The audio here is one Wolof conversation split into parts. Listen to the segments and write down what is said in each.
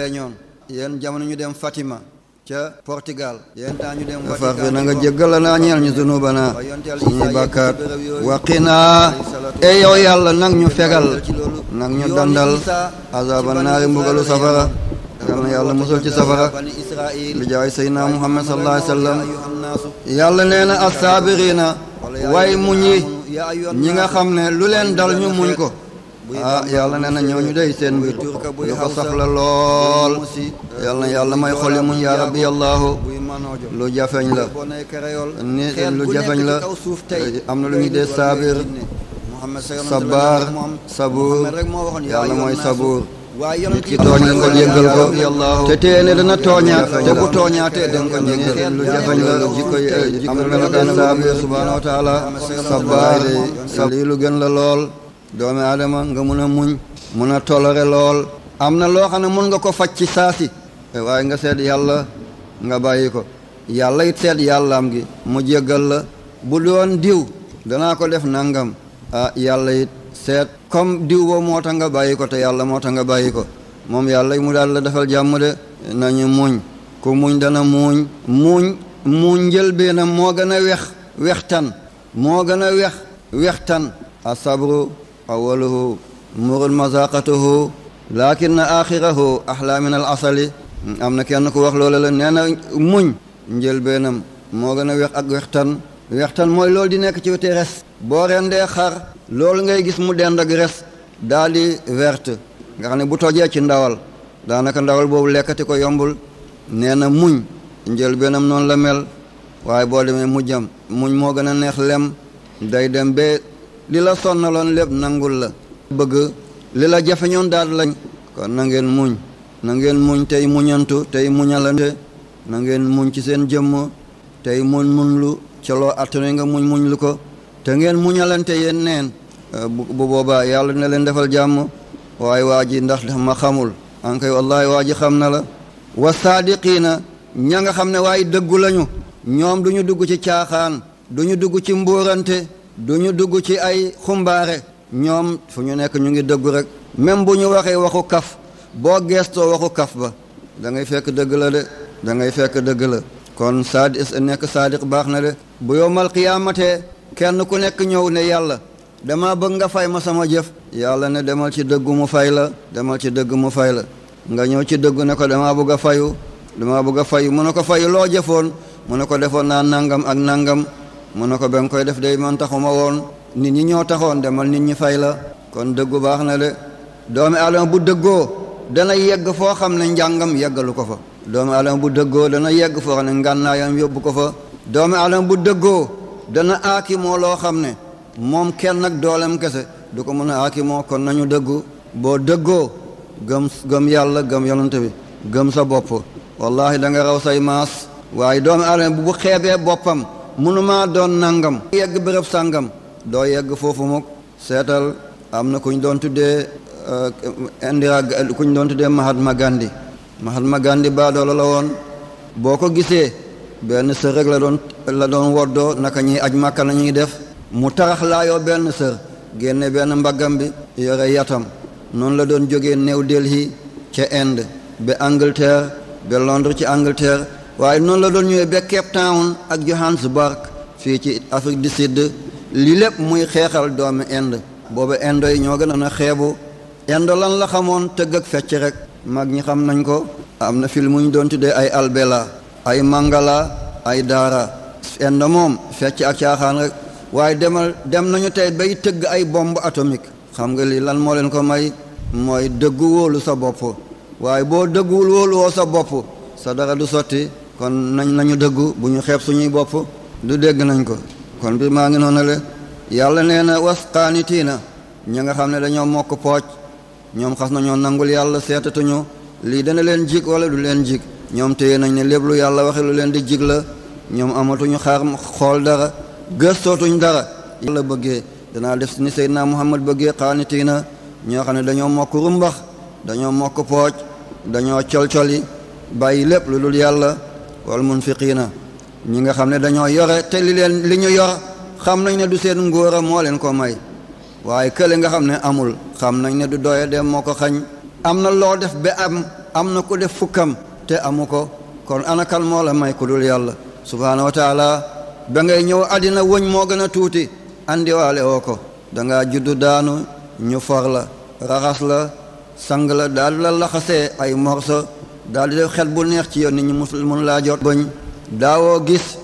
feeñoon yéen jamono ñu dem Fatima ca Portugal yéen taa ñu dem faxi na nga jéggal naa ñeel ñu zunubana suñu bàkkaat waqinaa e yow yàlla nag ñu fegal nag ñu dandal azaban naari mbugalu safara yàlla na yàlla musal ci safara bi jaay sayyidina muhammad sallallahu alayhi wasallam yàlla nee na assaabirina way muñi ñi nga xam ne lu leen dal ñu muñ ko ah yàlla nee na ñooñu day seen mbir lu ko soxla lool yàlla mooy may xol yi muñ yaa rabbi yàllaahu lu jafeñ la ni lu jafeñ la am na lu ñu dee saabir sabaar sabuur yàlla mooy sabuur nit ki tooñ nga ko jéggal ko te tee ne dana tooñaat te bu tooñaatee danga ko jéggal lu jafañ la lu jikko yi am na melakaan saabir subhaanahu wa taala sabaar lii lu gën la lool doomi aadama nga mun a muñ mun a tolore lool am na loo xam ne mun nga ko faj ci saasi waaye nga seet yàlla nga bàyyi ko yàlla it seet yàllaam gi mu jéggal la bu doon diw danaa ko def nangam a ah, yàlla yit seet comme diw boobu moo tax nga bàyyi ko te yàlla moo tax nga bàyyi ko moom yàlla mu daal la defal jàmm de nañu muñ ku muñ dana muuñ muñ muñ njëlbeenam moo gën a wex wextan moo gën a wex wextan asabru awaluhu murul mazaqatuhu lakin na axlaa min al asali am na kenn ku wax loola la nee na muñ njëlbeenam moo gën a wex ak wextan wextan mooy lool di nekk ci weti res boo rendee xar lool ngay gis mu dend ak res daal di verte nga xam ne bu tojee ci ndawal daanaka ndawal boobu lekkati ko yombul nee na muñ njëlbeenam noonu la mel waaye boo demee mujjam muñ moo gën a neex lem day dem bee li la sonnaloon lépp nangul la bëgg li la jafeñoon daal lañ kon na muñ na ngeen muñ tey muñantu tey muñalante na ngeen muñ ci seen jëmm tey muñ muñ lu ca loo nga muñ muñ lu ko te ngeen muñalante yéen neen euh, bu boobaa yàlla na leen defal jàmm waaye waa ji ndax ma xamul an koy wallaahi waa ji xam na la wa saadiqiina ña nga xam ne waaye dëggu lañu ñoom du ñu dugg ci caaxaan du ñu dugg ci mbóorante du ñu dugg ci ay xumbaare ñoom fu ñu nekk ñu ngi dëggu rek même bu ñu waxee waxu kaf boo geestoo waxu kaf ba dangay ngay fekk dëgg la de da ngay fekk dëgg la kon saadi nekk saadiq baax na de bu yowmal qiyaamatee kenn ku nekk ñëw ne yàlla dama bëgg nga fay ma sama jëf yàlla ne demal ci dëggu mu fay la demal ci dëgg mu fay la nga ñëw ci dëggu ne ko damaa bëgg a fayu damaa bëgg a fayu mu ne ko fayu loo jëfoon mu ne ko defoon naa nangam ak nangam mu ne ko ba nga koy def day man taxuma woon nit ñi ñoo taxoon demal nit ñi fay la kon dëggu baax na de doomi aadama bu dëggoo dana yegg foo xam ne njàngam yeggalu ko fa doomi aadama bu dëggoo dana yegg foo xam ne ngànnaayam yóbbu ko fa doomi aadama bu dëggoo dana aaki loo xam ne moom kenn ak doolem kese du ko mën a aaki kon nañu dëggu boo dëggoo gëm gëm yàlla gëm yonante bi gëm sa bopp wallaahi da raw say maas waaye doomi aadama bu xeebee boppam mënumaa doon nangam yegg bërëb sàngam doo yegg foofu mukk seetal am na kuñ doon tuddee euh, Indira kuñ doon tuddee Mahatma Gandhi Mahatma Gandhi baadoola la woon boo ko gisee benn sër rek la doon la woddoo naka ñuy aj màkka la ñuy def mu tarax laayoo benn sër génne benn mbaggam bi yore yatam noonu la doon jógee New Delhi ca Inde ba Angleterre ba Londres ci Angleterre waaye noonu la doon ñëwee ba Cape Town ak Johannesburg fii ci Afrique di Sud lii lépp muy xeexal doomi Inde booba Indo yi ñoo gën a na xeebu Indo lan la xamoon tëgg ak fecc rek mag ñi xam nañ ko am na film mu doon tuddee ay albela ay mangala ay daara Indo moom fecc ak caaxaan rek waaye demal dem nañu tey bay tëgg ay bomb atomique xam nga lii lan moo leen ko may mooy dëggu wóolu sa bopp waaye boo dëgguwul wóolu sa bopp sa dara du sotti kon nañ nañu dëggu bu ñu xeeb suñuy bopp du dégg nañ ko kon bi maa ngi noonu le yàlla nee na wasqaanitiina ñi nga xam ne dañoo mokk pooj ñoom xas nañoo nangul yàlla seetatuñu lii dana leen jig wala leen jig ñoom téye nañ ne lépp lu yàlla waxe lu leen di jig la ñoom amatuñu xaar xool dara gëstootuñ dara yàlla bëggee danaa def ni Seydina Muhammad bëggee xaanitiina ñoo xam ne dañoo mokk rumbax dañoo mokk pooj dañoo col-coli bàyyi lépp lu dul yàlla wal munfiqiina ñi nga xam ne dañoo yore te li leen li ñu yor xam nañ ne du seen ngóor a moo leen ko may waaye kële nga xam ne amul xam nañ ne du doye dem moo ko xañ am na loo def ba am am na ku def fukkam te amu ko kon anakal moo la may ku dul yàlla subhaanahu wa taala ba ngay ñëw àddina wëñ moo gën a tuuti andiwaale woo ko dangaa juddu daanu ñu for la raxas la sang la daal la laxasee ay morso daal di def xel bu neex ci yoon nit ñu musul mënu laa jot bañ daawoo gis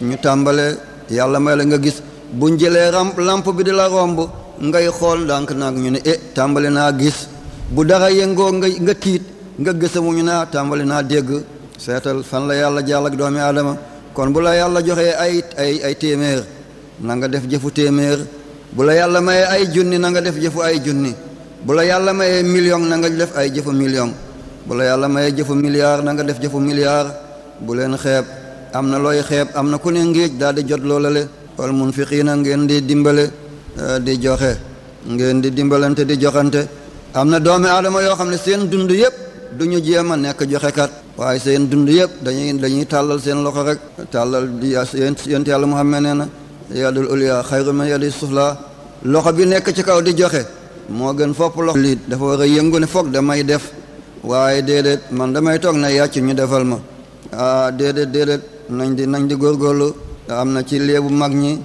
ñu tàmbale yàlla may la nga gis buñ jëlee ramp lamp bi di la romb ngay xool ndànk naag ñu ne eh tàmbale naa gis bu dara yëngoo nga nga tiit nga gësamu ñu naa tàmbale naa dégg seetal fan la yàlla jàll ak doomi aadama kon bu la yàlla joxee ay ay ay téeméer na nga def jëfu téeméer bu la yàlla mayee ay junni na nga def jëfu ay junni bu la yàlla mayee million na nga def ay jëfu million bu la yàlla maye jëfu milliard na nga def jëfu milliard bu leen xeeb am na looy xeeb am na ku ne ngéej daal di jot loolale wal munfiqiina ngeen di dimbale eh, di joxe ngeen di dimbalante di joxante am na doomi aadama yoo xam ne seen dund yëpp du ñu jéem a nekk joxekat waaye seen dund yëpp dañuy dañuy tàllal seen loxo rek tàllal di yent yàlla Muhammad nee na yadul ulya xayru min sufla loxo bi nekk ci kaw di joxe moo gën fopp loxo lii dafa war a yëngu ne foog damay def waaye déedéet man damay toog na yàcc ñu defal ma ah, déedéet déedéet nañ di nañ di góorgóorlu am na ci léebu mag ñi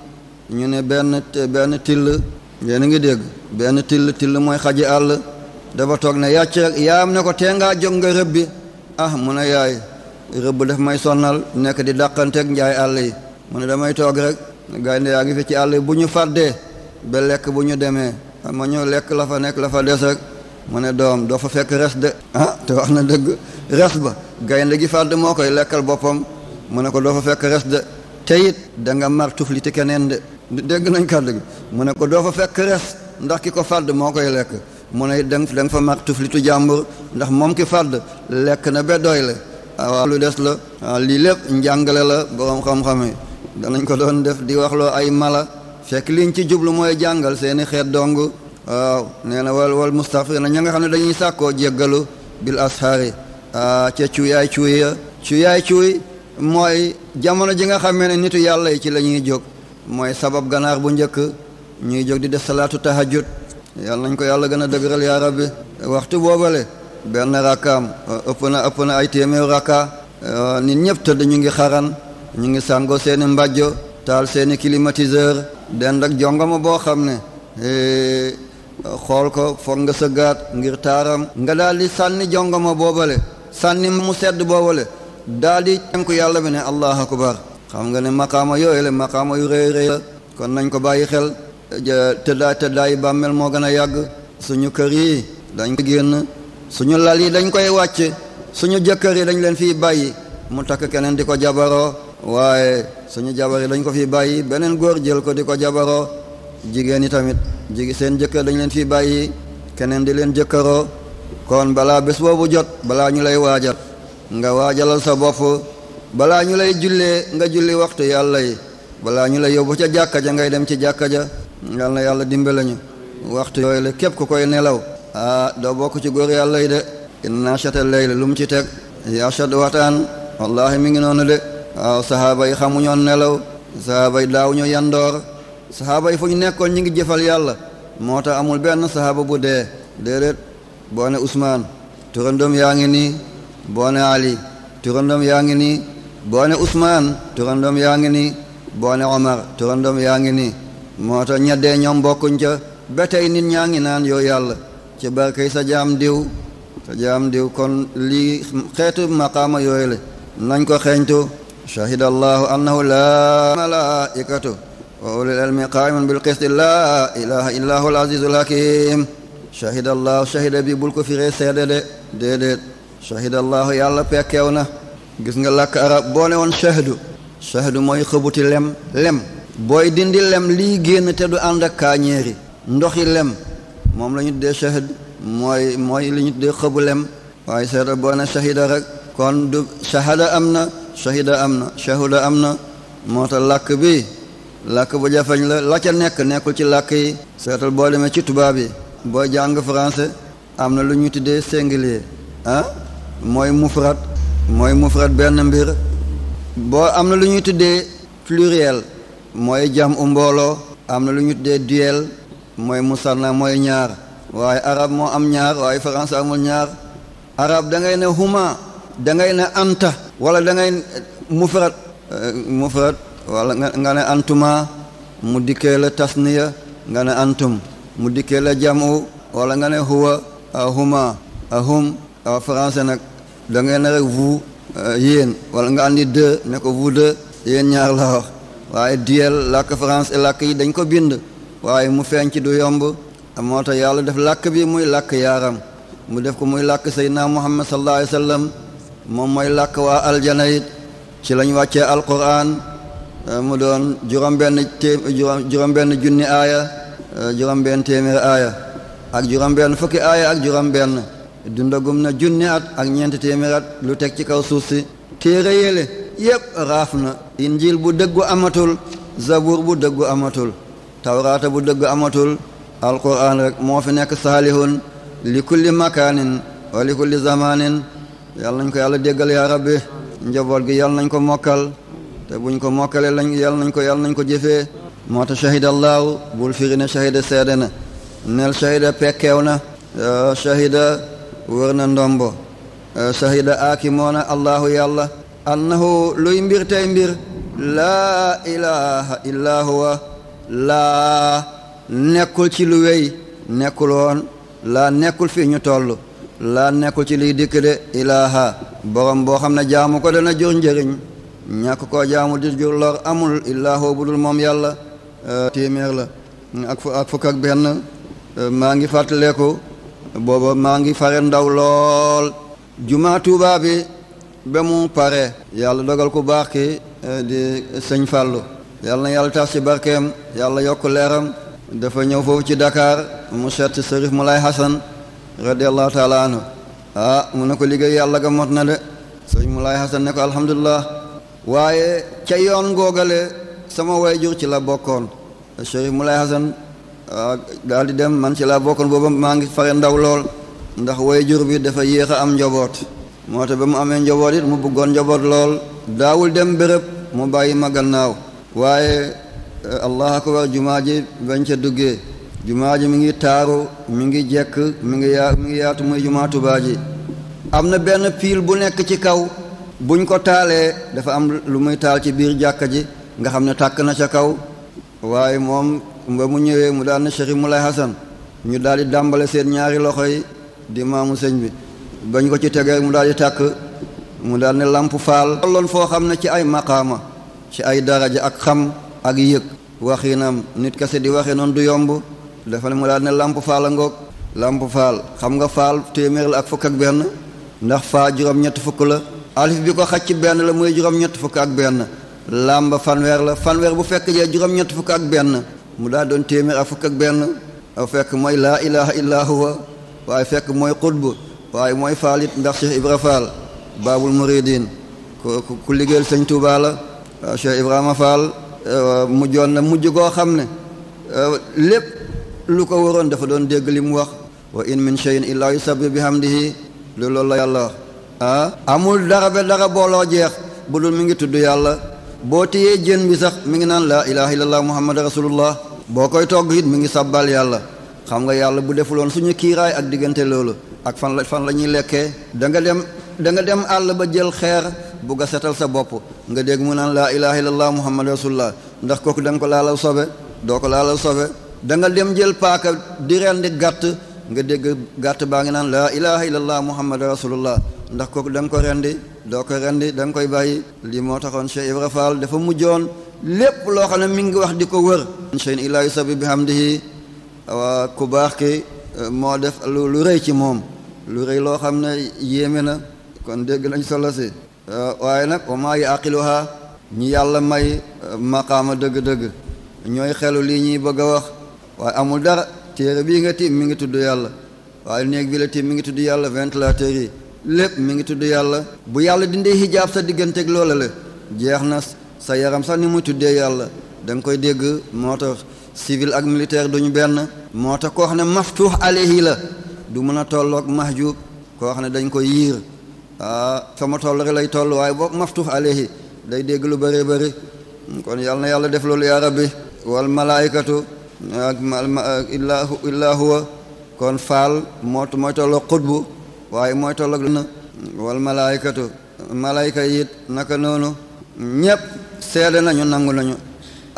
ñu ne benn benn till yéen a ngi dégg benn till till mooy xaji àll dafa toog ne yàcc rek yaayam na ko tee ngaa jóg nga rëb bi ah mu ne yaay rëbb daf may sonnal nekk di dàqanteeg njaay àll yi mu ne damay toog rek gaynde yaa ngi fi ci àll yi bu ñu fàddee ba lekk bu ñu demee ma ñëw lekk la fa nekk la fa des rek mu ne doom doo fa fekk res de ah te wax na dëgg res ba gaynde gi fàdd moo koy lekkal boppam mu ne ko doo fa fekk res de te it da nga mar tufli keneen de dégg nañ kàddu gi mu ne ko doo fa fekk res ndax ki ko fàdd moo koy lekk mu ne da nga fa mar tuflitu jàmbur ndax moom ki fàdd lekk na ba doy le ah, waaw lu des la ah, lii lépp njàngale la boroom xam-xam danañ ko doon def di waxloo ay mala fekk liñ ci jublu mooy jàngal seeni xeet dong waaw nee na wal wal mustafina ña nga xam ne dañuy sàkkoo jéggalu bil ashaari ca cuuyaay cuuy ya cuuyaay cuuy mooy jamono ji nga xamee ne nitu yàlla yi ci la ñuy jóg mooy sabab ganaar bu njëkk ñuy jóg di def salaatu tahajjud yàlla nañ ko yàlla gën a dëgëral yaa bi waxtu boobale benn rakkaam ëpp na ëpp na ay téeméeru rakka nit ñëpp tëdd ñu ngi xaran ñu ngi sàngoo seeni mbàjjo taal seeni climatiseur den ak jongoma boo xam ne eh, xool ko foog nga sëggaat ngir taaram nga daal di sànni jongoma boobale sànni mu sedd boobale daal di tënku yàlla bi ne allah akbar xam nga ne maqaama yooyu la maqaama yu rëy rëy la kon nañ ko bàyyi xel tëddaay tëddaay yi bàmmeel moo gën a yàgg suñu kër yi dañ ko génn suñu lal yi dañ koy wàcce suñu jëkkër yi dañ leen fi bàyyi mu takk keneen di ko jabaroo waaye suñu jabar yi dañ ko fi bàyyi beneen góor jël ko di ko jabaroo jigéen ñi tamit jigéen seen jëkkër dañ leen fi bàyyi keneen di leen jëkkëroo kon balaa bés boobu jot balaa ñu lay waajal nga waajalal sa bopp balaa ñu lay jullee nga julli waxtu yàlla yi balaa ñu lay yóbbu ca jàkka ja ngay dem ci jàkka ja yal na yàlla dimbale ñu waxtu yooyu la képp ku koy nelaw aa ah, doo bokk ci góor yàlla yi de inna chata layla lu mu ci teg yachat wataan wallahi mi ngi noonu de waaw sahaaba yi xamuñoon nelaw sahaaba yi daaw ñu yandoor saxaaba yi fu ñu nekkoon ñu ngi jëfal yàlla moo tax amul benn saxaaba bu dee déedéet boo usmaan Ousmane turandoom yaa ngi nii boo ne Ali turandoom yaa ngi nii boo ne Ousmane turandoom yaa ngi ni boo ne Omar turandoom yaa ngi ni moo tax ñeddee ñoom bokkuñ ca ba tey nit ñaa ngi naan yow yàlla ci barkey sa jaam diw sa jaam diw kon lii xeetu maqaama yooyu la nañ ko xeeñtu shahidallahu annahu laa malaikatu wa ulil ilmi qaa'imun bil qisti laa ilaaha illaa huwal aziizul hakiim shahida allah shahida bi bul ko firee seede de déedéet shahida allah yàlla pekkeew na gis nga làkk arab boo ne woon shahdu mooy xëbuti lem lem booy dindi lem lii génn te du ànd ak kaañeeri ndoxi lem moom la ñu tuddee shahd mooy mooy li ñu tuddee xëbu lem waaye seede boo ne shahida rek kon du shahada am na shahida am na shahuda am na moo tax làkk bi làkk bu jafeñ la la ca nekk nekkul ci làkk yi seetal boo demee ci tubaab yi boo jàng français am na lu ñuy tuddee singulier ah, mooy mufrat mooy mufrat benn mbir boo am na lu ñuy tuddee pluriel mooy jam u mbooloo am na lu ñu tuddee duel mooy musanna mooy ñaar waaye arab moo am ñaar waaye français amul ñaar arab da ngay ne huma da ngay ne anta wala da ngay mufrat eh, wala nga ne antuma mu dikkee la tasniya nga ne antum mu dikkee la jamu wala nga ne huwa huma hum français nag da ngay ne rek vous euh, yéen wala nga andi deux ne ko vous deux yéen ñaar la wax waaye duel làkk français làkk yi dañ ko bind waaye mu feeñ ci du yomb moo tax yàlla def lakk bi muy lakk yaaram mu def ko muy làkk seydina muhammad sallallahu alayhi wa sallam moom mooy làkk waa aljana it ci lañ wàccee alquran Eh, mu doon juróom benn té juróom benn junni aaya eh, juróom benn téeméeri aaya ak juróom benn fukki aaya ak juróom benn dundagum na junni at ak ñeenti téeméeri at lu teg ci kaw suuf si téere yéle yépp raaf na injil bu dëggu amatul zabur bu dëggu amatul tawraata bu dëggu amatul alquran rek moo fi nekk saalihun li kulli makaanin wa li kulli zamaanin yàlla nañ ko yàlla déggal yaa rabbi njaboot gi yàlla nañ ko mokkal te buñ ko mokkale lañ yàlla nañ ko yàlla ko jëfee moo ta shahida allahu bul firi ne shahida seede na nel shahida pekkeew na shahida wër ndombo shahida aakimoona allahu yàlla annahu luy mbir tey mbir laa ilaha illa laa nekkul ci lu wey nekkul woon laa nekkul fii ñu toll laa nekkul ci liy dikk de ilaha borom boo xam ne jaamu ko dana jur njëriñ ñàkk koo jaamu di jur lor amul illaa hoo budul moom yàlla euh, téeméer la ak ak ak benn euh, maa ngi fàttaleeku booba maa ngi fare ndaw lool jumaa Tuubaa bi ba mu pare yàlla dogal ku baax ki euh, di sëñ Fàllu yàlla na yàlla taas ci barkeem yàlla yokk leeram dafa ñëw foofu ci dakaar mu seet Sërif Moulay Hassan radiallahu taala anhu ah mu ne ko liggéey yàlla ga mot na de sëñ Moulay Hassan ne ko alhamdulilah waaye ca yoon ngoogale sama jur ci la bokkoon Chérif Moulay Hassan ah, daal di dem man ci laa bokkoon booba maa ngi fare ndaw lool ndax wayjur bi dafa yéex a am njaboot moo tax ba mu amee njaboot it mu bëggoon njaboot lool daawul dem bërëb mu bàyyi ma gannaaw waaye eh, allah akbar jumaa ji bañ ca duggee jumaa ji mi ngi taaru mi ngi jekk mu ngi yaa mi ngi yaatu muy jumaa Tuubaa am na benn piil bu nekk ci kaw buñ ko taalee dafa am lu muy taal ci biir jàkka ji nga xam ne tàkk na ca kaw waaye moom ba mu ñëwee mu daan na Cheikh Moulay ñu daal di dàmbale seen ñaari loxo yi di maamu sëñ bi bañ ko ci tegee mu daal di tàkk mu daal ne làmp faal foo xam ne ci ay maqaama ci ay daraja ak xam ak yëg waxinam nit kese di waxee noonu du yomb dafa ne mu daal làmp faal a ngoog làmp faal xam nga faal téeméer la ak fukk ak benn ndax faa juróom-ñett fukk la alif bi ko xacc benn la muy juróom-ñett fukk ak benn laam ba fanweer la fanweer bu fekk jee juróom-ñett fukk ak benn mu daal doon téeméer ak fukk ak benn aw fekk mooy laa ilaha illa waaye fekk mooy xutb waaye mooy faalit ndax Cheikh Ibra Fall baabul muridin ku ku liggéeyal sëñ Tuubaa mujj goo xam ne lépp lu ko waroon dafa doon dégg li mu wax wa in min shay'in illa yusabbihu bihamdihi loolu la yàlla wax ah amul dara ba dara booloo jeex bu dul mi ngi tudd yàlla boo téyee jën bi sax mi ngi naan laa ilaha illallah muhammad rasulullah boo koy togg it mi ngi sabbal yàlla xam nga yàlla bu defuloon suñu kiiraay ak diggante loolu ak fan la fan la ñuy lekkee da nga dem da nga dem àll ba jël xeer bu nga setal sa bopp nga dégg mu naan laa ilaha illallah muhammad rasulullah ndax kooku da nga ko laalal sobe doo ko laalal sobe da nga dem jël paaka di rendi gàtt nga dégg gàtt baa ngi naan laa ilaha illallah muhammad rasulullah ndax kooku da ko rendi doo ko rendi da nga koy bàyyi lii moo taxoon Cheikh Ibra Fall dafa mujjoon lépp loo xam ne mi ngi wax di ko wër chein ilaa yu sabi bihamdihi waa ku baax ki moo def lu rëy ci moom lu rëy loo xam ne yéeme na kon dégg nañ solo si waaye nag wa maa yaaqiluha ñi yàlla may maqaama dëgg-dëgg ñooy xelu lii ñuy bëgg wax waaye amul dara téere bii nga tiim mu ngi tudd yàlla waaye néeg bi la tiim mi ngi tudd yàlla ventilateur yi lépp mi ngi tudd yàlla bu yàlla dindee hijaab sa digganteeg loola la jeex na sa yaram sax ni mu tuddee yàlla da nga koy dégg moo tax civil ak militaire ñu benn moo tax koo xam ne maftuux alayhi la du mën a tolloog mahjub koo xam ne dañ koy yiir sama ah, toll rek lay toll waaye boobu maftuux alayhi day dégg lu bëree bëri kon yàlla na yàlla def loolu yaa rabbi wal ak illaa illaa huwa kon faal moo mooy tolloog xutbu waaye mooy tolloog na wal malaayikatu malaayika yi naka noonu ñépp seede nañu nangu nañu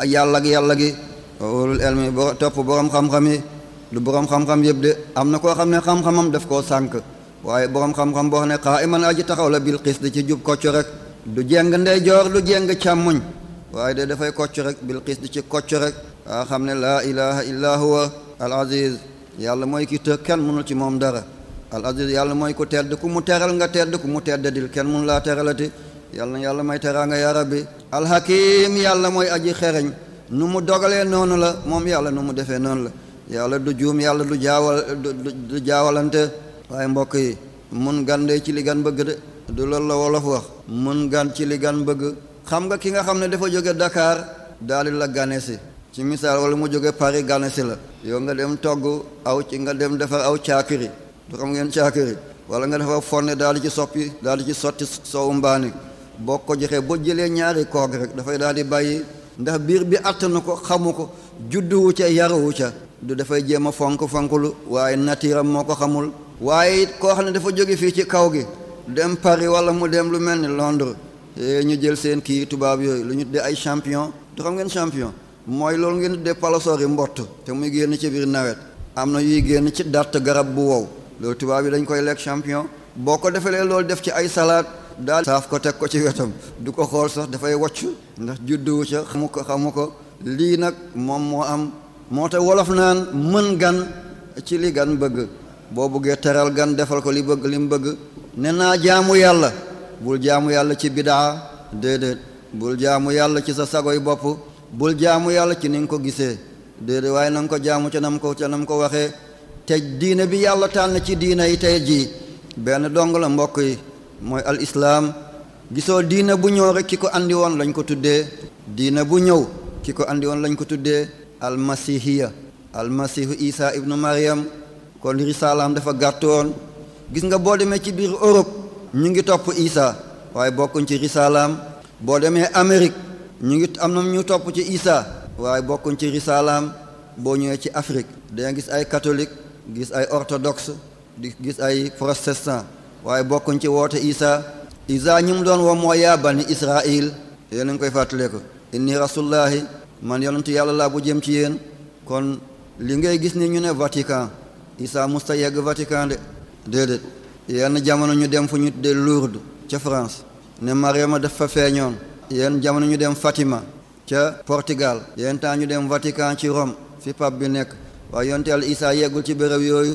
yàlla gi yàlla gi ulul elmi bo topp borom xam-xam yi du borom xam-xam yëpp de am na koo xam ne xam-xamam def koo sànk waaye borom xam-xam boo xam ne xaa iman aji taxaw la bil xis di ci jub kocc rek du jeng ndeyjoor du jéng càmmuñ waaye de dafay kocc rek bil xis ci kocc rek a xam ne laa ilaha illa al aziz yàlla mooy ki të kenn mënul ci moom dara al aziz yàlla mooy ku tedd ku mu teral nga tedd ku mu tedd dil kenn mënu laa teralati yàlla na yàlla may teraanga yaa bi al hakim yàlla mooy aji xereñ nu mu dogalee noonu la moom yàlla nu mu defee noonu la yàlla du juum yàlla du jaawal du jaawalante waaye mbokk yi mun gan de ci li gan bëgg de du loolu la wolof wax mun gan ci li gan bëgg xam nga ki nga xam ne dafa jóge Dakar daal la gane ci misaal wala mu jóge Paris gane si la yow nga dem togg aw ci nga dem defar aw caakiri du xam ngeen caakiri wala nga defar fonne daal di ci soppi daal di ci sotti soowu mbaani boo ko joxee boo jëlee ñaari koog rek dafay daal di bàyyi ndax biir bi attanu ko xamu ko judduwu ca yaruwu ca du dafay jéem a fonk fonklu waaye natiiram moo ko xamul waaye koo xam ne dafa jóge fii ci kaw gi dem Paris wala mu dem lu mel ni Londres eh, ñu jël seen kii tubaab yooyu lu ñu de ay champion du ngeen champion mooy loolu ngeen tuddee palosoor yi mbott te muy génn ci biir nawet am na yuy génn ci dàtt garab bu wow loolu tubaab yi dañ koy lekk champion boo ko defalee loolu def ci ay salaat daal saaf ko teg ko ci wetam du ko xool sax dafay wocc ndax judduwu ca xamu ko lii nag moom moo am moo tax wolof naan mën gan ci li gan bëgg boo bëggee teral gan defal ko li bëgg li mu bëgg ne naa jaamu yàlla bul jaamu yàlla ci bidaa déedéet bul jaamu yàlla ci sa sagoy bopp bul jaamu yàlla ci ni nga ko gisee déedéet waaye na nga ko jaamu ca nam ko ca nam ko waxee te diine bi yàlla tànn ci diine yi tey jii benn dong la mbokk yi mooy al islaam gisoo diina bu ñëw rek ki ko andi woon lañ ko tuddee diina bu ñëw ki ko andi woon lañ ko tuddee almasihiya almasihu isa ibnu mariam kon risaalaam dafa gàttoon gis nga boo demee ci biir Europe ñu ngi topp isa waaye bokkuñ ci risaalaam boo demee Amérique ñu ngi am na ñu topp ci Isa waaye bokkuñ ci risaalaam boo ñëwee ci Afrique danga gis ay katolik gis ay orthodoxe di gis ay protestant waaye bokkuñ ci woote Isa Isa ñi mu doon woo moo yaa bani Israil yéen a ngi koy fàttaleeku inni rasulullahi man yonentu yàlla laa bu jëm ci yéen kon li ngay gis ni ñu ne Vatican Isa musta yegg Vatican de déedéet yenn jamono ñu dem fu ñu de Lourdes ca France ne Mariama def fa feeñoon yenn jamono ñu dem Fatima ca Portugal yenn temps ñu dem Vatican ci Rome fi pape bi nekk waaye yonte al Isa yeggul ci béréb yooyu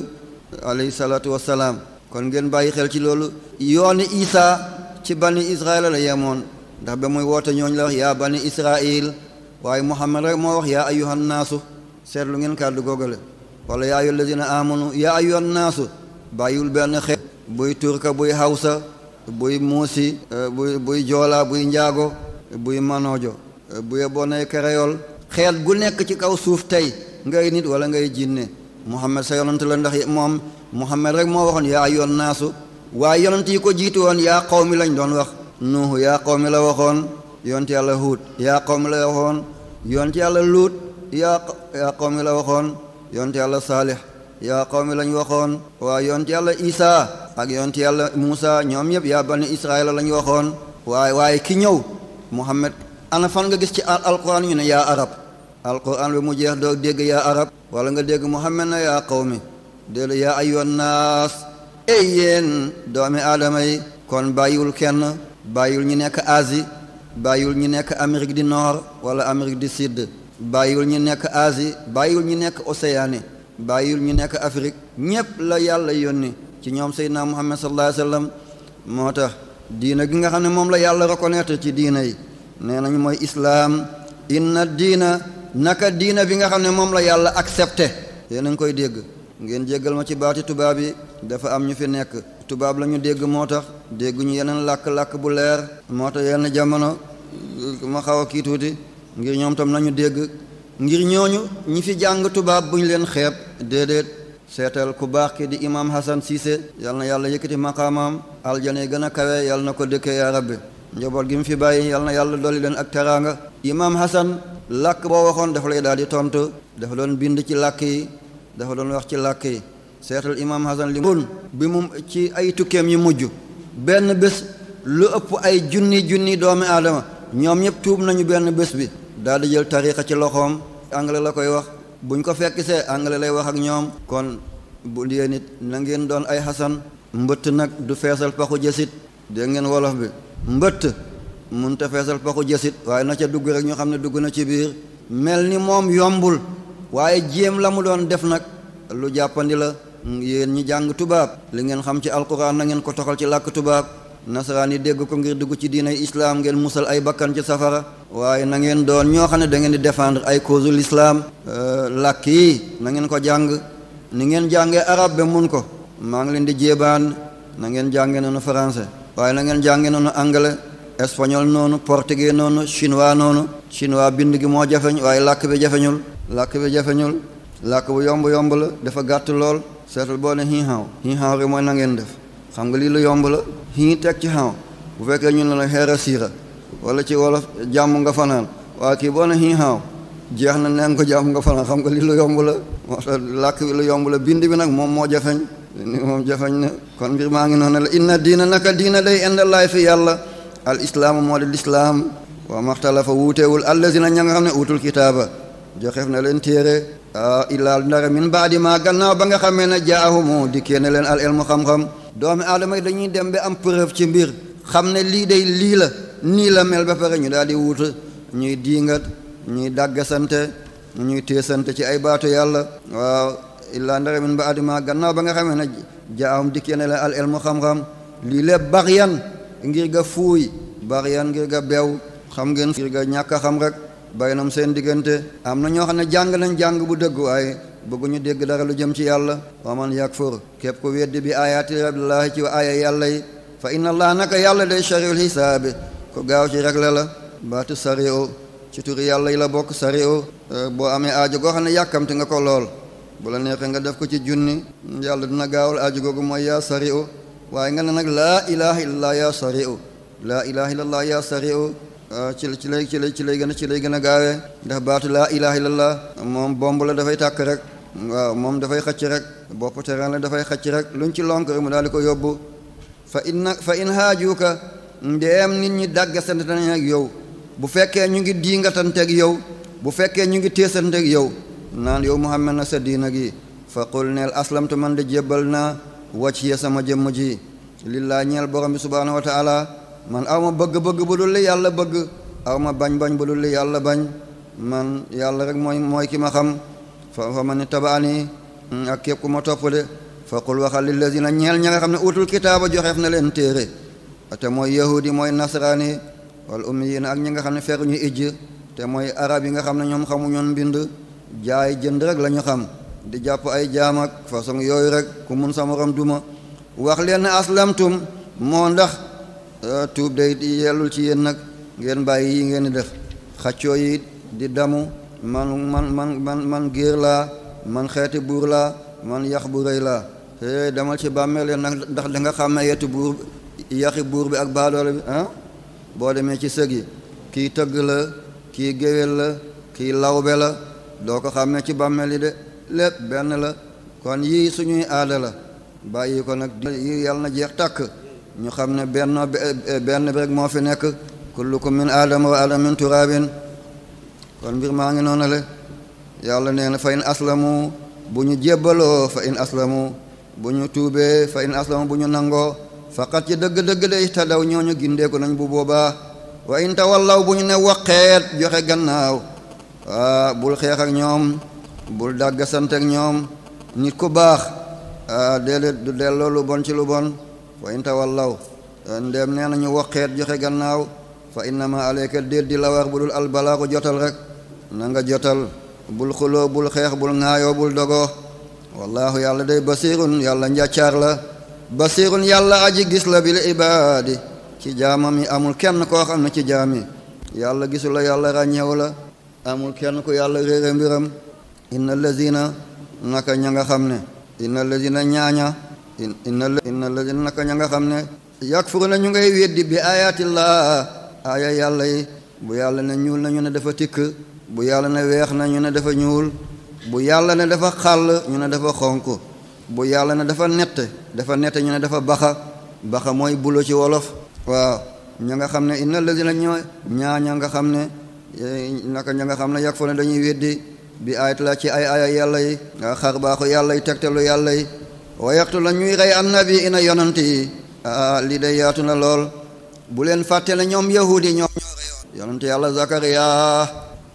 alayhi salaatu wassalaam kon ngeen bàyyi xel ci loolu yooni Isa ci bani Israel la yemoon ndax ba muy woote ñooñu la wax yaa bani Israil waaye Muhammad rek moo wax yaa ayyuhan seetlu ngeen kàddu googale wala yaa ayyuhal lazina amanu yaa ayyuhan naasu bàyyiwul benn xeet buy turka buy hawsa buy muusi eh, buy buy joola buy njaago eh, buy manoojo eh, buy bonay kereyol xeet gu nekk ci kaw suuf tey ngay nit wala ngay jinne muhammad sa yonante la ndax moom muhammad rek moo waxoon yaa yoon naasu waaye yonante yi ko jiitu woon yaa qawmi lañ doon wax nuuhu yaa qawmi la waxoon yonte yàlla huut yaa qawmi la waxoon yonte yàlla luut ya yaa qawmi la waxoon yonte yàlla saalix yaa qawmi lañ waxoon waa yonte yàlla isaa ak yonent yàlla Moussa ñoom ñëpp yaa bani Israël la ñu waxoon waaye waaye ki ñëw Muhammad ana fan nga gis ci alquran ñu ne yaa arab alquran bi mu jeex doo dégg yaa arab wala nga dégg Muhammad na yaa qawmi déelu yaa ayyuhan naas ey yéen doomi aadama yi kon bàyyiwul kenn bàyyiwul ñu nekk Asie bàyyiwul ñu nekk Amérique di Nord wala Amérique di Sud bàyyiwul ñu nekk Asie bàyyiwul ñu nekk Océanie bàyyiwul ñu nekk Afrique ñépp la yàlla yónni ci ñoom seydina muhammad sallallahu alayhi wa sallam moo tax diina gi nga xam ne moom la yàlla reconnaître ci diina yi nee nañu mooy islaam inna diina naka diina bi nga xam ne moom la yàlla accepté yéen a koy dégg ngeen jéggal ma ci baati tubaab yi dafa am ñu fi nekk tubaab la ñu dégg moo tax dégguñu yeneen làkk-làkk bu leer moo tax yenn jamono ma xaw a kii tuuti ngir ñoom tam nañu dégg ngir ñooñu ñi fi jàng tubaab bu ñu leen xeeb déedéet seetal ku baax ki di imaam Hassan Cissé yal na yàlla yëkkati maqaamaam aljana yi gën a kawe yal na ko dëkkee yaa rabbi njaboot gi mu fi bàyyi yal na yàlla dolli leen ak teraanga imaam Hassan làkk boo waxoon dafa lay daal di tontu dafa doon bind ci làkk yi dafa doon wax ci làkk yi seetal imaam Hassan li mu bi mu ci ay tukkeem yu mujj benn bés lu ëpp ay junni junni doomi aadama ñoom ñëpp tuub nañu benn bés bi daal di jël tariqa ci loxoom anglais la koy wax buñ ko see anglais lay wax ak ñoom kon bu yéen it na ngeen doon ay xasan mbëtt nag du feesal paxu jasit dégg ngeen wolof bi mbëtt mun te feesal paxu jasit waaye na ca dugg rek ñu xam ne dugg na ci biir mel ni moom yombul waaye jéem la mu doon def nag lu jàppandi la yéen ñi jàng tubaab li ngeen xam ci alquran na ngeen ko toxal ci làkk tubaab nasaraan yi dégg ko ngir dugg ci diina islaam ngeen musal ay bakkan ci safara waaye na ngeen doon ñoo xam ne da ngeen di défendre ay cause l'islaam euh, làkk yi na ngeen ko jàng ni ngeen jàngee arab ba mun ko maa ngi leen di jéebaan na ngeen jànge noonu français waaye na ngeen jànge noonu anglais espagnol noonu portugais noonu chinois noonu chinois bind gi moo jafeñ waaye làkk bi jafeñul làkk bi jafeñul làkk bu yomb yomb la dafa gàtt lool seetal boo ne hiihaw hiihaw def hii teg ci xama bu fekkee ñu ne la a siira wala ci wolof jàmm nga fanaan waa kii boo ne hii xaw jeex na neen ko jàmm nga fanaan xam nga li lu yomb la lakk bi lu yomb bind bi nag moom moo jafeñ moom jafeñ ne kon mbir maa ngi noonu la inna diina naka diina day indallaay fi yàlla al islaamu moo di lislaam wa maxtalafa wuuteewul allazina ña nga xam ne utul kitaaba joxef na leen téere a illaa ndara min baadi maa gannaaw ba nga xamee ne jaahumu dikkee na leen al ilmu xam-xam doomi aadama yi dañuy dem ba am preuve ci mbir xam ne lii day lii la nii la mel ba pare ñu daal di wut ñuy diingat ñuy dàggasante ñuy téesante ci ay baatu yàlla waaw illaa ndara min ba adima gannaaw ba nga xamee ne jaam dikkee ne la al ilmu xam-xam lii lépp baryan ngir ga fuuy baryan ngir ga beew xam ngeen ngir ga ñàkk a xam rek bay nam seen diggante am na ñoo xam ne jàng nañ jàng bu dëgg waaye ñu dégg dara lu jëm ci yàlla wa man yakfur képp ku weddi bi ayaati rabbillahi ci aaya yàlla yi fa inna allah naka yàlla day sariul gaaw ci regle la baatu sariu ci turi yàlla yi la bokk sariu euh, boo amee aajo goo xam ne yàkkamti nga ko lool bu la nga def ko ci junni yàlla dina gaawal aajo googu mooy yaa sariu waaye nga nag laa ilaha illallah yaa sariu laa ilaha illallah yaa sariu euh, ci ci lay ci lay ci lay gën a ci lay gën a gaawee ndax baatu laa ilaha illallah moom bomb la dafay tàkk rek waaw moom dafay xëcc rek bopp terrain la dafay xëcc rek luñ ci lonk rek mu daal ko yóbbu fa in fa in haajuuka ndeem nit ñi dàgge sante ak yow bu fekkee ñu ngi diingatante ak yow bu fekkee ñu ngi téesante ak yow naan yow Muhammad na sa diina gi fa qul neel aslamtu man de jébbal naa wajhiya sama jëmm ji lillaa ñeel borom bi subhaanahu wa man aw ma bëgg-bëgg bu dul yàlla bëgg aw ma bañ-bañ bu dul yàlla bañ man yàlla rek mooy mooy ki fa man itabaani mm, ak képp ku ma topp de fa qul waxal na ñeel ña nga xam ne utul kitaaba joxeef na leen téere te mooy yahudi mooy nasraani wal ummiyiina ak ñi nga xam ne feru ñu ijj te mooy arab yi nga xam ne ñoom xamuñoon mbind jaay jënd rek la ñu xam di jàpp ay jaamak ak façon yooyu rek ku mun sa morom duma wax leen aslamtum moo ndax euh, tuub day yellul ci yéen nag ngeen bàyyi yi ngeen di def xaccoo yi di damu man man man man man géer laa man xeeti buur laa man yax bu rëy laa é demal ci bàmmeel ya nag ndax da nga ne yetu buur yaxi buur bi ak baadoole bi boo demee ci sëg yi kii tëgg la kii géwél la kii lawbe la doo ko xam ne ci bàmmeel yi de lépp benn la kon yii suñuy aada la bàyyi ko nag yii yàlla na jeex tàkk ñu xam ne benn bi rek moo fi nekk kullukum min aadama wa aadama min turaabin kon mbir maa ngi noonu la yàlla nee na fa in aslamu bu ñu jébbaloo fa in aslamu bu ñu tuubee fa in aslamu bu ñu nangoo faqat ci dëgg-dëgg de ihtadaw ñooñu gindeeku nañ bu boobaa wa in tawallaw bu ñu ne waqeet joxe gannaaw waa bul xeex ak ñoom bul dàgg ak ñoom nit ku baax déedéet du delloo lu bon ci lu bon fa in tawallaw ndéem nee nañu waqeet joxe gannaaw fa innama alayka déet di la war bu dul albalaaku jotal rek na nga jotal bul xuloo bul xeex bul ŋaayoo bul dogoo wallaahu yàlla day basiirun yàlla njàccaar la basiirun yàlla aji gis la bil ibaadi ci jaamam yi amul kenn koo xam ne ci jaam yi yàlla gisu la yàlla ràññewu la amul kenn ku yàlla réere mbiram inna lazina naka ña nga xam ne inna lazina ñaaña inna lazina naka ña nga xam ne yakfuru na ñu ngay weddi bi ayatillah aaya yàlla yi bu yàlla na ñuul nañu ne dafa tik bu yàlla na weex na ñu ne dafa ñuul bu yàlla na dafa xàll ñu ne dafa xonk bu yàlla na dafa nett dafa nett ñu ne dafa baxa baxa mooy bulo ci wolof waaw ña nga xam ne inna lazina ñooy ñaa ña nga xam ne eh, naka ña nga xam ne yàgg fa ne dañuy weddi bi ayat la ci ay aya yàlla yi nga xar baaxu yàlla yi tegtalu yàlla yi wa yàqtu la ñuy rey ina yonant yi ah, lii de yaatu na lool bu leen fàtte ne ñoom yahudi ñoom ñoo reyoon yonant yàlla zakariya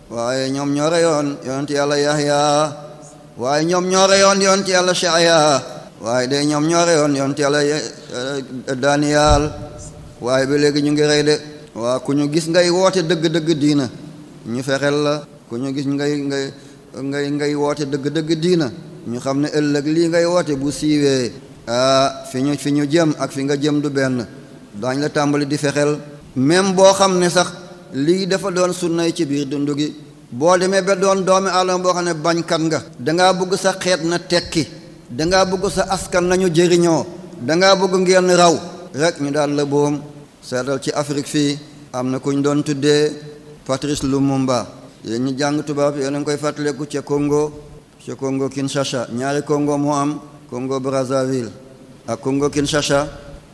waaye ñoom ñoo reyoon yonent yàlla Yahya waaye ñoom ñoo yoon yonent yàlla Shaya waaye de ñoom ñoore ñoo reyoon yonent yàlla eh, Daniel waaye ba léegi ñu ngi rey de waa ku ñu gis ngay woote dëgg-dëgg diina ñu fexel la ku ñu gis ngay ngay ngay ngay woote dëgg-dëgg diina ñu xam ne ëllëg lii ngay woote bu siiwee ah fi ñu fi ñu jëm ak fi nga jëm du benn daañ la tàmbali di fexel même boo xam ne sax lii dafa doon sunna yi ci biir dund gi boo demee ba doon doomi aadama boo xam ne bañkat nga dangaa bëgg sa xeet na tekki dangaa bëgg sa askan nañu jëriñoo dangaa bëgg ngeen raw rek ñu daal la boom seetal ci Afrique fii am na ku ñu doon tuddee Patrice Lumumba yéen ñu jàng tubaab yéen a ngi koy fàttaliku ca kongo ca Congo Kinshasa ñaari Congo moo am Congo Brazzaville ak Congo Kinshasa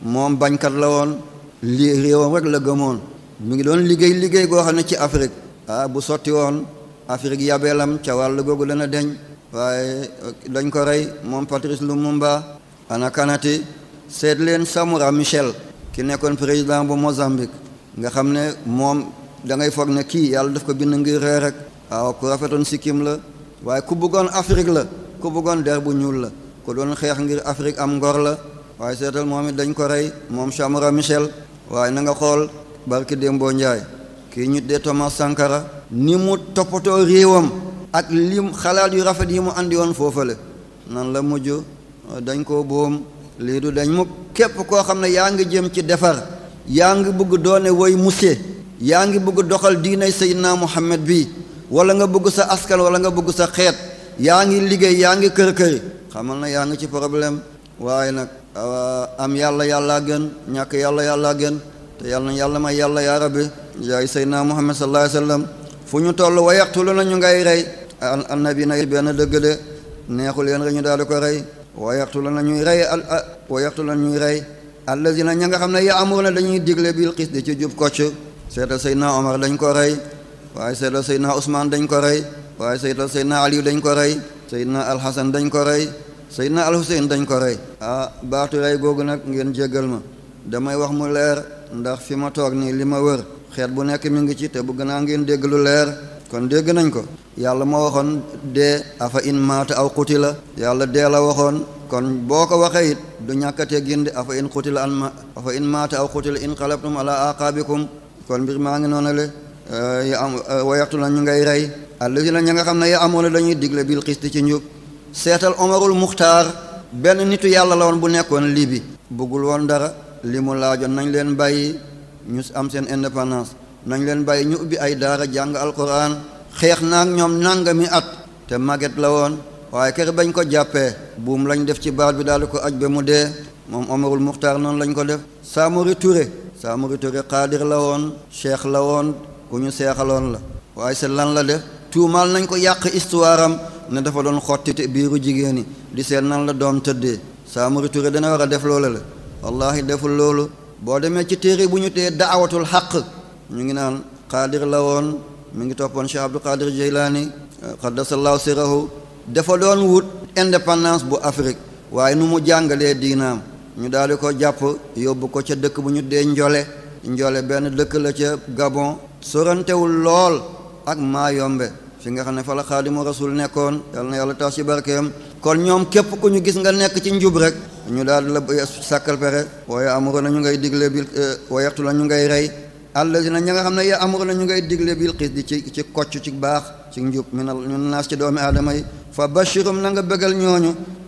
moom bañkat la woon lii réewam rek la gëmoon mu ngi doon liggéey liggéey goo xam ne ci Afrique ah bu sotti woon Afrique yabeelam ca wàll googu dana deñ waaye dañ ko rey moom Patrice Lumumba ana kanati seet leen Samora Michel ki nekkoon président bu Mozambique nga xam ne moom da ngay foog ne kii yàlla def ko bind ngir ree rek waaw ku rafetoon sikkim la waaye ku bëggoon Afrique la ku bëggoon der bu ñuul la ku doon xeex ngir Afrique am ngor la waaye seetal moom it dañ ko rey moom Samora Michel waaye barki Dembo Njaay kii ñu dee Thomas Sankara ni mu toppatoo réewam ak lim xalaat yu rafet yi mu andi woon foofale nan la mujj dañ koo boom lii du dañ mu képp koo xam ne yaa ngi jëm ci defar yaa ngi bëgg doone woy musse yaa ngi bëgg doxal diinay Seydina Muhammad bi wala nga bëgg sa askan wala nga bëgg sa xeet yaa ngi liggéey yaa ngi kër këri xamal na yaa ngi ci problème waaye nag am yàlla yàllaa gën ñàkk yàlla yàllaa gën te yàlla na yàlla may yàlla yaa rabbi yaay seydina muhammad sallallahu alayhi fu ñu toll wa yaqtulu na ñu ngay rey annabi nag benn dëgg de neexu leen rek ñu daal di ko rey wa yaqtulu na ñuy rey wa yaqtulu na ñuy rey allazina ña nga xam ne ya'muruna dañuy digle bil qisti ci jub kocc seetal seydina omar dañ ko rey waaye seetal seydina ousmane dañ ko rey waaye seetal seydina aliyu dañ ko rey seydina alxasan dañ ko rey seydina alxuseyn dañ ko rey ah baatu rey googu nag ngeen jéggal ma damay wax mu leer ndax fi ma toog nii li ma wër xeet bu nekk mi ngi ci te bëgg naa ngeen dégg lu leer kon dégg nañ ko yàlla moo waxoon dee afa in maata aw xuti la yàlla dee la waxoon kon boo ko waxee it du ñàkkatee gindi afa in la an ma afa in maata aw xuti la in xalabtum ala aqaabikum kon mbir maa ngi noonu le eh, ya am eh, wayatu na ñu ngay rey allazi na ña nga xam ne ya amoon dañuy digle bil xisti ci njub seetal omarul muxtaar benn nitu yàlla la woon bu nekkoon libi bëggul woon dara li mu laajoon nañ leen bàyyi ñu am seen indépendance nañ leen bàyyi ñu ubbi ay daara jàng al alquran xeex naag ñoom nangami at te màgget la woon waaye kër bañ ko jàppee buum lañ def ci baat bi daal di ko aj ba mu dee moom Omarul Muxtaar noonu lañ ko def Samori Touré Samori Touré xaadir la woon cheikh la woon ku ñu seexaloon la waaye sa lan la def tuumaal nañ ko yàq histoire am ne dafa doon xotti biiru jigéen ñi di seen nan la doom tëddee Samori Touré dana war a def la wallahi deful loolu boo demee ci téere bu ñu tee daawatul xaq ñu ngi naan xaadir la woon mu ngi toppoon Cheikh Abdou Qadir Jeylaani xaddasallahu sirahu dafa doon wut indépendance bu Afrique waaye nu mu jàngalee diinaam ñu daal di ko jàpp yóbbu ko ca dëkk bu ñu dee njole njole benn dëkk la ca Gabon sorantewul lool ak Maayombe fi nga xam ne fa la xaadimu rasul nekkoon yal na yàlla taas ci barkeem kon ñoom képp ku ñu gis nga nekk ci njub rek ñu daal la sàkkal pere waaye amuro na ñu ngay digle bil eh, wa yaxtu la ñu ngay rey na ña nga xam ne ya amuro na ñu ngay digle bil xis di ci ci kocc ci baax ci njub min min naas ci doomi aadama yi fa bashirum na nga bégal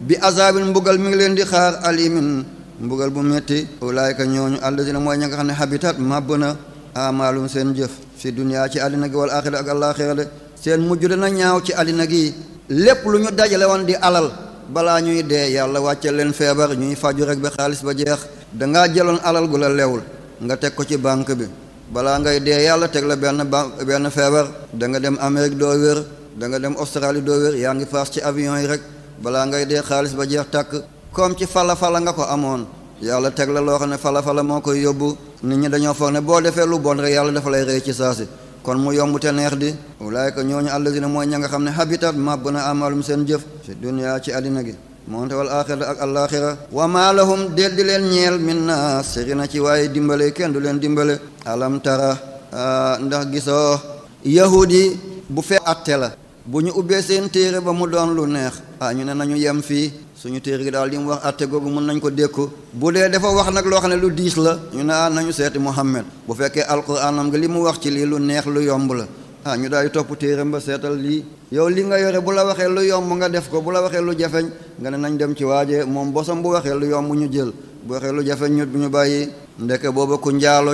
bi azabin mbugal mi ngi leen di xaar alimin mbugal bu metti ulaayka ñooñu allazina mooy ña nga xam ne habitat màbb na amaalum seen jëf fi duniyaa ci àddina gi wal axira ak àllaaxira de seen mujj dana ñaaw ci àddina gi lépp lu ñu dajale woon di alal balaa ñuy dee yàlla wàcce leen feebar ñuy faju rek ba xaalis ba jeex dangaa jëloon alal gu la leewul nga teg ko ci banque bi balaa ngay dee yàlla teg la benn ba benn feebar da nga dem Amérique doo wér da nga dem Australie doo wér yaa ngi paas ci avion yi rek balaa ngay dee xaalis ba jeex tàkk comme ci fala-fala nga ko amoon yàlla teg la loo xam ne fala-fala moo koy yóbbu nit ñi dañoo foog ne boo defee lu bon rek yàlla dafa lay rey ci saasi kon mu yomb te neex di wulaayka ñooñu allazina mooy ña nga xam ne habitat màbb na amalum seen jëf ci dunya ci àddina gi moonte wal axira ak alaxira wa maa lahum déet di leen ñeel min naasiri na ci waaye dimbale kenn du leen dimbale alam tara ndax gisoo yahudi bu fee atte la bu ñu ubbee seen téere ba mu doon lu neex ah ñu ne nañu yem fii suñu téere gi daal li mu wax atte googu mën nañ ko dékku bu dee dafa wax nag loo xam ne lu diis la ñu ne ah nañu seeti Muhammad bu fekkee alquranam nga li mu wax ci lii lu neex lu yomb la ah ñu daal di topp téeram ba seetal lii yow li nga yore bu la waxee lu yomb nga def ko bu la waxee lu jafeñ nga ne nañu dem ci waajee moom bosam bu waxee lu yomb ñu jël bu waxee lu jafeñ ñu bu ñu bàyyi ndeke booba ku njaalo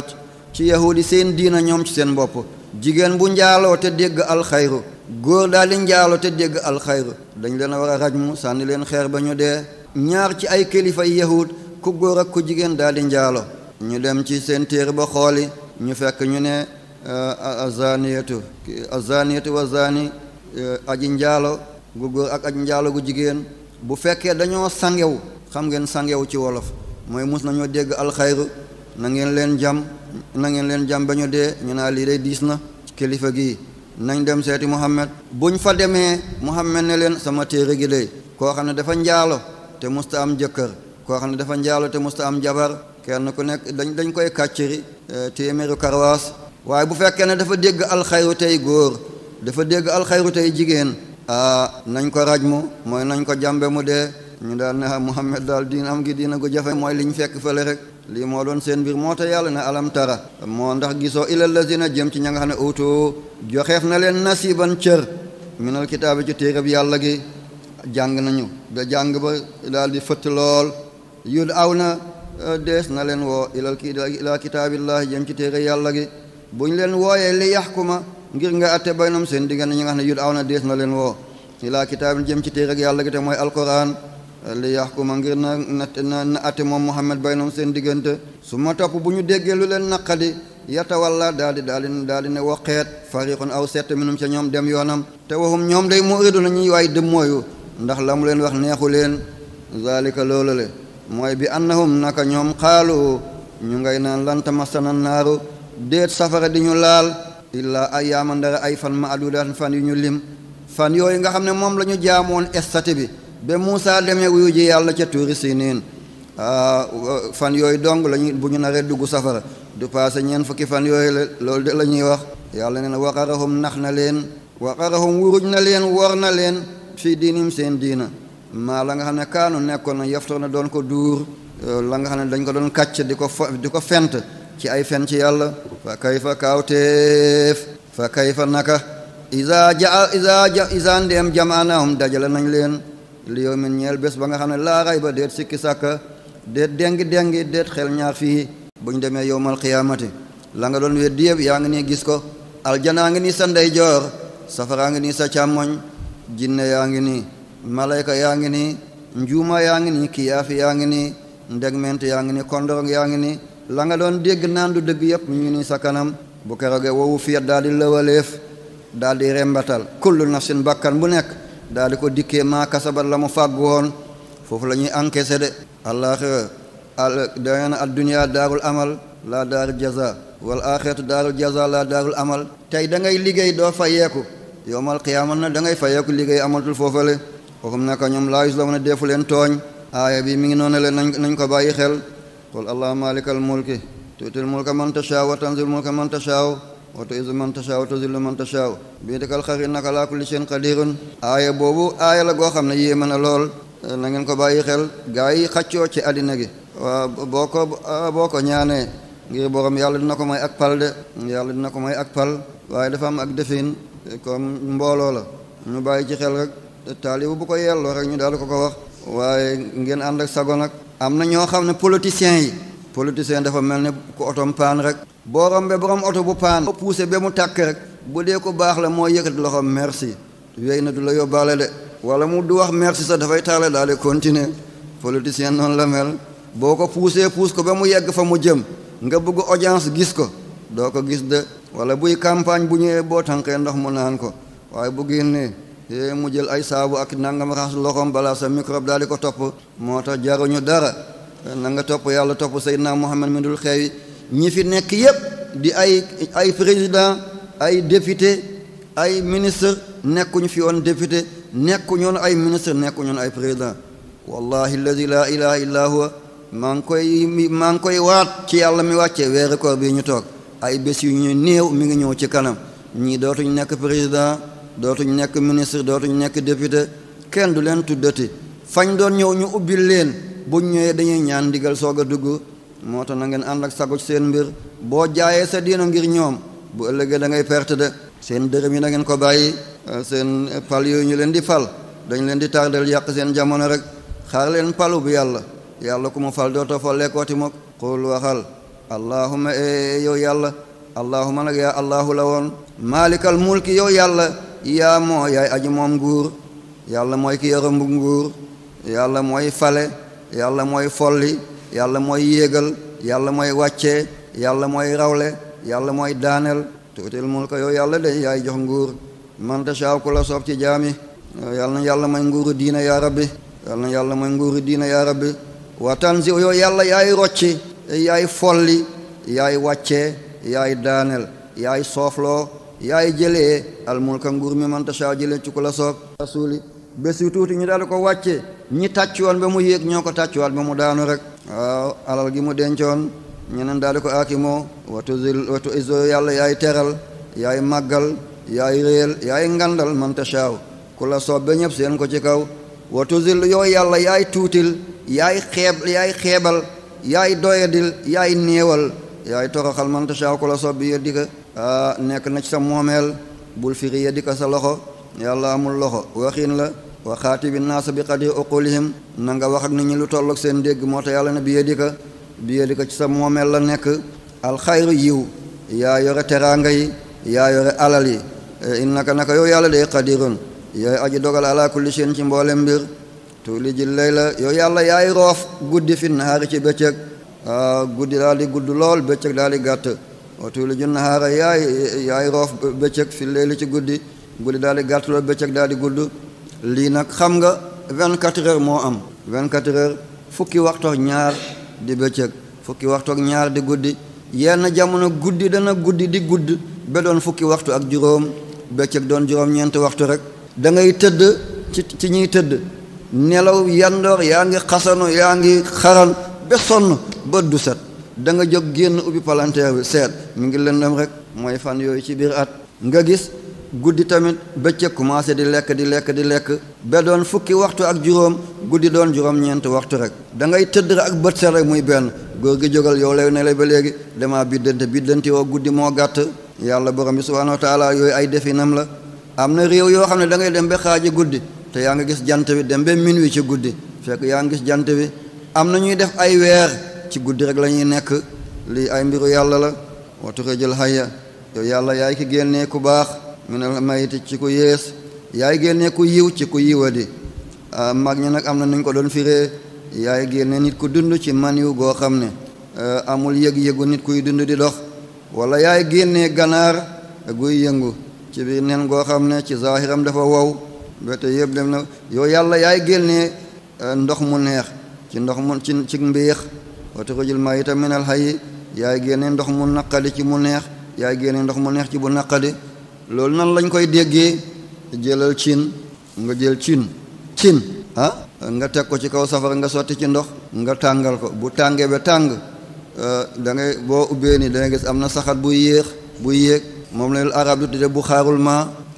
ci yahudi seen diina ñoom ci seen bopp jigéen bu njaaloo te dégg alxayru góor daal di njaaloo te dégg alxayru dañ leen a war a mu sànni leen xeer ba ñu dee ñaar ci ay kilifa yahud ku góor ak ku jigéen daal di njaalo ñu dem ci seen téere ba xooli ñu fekk ñu ne euh, azaniyatu azaniyatu wa zani euh, aji njaalo gu góor ak aji njaalo gu jigéen bu fekkee dañoo sangew xam ngeen sangew ci wolof mooy mus nañoo dégg alxayru na ngeen leen jam nangeen leen jam ba ñu dee ñu naa lii day diis na kilifa gii nañ dem seeti Muhammad ñu fa demee Muhammad ne leen sama téere gi day koo xam ne dafa njaalo te musta am jëkkër koo xam ne dafa njaalo te musta am jabar kenn ku nekk dañ dañ koy kàcciri eh, téeméeru karwaas waaye bu fekkee ne dafa dégg alxayru tey góor dafa dégg alxayru tey jigéen nañ ko raj mu mooy nañ ko jàmbe mu dee ñu daal ne ah, Muhammad daal diin am gi diina gu jafe mooy liñ fekk fële rek lii moo doon seen mbir moo te yàlla na alam tara moo ndax gisoo ilal lazina jëm ci ña nga xam ne utoo joxeef na leen nasiban cër minal kitaabi ci téereb yàlla gi jàng nañu ba jàng ba daal di fëtt lool yud aw na euh, dees na leen woo ilal ilaa kitaabillahi jëm ci téere yàlla gi bu ñu leen wooyee li yaxkuma ngir nga atte baynam seen diggante ñi nga xam ne yud aw na dees na leen woo ilaa kitaab jëm ci téere yàlla gi te mooy alquran li yaxkuma ngir na na ate moom Muhammad baynum seen diggante su ma topp bu ñu déggee lu leen naqadi yatawalla daal di daal di daal di ne waqeet fariqun aw sett minum ca ñoom dem yoonam te waxum ñoom day muridu na ñuy waay dëm mooyu ndax la mu leen wax neexu leen zalika loolu le mooy bi annahum naka ñoom xaalu ñu ngay naan lan tamassana naaru déet safara di ñu laal illaa ayyaaman dara ay fan ma adudan fan yu ñu lim fan yooyu nga xam ne moom la ñu jaamoon estati bi ba Moussa demee wuyu ji yàlla ca tuuri Siniin ah, fan yooyu dong lañu bu ñu naree dugg safara du passé ñeen fukki fan yooyu la loolu la ñuy wax yàlla nee na waqarahum nax na leen waqarahum wuruj na leen wor na leen fii diinim seen diina maa la nga xam ne kaanu nekkoon na yaftoor na doon ko duur la nga xam ne dañ ko doon kàcc di ko fo di ko fent ci ay fen ci yàlla fa kayfa kaawteef fa kayfa naka isa ja isa ja isa ndeem dajale nañ leen li yow min ñeel bés ba nga xam ne laaray ba déet sikki sàkka déet déng dengi déet xel ñaar fii bu ñu demee yowmal xiyaamati la nga doon weddi yëpp yaa ngi nii gis ko aljanaa ngi nii sa ndeyjoor safaraa ngi nii sa càmmoñ jinne yaa ngi nii malayka yaa ngi nii njuuma yaa ngi nii kiyaafi yaa ngi nii ndegment yaa ngi nii kondorong yaa ngi nii la nga doon dégg naan du dëgg yëpp ñu ngi nii sa kanam bu keroogee wowu fiet daal di lëwaleef daal di rembatal kullu nafsin bakkan bu nekk daal di ko dikkee maa kasabat la mu fàgg woon foofu la ñuy encaissé de àllaaxira al dana na adduniya daarul amal la daarul jaza wal axiratu daarul jaza laa daarul amal tey da ngay liggéey doo fayeeku yowmal qiyaama na da ngay fayeeku liggéey amatul foofale waxum naka ñoom laa yuzlamuuna deefu leen tooñ aaya bi mi ngi noonu leen nañ nañ ko bàyyi xel qul allahumma maalikal mulki tuutil mulka man tashaa wa tanzil mulka man tashaa wa tu'izzu man tashaa wa tuzillu man tashaa biyadikal xayru innaka alaa kulli shay'in aaya boobu aaya la goo xam ne yéeme na lool eh, na ngeen ko bàyyi xel gaa yi xaccoo ci àddina gi waa boo ko ah, boo ko ñaanee ngir borom yàlla dina ko may ak pal de yàlla dina ko may ak pal waaye dafa am ak defin eh, comme mbooloo la ñu bàyyi ci xel rek taalibu bu ko yelloo rek ñu daal ko ko wax waaye ngeen ànd ak sago nag am na ñoo xam ne politiciens yi politicien dafa mel ni ku otom paan rek boo rombee borom oto bu paan poussé ba mu tàkk rek bu dee ko baax la moo yëkkati loxoom merci wéy na du la yóbbaale de wala mu du wax merci sax dafay taale daal di continuer politicien noonu la mel boo ko poussé pousse ko ba mu yegg fa mu jëm nga bëgg audience gis ko doo ko gis de wala buy campagne bu ñëwee boo tànkee ndox mu naan ko waaye bu génnee yee eh, mu jël ay saabu ak nangam raxas loxoom balaa sa microbe daal di ko topp moo tax jaruñu dara na nga topp yàlla topp Seydina Muhammad mi dul xeewi ñi fi nekk yépp di ay ay président ay député ay ministre nekkuñu fi woon député nekkuñu woon ay ministre nekkuñu woon ay président wallahi alladi laa ilaha illa huwa maa ngi koy maa ngi koy waat ci yàlla mi wàccee weeru koor bi ñu toog ay bés yu ñu néew mi ngi ñëw ci kanam ñii dootuñu nekk président dootuñu nekk ministre dootuñu nekk député kenn du leen tuddati fañ doon ñëw ñu ubbil leen buñ ñëwee dañuy ñaan ndigal soog a dugg moo tax na ngeen ànd ak sago ci seen mbir boo jaayee sa diina ngir ñoom bu ëllëgee da ngay perte de seen dërëm yi na ngeen ko bàyyi euh, seen pal yooyu ñu leen di fal dañu leen di tardel yàq seen jamono rek xaar leen palu bu yàlla yàlla ku mu fal dootoo fa lekkooti mok xul waxal allahuma e, e yow yàlla allahuma nag yaa allahu la woon maalikal mulki yow yàlla yaa moo yaay aji moom nguur yàlla mooy ki yarambu nguur yàlla mooy fale yàlla mooy folli yàlla mooy yéegal yàlla mooy wàccee yàlla mooy rawle yàlla mooy daaneel tuutil mulka yow yàlla de yaay jox nguur man tashaa ku la soob ci jaami yàlla na yàlla may nguuru diina yaa rabbi yàlla na yàlla may nguuru diina yaa rabbi wa tanzi yow yàlla yaay rocci yaay folli yaay wàccee yaay daaneel yaay soofloo yaay jëlee al mulka nguur mi man tashaa jëlee ci ku la soob rasuuli bés yu tuuti ñu daal di ko wàccee ñi tàccuwoon ba mu yéeg ñoo ko tàccuwaat ba mu daanu rek waaw alal gi mu dencoon ñeneen daal di ko aakimoo watu zil watu izo yàlla yaay teral yaay màggal yaay réel yaay ngandal manta tashaaw ku la soob ba ñëpp seen ko ci kaw watu zil yow yàlla yaay tuutil yaay xeeb yaay xeebal yaay doyadil yaay néewal yaay toroxal man tashaaw ku la soob bi yeddi ka nekk na ci sa moomeel bul firi yeddi ka sa loxo yàlla amul loxo waxiin la waxaatibi naasa bi xadi uqulihim na nga wax ak ni ñu lu tolloog seen dégg moo tax yàlla ne bi yedika bi yedika ci sa moomeel la nekk alxayru yiw yaa yore teraanga yi yaa yore alal yi e innaka naka yow yàlla day qadirun yaay aji dogal ala kulli shay'in ci mboole mbir tuliji layla yow yàlla yaay roof guddi fi nahaari ci bëccëg guddi daal di gudd lool bëccëg daal di gàtt tuliji nahaara yaay yaay roof bëccëg fi layli ci guddi guddi daal di gàtt lool daal di gudd lii nag xam nga 24 heures moo am 24 heures fukki waxtoog ñaar di bëccëg fukki waxtoog ñaar di guddi yenn jamono guddi dana guddi di gudd ba doon fukki waxtu ak juróom bëccëg doon juróom-ñeenti waxtu rek da ngay tëdd ci ci ñuy tëdd nelaw yandoor yaa ngi xasanu yaa ngi xaran ba sonn bët du set da nga jóg génn ubbi palanteer bi seet mu ngi lëndëm rek mooy fan yooyu ci biir at nga gis guddi tamit bëccëg commencé di lekk di lekk di lekk ba doon fukki waxtu ak juróom guddi doon juróom ñeenti waxtu rek dangay tëdd rek ak bët set rek muy benn góor gi jógal yow lay ne la ba léegi damaa biddante biddanti woo guddi moo gàtt yàlla borom bi subhaanahu wa taala yooyu ay definam la am na réew yoo xam ne dangay dem ba xaaji guddi te yaa ngi gis jant bi dem ba minuit ci guddi fekk yaa ngi gis jant bi am na ñuy def ay weer ci guddi rek lañuy nekk li ay mbiru yàlla la watuxëjël hayya minal mayiti ci ku yées yaay génne ku yiw ci ku yiwadi ah, mag ñi nag am na nuñ ko doon firee yaay génne nit ku dund ci maniw goo xam ne ah, amul yëg-yëgu nit kuy dund di dox wala yaay génne ganaar guy yëngu ci biir nen goo xam ne ci zaahiram dafa wow bete yëpp dem na yow yàlla yaay génne ah, ndox mu neex ci ndox mu ci ci mbiix wa tuxrijul mayyita minal hayyi yaay génne ndox mu naqadi ci mu neex yaay génne ndox mu neex ci bu naqadi loolu nan lañ koy déggee jëlal cin nga jël cin cin ah nga teg ko ci kaw safara nga sotti ci ndox nga tàngal ko bu tàngee ba tàng euh, da ngay boo ubbee ni da gis am na saxat bu yéex bu yéeg moom la arab di bu xaarul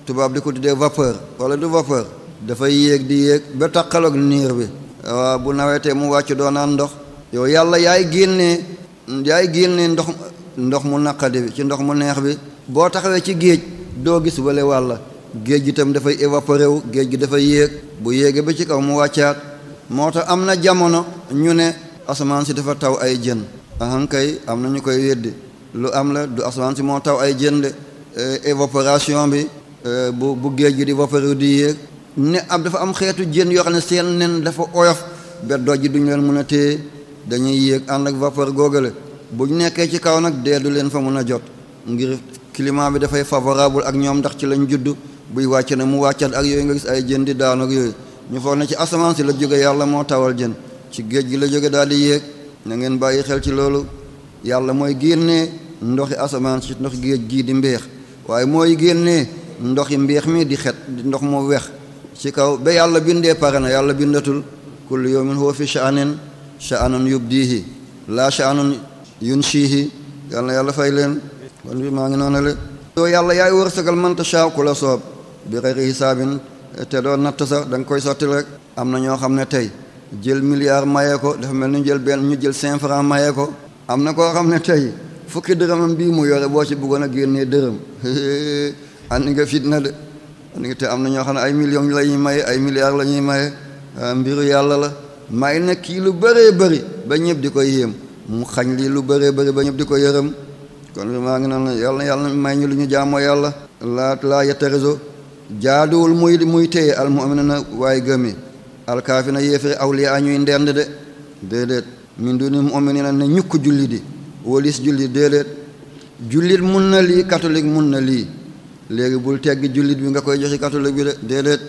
tubaab di ko tuddee vapeur wala du vapeur dafay yéeg di yéeg ba taqaloog niir bi waaw bu nawetee mu wàcc doon naan ndox yow yàlla yaay génnee yaay génnee ndox ndox mu naqadi bi ci ndox mu neex bi boo taxawee ci géej doo gis wale wàlla géej gi itam dafay évaporé wu géej gi dafay yéeg bu yéegee ba ci kaw mu wàccaat moo tax am na jamono ñu ne asamaan si dafa taw ay jën ahankay am na ñu koy weddi lu am la du asamaan si moo taw ay jën de eh, évaporation bi eh, bu bu géej gi di évaporé wu di yéeg ne am dafa am xeetu jën yoo xam ne seen nen dafa oyof ba doj ji duñu leen mën a téye dañuy yéeg ànd ak vapor googale bu ñu nekkee ci kaw nag dee du leen fa mën a jot ngir climat bi dafay favorable ak ñoom ndax ci lañ judd buy wàcc na mu wàccat ak yooyu nga gis ay jën di daanu yooyu ñu foog ne ci asamaan si la jóge yàlla moo tawal jën ci géej gi la jóge daal di yéeg na ngeen bàyyi xel ci loolu yàlla mooy génnee ndoxi asamaan si ndox géej gii di mbeex waaye mooy génnee ndoxi mbeex mi di xet ndox moo weex ci kaw ba yàlla bindee pare na yàlla bindatul kullu yawmin huwa fi sha'anin sha'anun yubdihi laa sha'anun yunshihi yàlla yàlla fay leen kon bi maa ngi noonu le yow yàlla yaay wërsëgal mënta caaw ku la soob bi xëy hisaabin te doo natt sax danga koy sottil rek am na ñoo xam ne tey jël milliard mayee ko dafa mel ni jël benn ñu jël cinq francs mayee ko am na koo xam ne tey fukki dërëmam bii mu yore boo ci bëggoon a génnee dërëm andi nga fitna de andi nga am na ñoo xam ne ay millions la ñuy maye ay milliards la ñuy maye ah, mbiru yàlla la may na kii lu bëree bëri ba ñëpp di ko yéem mu lii lu bëree bëri ba di ko yërëm kon fi maa ngi naan yàlla yàlla may ñu lu ñu jaamoo yàlla laa laa yetta réseau jaaduwul muy muy téye almu'mina na waaye gëmi alkaafi na yéefiri awliyaa ñuy ndend de déedéet min duni mu'minina ne ñukk julli di walis julli déedéet jullit mun na lii catholique mun na lii léegi bul tegg jullit bi nga koy joxi catholique bi de déedéet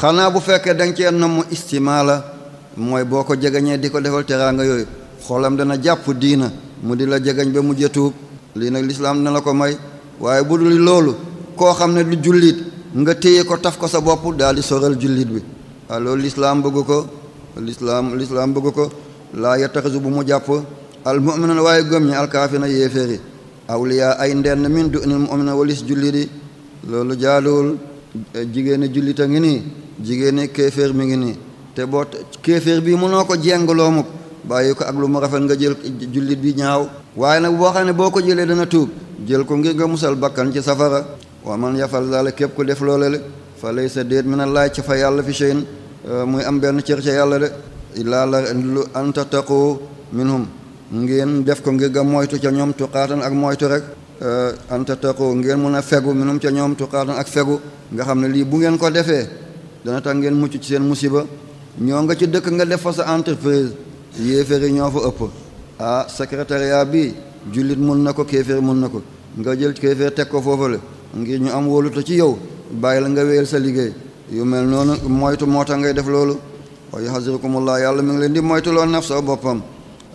xanaa bu fekkee danga cee namm istimaa la mooy boo ko jegeñee di ko defal teraanga yooyu xolam dana jàpp diina mu di la jegeñ lii nag lislaam na la ko may waaye bu dul loolu koo xam ne du jullit nga téye ko taf ko sa bopp daal di soral jullit bi waaw loolu lislaam bëgg ko lislaam bëgg ko laa yattaxisu bu mu jàpp al mu'minuna waaye gëm ñi alkaafina yéeféer yi awliyaa ay ndenn min du nil mu'minuna walis jullit yi loolu jaaduwul jigéeni jullit a ngi nii jigéeni kéeféer mi ngi nii te boo kéeféer bi mënoo ko jeng loo mukk bàyyi ko ak lu mu rafet nga jël jullit bi ñaaw waaye nag boo xam ne boo ko jëlee dana tuub jël ko ngir nga musal bakkan ci safara waa man yafal daal képp ku def loole le fa lay sa déet mina laaj ca fa yàlla fi cheyn euh, muy am benn cër ca yàlla de illaa la lu anta taqu ngeen def ko ngir nga moytu ca ñoom tuqaatan ak moytu rek euh, anta taqu ngeen mun a fegu minhum ca ñoom tuqaatan ak fegu nga xam ne lii bu ngeen ko defee dana tax ngeen mucc ci seen musiba ñoo nga ci dëkk nga def fa sa entreprise ñoo fa ëpp ah secrétariat bi jullit mun na ko kéeféer mun na ko nga jël kéeféer teg ko foofale ngir ñu am wóolute ci yow bàyyi la nga wéyal sa liggéey yu mel noonu moytu moo tax ngay def loolu wa yaxasirukumullah yàlla mi ngi leen di moytu loolu naf sa boppam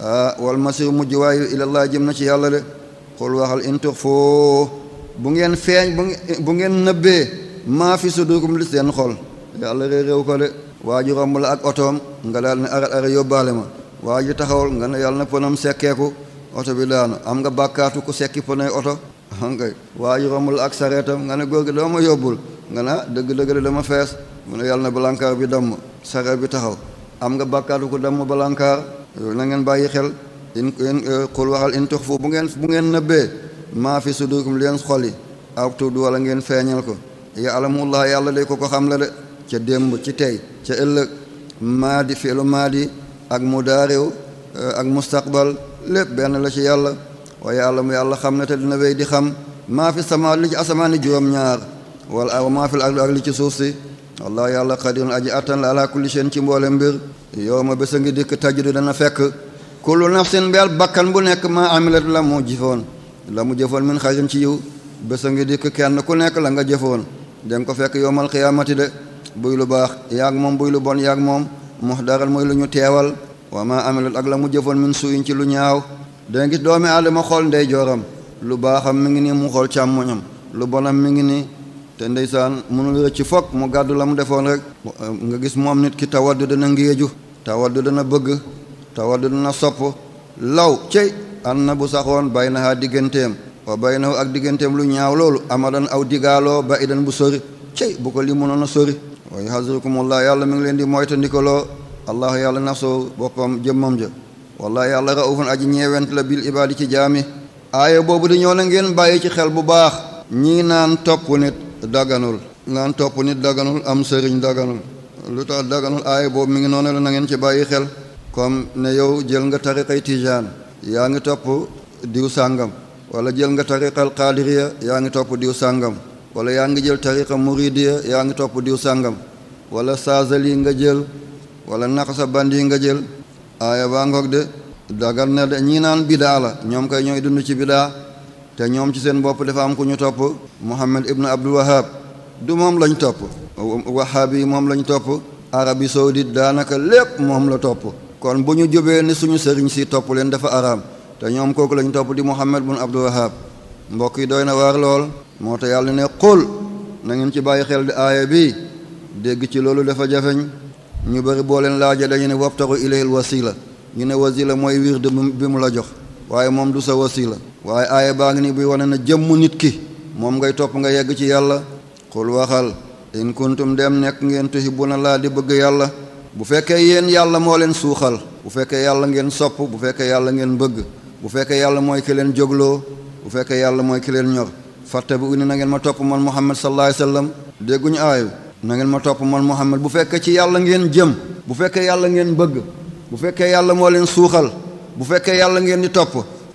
ah wal masir mujj waayu ilallah jëm na ci yàlla de xul waxal intur foo bu ngeen feeñ bu ngeen nëbbee maa fi sudukum li seen xol yàlla réeréew ko de waaju romb la ak otoom nga daal ne arat ara yóbbaale ma waa ji taxawul nga ne yàlla na ponam sekkeeku oto bi daanu am nga bàkkaatu ku sekki ponay oto nga waa ji romb la ak sareetam nga ne góor gi dama ma yóbbul nga ne dëgg-dëgg ah, de dama fees mu ne yàlla na balankaar bi damm sareet bi taxaw am nga bàkkaatu ku damm balankaar na ngeen bàyyi xel in xul eh, waxal in tux fu bu ngeen bu ngeen nëbbee maa fi sudurikum leen xol yi aw tudd wala ngeen feeñal ko ya'lamullaa yàlla day ko ko xam la de ca démb ci tey ca ëllëg maadi fi'lu ak mudaariw eh, ak mustaqbal lépp benn la ci yàlla wa yàlla mu yàlla xam ne te dina wéy di xam maa fi sama li ci asamaani juróom-ñaar wala maa fi ak li ci suuf si wallaahu yàlla xadirun aji attan la ala kulli shay'in ci mboole mbir yow ma bés a ngi dikk tajidu dana fekk kullu nafsin bel bakkan bu nekk maa amilat la mu jëfoon la mu jëfoon min xarin ci yiw bés a ngi dikk kenn ku nekk la nga jëfoon da nga ko fekk yowmal xiyaamati de buy lu baax yaag moom buy daral mooy lu ñu teewal wa ma amelut ak la mu jëfoon min suyin ci lu ñaaw danga gis doomi aadama xool ndey jooram lu baaxam mi ngi nii mu xool càmmoñam lu bonam mi ngi nii te ndeysaan mënul rëcc fokk mu gàddu la mu defoon rek nga gis moom nit ki tawaddu dana ngéeju tawaddu dana bëgg tawaddu dana sopp law cey an na bu saxoon bay nahaa digganteem wa bay nahu ak digganteem lu ñaaw loolu amadan aw digaaloo ba idan bu sori cey bu ko li a sori wa yuhadhirukumullah yàlla mi ngi leen di moytandikoloo allah yàlla nafsoo boppam jëmmam ja wallahi yàlla raufun aji ñeewent la bil ibaadi ci jaami aaya boobu di ñëw na ngeen bàyyi ci xel bu baax ñii naan topp nit daganul naan topp nit daganul am sëriñ daganul lu tax daganul aaya boobu mi ngi noonu la na ngeen ci bàyyi xel kom ne yow jël nga tariqay tijaan yaa ngi topp diw sàngam wala jël nga tariqal qaadiriya yaa ngi topp diw sàngam wala yaa ngi jël tariqa muridiya yaa ngi topp diw sàngam wala saazali nga jël wala naqsa bandi nga jël aaya baa ngoog de dagal na de ñii naan bidaa la ñoom kay ñooy dund ci bidaa te ñoom ci seen bopp dafa am ku ñu topp Muhammad ibnu Abdul Wahab du moom lañ topp wahabi yi moom lañ topp Arabie saoudite daanaka lépp moom la topp kon bu ñu jubee ni suñu sëriñ si topp leen dafa araam te ñoom kooku lañu topp di Muhammad ibnu Abdul Wahab mbokk yi doy na waar lool moo tax yàlla ne xul na ngeen ci bàyyi xel di aaya bi dégg ci loolu dafa jafeñ ñu bëri boo leen laaje dañu ne wabtaru ilayhil wasila ñu ne wasila mooy wiir wird bi mu la jox waaye moom du sa wasila waaye aaya baa ngi ni buy wane na jëmm nit ki moom ngay topp nga yegg ci yàlla xul waxal in kuntum dem nekk ngeen tuhibuna laa di bëgg yàlla bu fekkee yéen yàlla moo leen suuxal bu fekkee yàlla ngeen sopp bu fekkee yàlla ngeen bëgg bu fekkee yàlla mooy ki leen jógloo bu fekkee yàlla mooy ki leen ñor fattabi'u na ngeen ma topp man muhammad sallallahu alayhi wasallam dégguñu aayu na ngeen ma topp man muhammad bu fekkee ci yàlla ngeen jëm bu fekkee yàlla ngeen bëgg bu fekkee yàlla moo leen suuxal bu fekkee yàlla ngeen di topp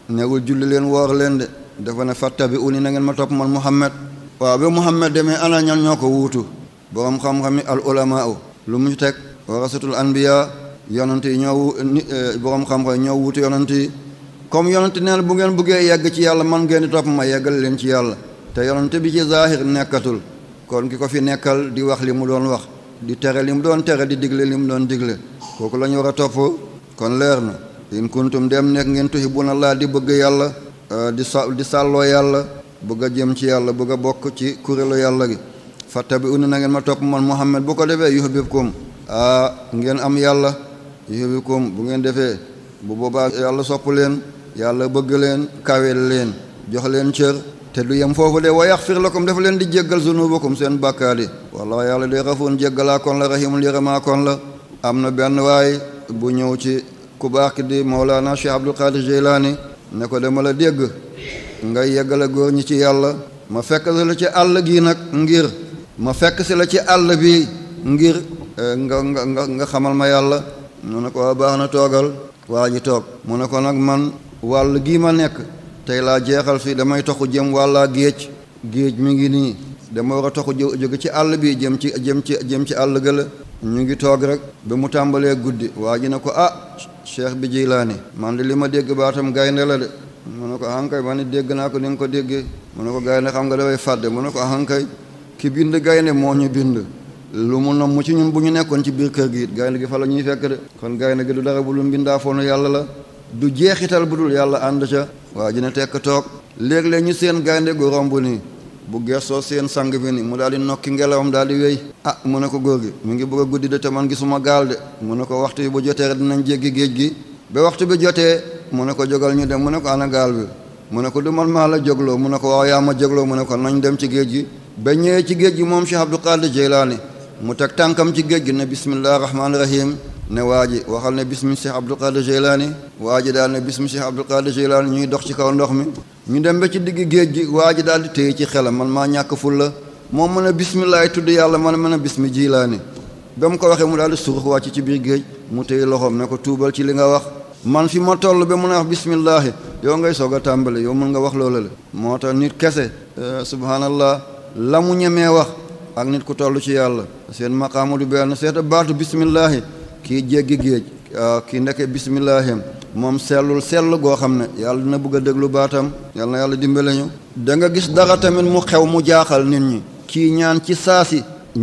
newul julli leen woor leen de dafa ne fattabi'u na ngeen ma topp man muhammad waaw ba muhammad demee ana ñan ñoo ko wuutu boroom xam-xam yi al ulamaau lu mu ci teg warasatul anbiya yonante yi ñoo eh, boroom xam-xam ñoo wuutu yonante yi comme yonente neen bu ngeen buggee yegg ci yàlla man ngeen di topp ma yeggal leen ci yàlla te yonente bi ci zaahir nekkatul kon ki ko fi nekkal di wax li mu doon wax di tere li mu doon tere di digle li mu doon digle kooku la ñu war a topp kon leer na in kuntum dem nekk ngeen na laa di bëgg yàlla euh, di sa di sàlloo yàlla bëgg a jëm ci yàlla bëgg a bokk ci kuréelu yàlla gi bi fattabi'uuni na ngeen ma topp man Muhammad bu ko defee yuhibbukum ngeen am yàlla ngeen defee bu boobaa leen yàlla bëgg leen kawel leen jox leen cër te du yem foofu de wa yaxfir koom dafa leen di jéggal zunubakum seen bàkkaar yi wallaahi yàlla de rafoon jéggalaa kon la rahimul yërëmaa kon la am na benn waaye bu ñëw ci ku baax ki di Mawlaana Cheikh Abdul Qaadir Jeylaani ne ko dama la dégg nga yeggale góor ñi ci yàlla ma fekk si la ci àll gii nag ngir ma fekk si la ci àll bi ngir eh, nga nga nga xamal ma yàlla mu ne ko waa baax na toogal waa ji toog mu ne ko wàll gii ma nekk tey laa jeexal si damay toxu jëm wàllaa géej géej mu ngi nii dama war a toxu jóge ci àll bi jëm ci jëm ci jëm ci àll gëla ñu ngi toog rek ba mu tàmbalee guddi waa ji ne ko ah cheikh bi laa jilaani man di li ma dégg baa tam gaynde la de mu ne ko ahankay ma ne dégg naa ko ni nga ko déggee mu ne ko gaynde xam nga dafay fàdde mu ne ko ahankay ki bind gaynde moo ñu bind lu mu nomm ci ñun bu ñu nekkoon ci biir kër gi gaynde gi fa la ñuy fekk kon gaynde gi du dara bu lu yàlla la du jeexital bu dul yàlla ànd ca waa ji ne tekk toog léeg-léeg ñu seen gaynde gu romb nii bu gersoo seen sang bi ni mu daal di nokki ngelawam daal di wéy ah mu ne ko góor gi mu ngi bëgg a guddi de te man gisuma gaal de mu ne ko waxtu bi bu jotee rek dinañ jéggi géej gi ba waxtu bi jotee mu ne ko jógal ñu dem mu ne ko ana gaal bi mu ne ko du man maa la jógloo mu ne ko waaw yaa ma jógloo mu ne ko nañ dem ci géej gi ba ñëwee ci géej gi moom Cheikh Abdou Qadir Jeylaani mu teg tànkam ci géej gi ne bisimilah rahmaani rahim ne waa ji waxal ne bismi Cheikh Abdul Qadir Jilani waa ji daal ne bismi Cheikh Abdul Qadir Jilani ñuy dox ci kaw ndox mi ñu dem ba ci digg géej gi waaji daal di téye ci xelam man maa ñàkk ful la moom mën a ay tudd yàlla man mën a bismi Jilaani ba mu ko waxee mu daal di surux wàcc ci biir géej mu téye loxoom ne ko tuubal ci li nga wax man fi ma toll ba mun a wax bisimilah yow ngay soog a tàmbale yow mën nga wax loola moo tax nit kese euh, subhanallah la mu ñemee ak nit ku tollu ci yàlla seen maqaama du benn seeta baatu bisimillahi kii jéggi géej ah, kii ndeke bisimillahi moom sellul sell goo xam ne yàlla dina bëgg a déglu baatam yàlla na yàlla dimbale ñu da nga gis dara tamit mu xew mu jaaxal nit ñi kii ñaan ci saasi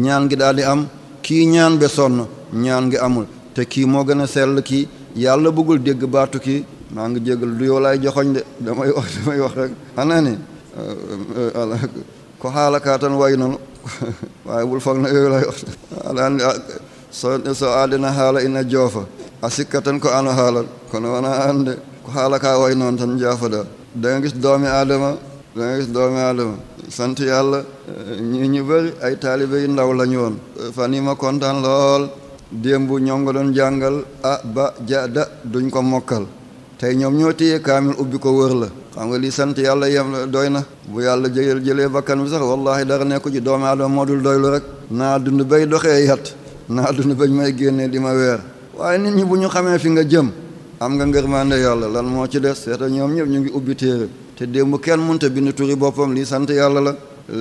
ñaan gi daal di am kii ñaan be sonn ñaan gi amul te kii moo gën a sell kii yàlla buggul dégg baatu kii maa ngi jégal du yow laay joxoñ de damay wax damay wax rek ana ni ah, ah, ko xaalakaatan way noonu waaye bul foog na yooyu lay wax alaan ah, so so haala ina joofa a sikka tan ko ano haalal kono wona ande ko haala ka way noon tan jaafoda da gis doomi aadama da gis doomi aadama sant yàlla ñi ñu ay taalibe yu ndaw la ñu woon fan kontaan lool démb ñoo ngi doon jàngal a ah, ba ja da duñ ko mokkal tey ñoom ñoo téye kaamil ubbi ko wër la xam nga lii sant yàlla yem la doy na bu yàlla jël jëlee bakkan bi sax wallahi dara nekku ci doomu aadama moo dul doylu rek naa dund bay doxee yat naa bañ may génnee di ma weer waaye nit ñi bu ñu xamee fi nga jëm am nga ngërmaande yàlla lan moo ci des seeta ñoom ñëpp ñu ngi ubbi te démb kenn mënta bind turi boppam lii sant yàlla la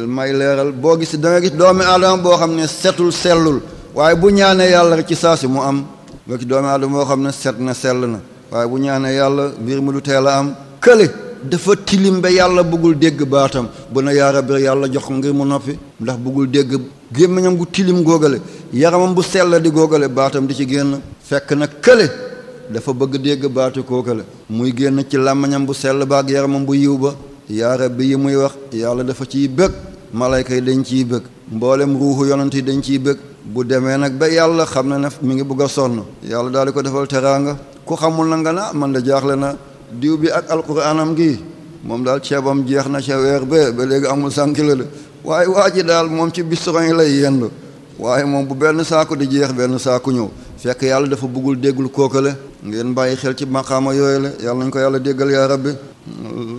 may leeral boo gis da nga gis doomi aadama boo xam ne setul sellul waaye bu ñaanee yàlla ci saa si mu am nga ci doomi xam ne set na sell na waaye bu ñaanee yàlla mbir mi du teel am kële dafa tilim ba yàlla bëggul dégg baatam bu na yaa rabbi yàlla jox ko ngir mu noppi ndax bëggul dégg gémmiñam gu tilim góogale yaramam bu sell di góogale baatam di ci génn fekk na kële dafa bëgg dégg baatu kookale muy génn ci làmmiñam bu sell ba ak yaramam bu yiw ba yaa rabbi yi muy wax yàlla dafa ciy bëgg malayka yi dañ ciy bëgg mboolem ruuxu yonent yi dañ ciy bëgg bu demee nag ba yàlla xam na ne mi ngi bëgg a sonn yàlla daal di ko defal teraanga ku xamul na nga na man de jaaxle na diw bi ak alquraanam gi moom daal ceebam jeex na ca weer ba léegi amul sànkila de waaye waa ji daal moom ci bistoron yi lay yendu waaye moom bu benn saako di jeex benn saako ñëw fekk yàlla dafa bëggul déggul kookale ngeen bàyyi xel ci maqaama yooyu la yàlla nañ ko yàlla déggal yaa bi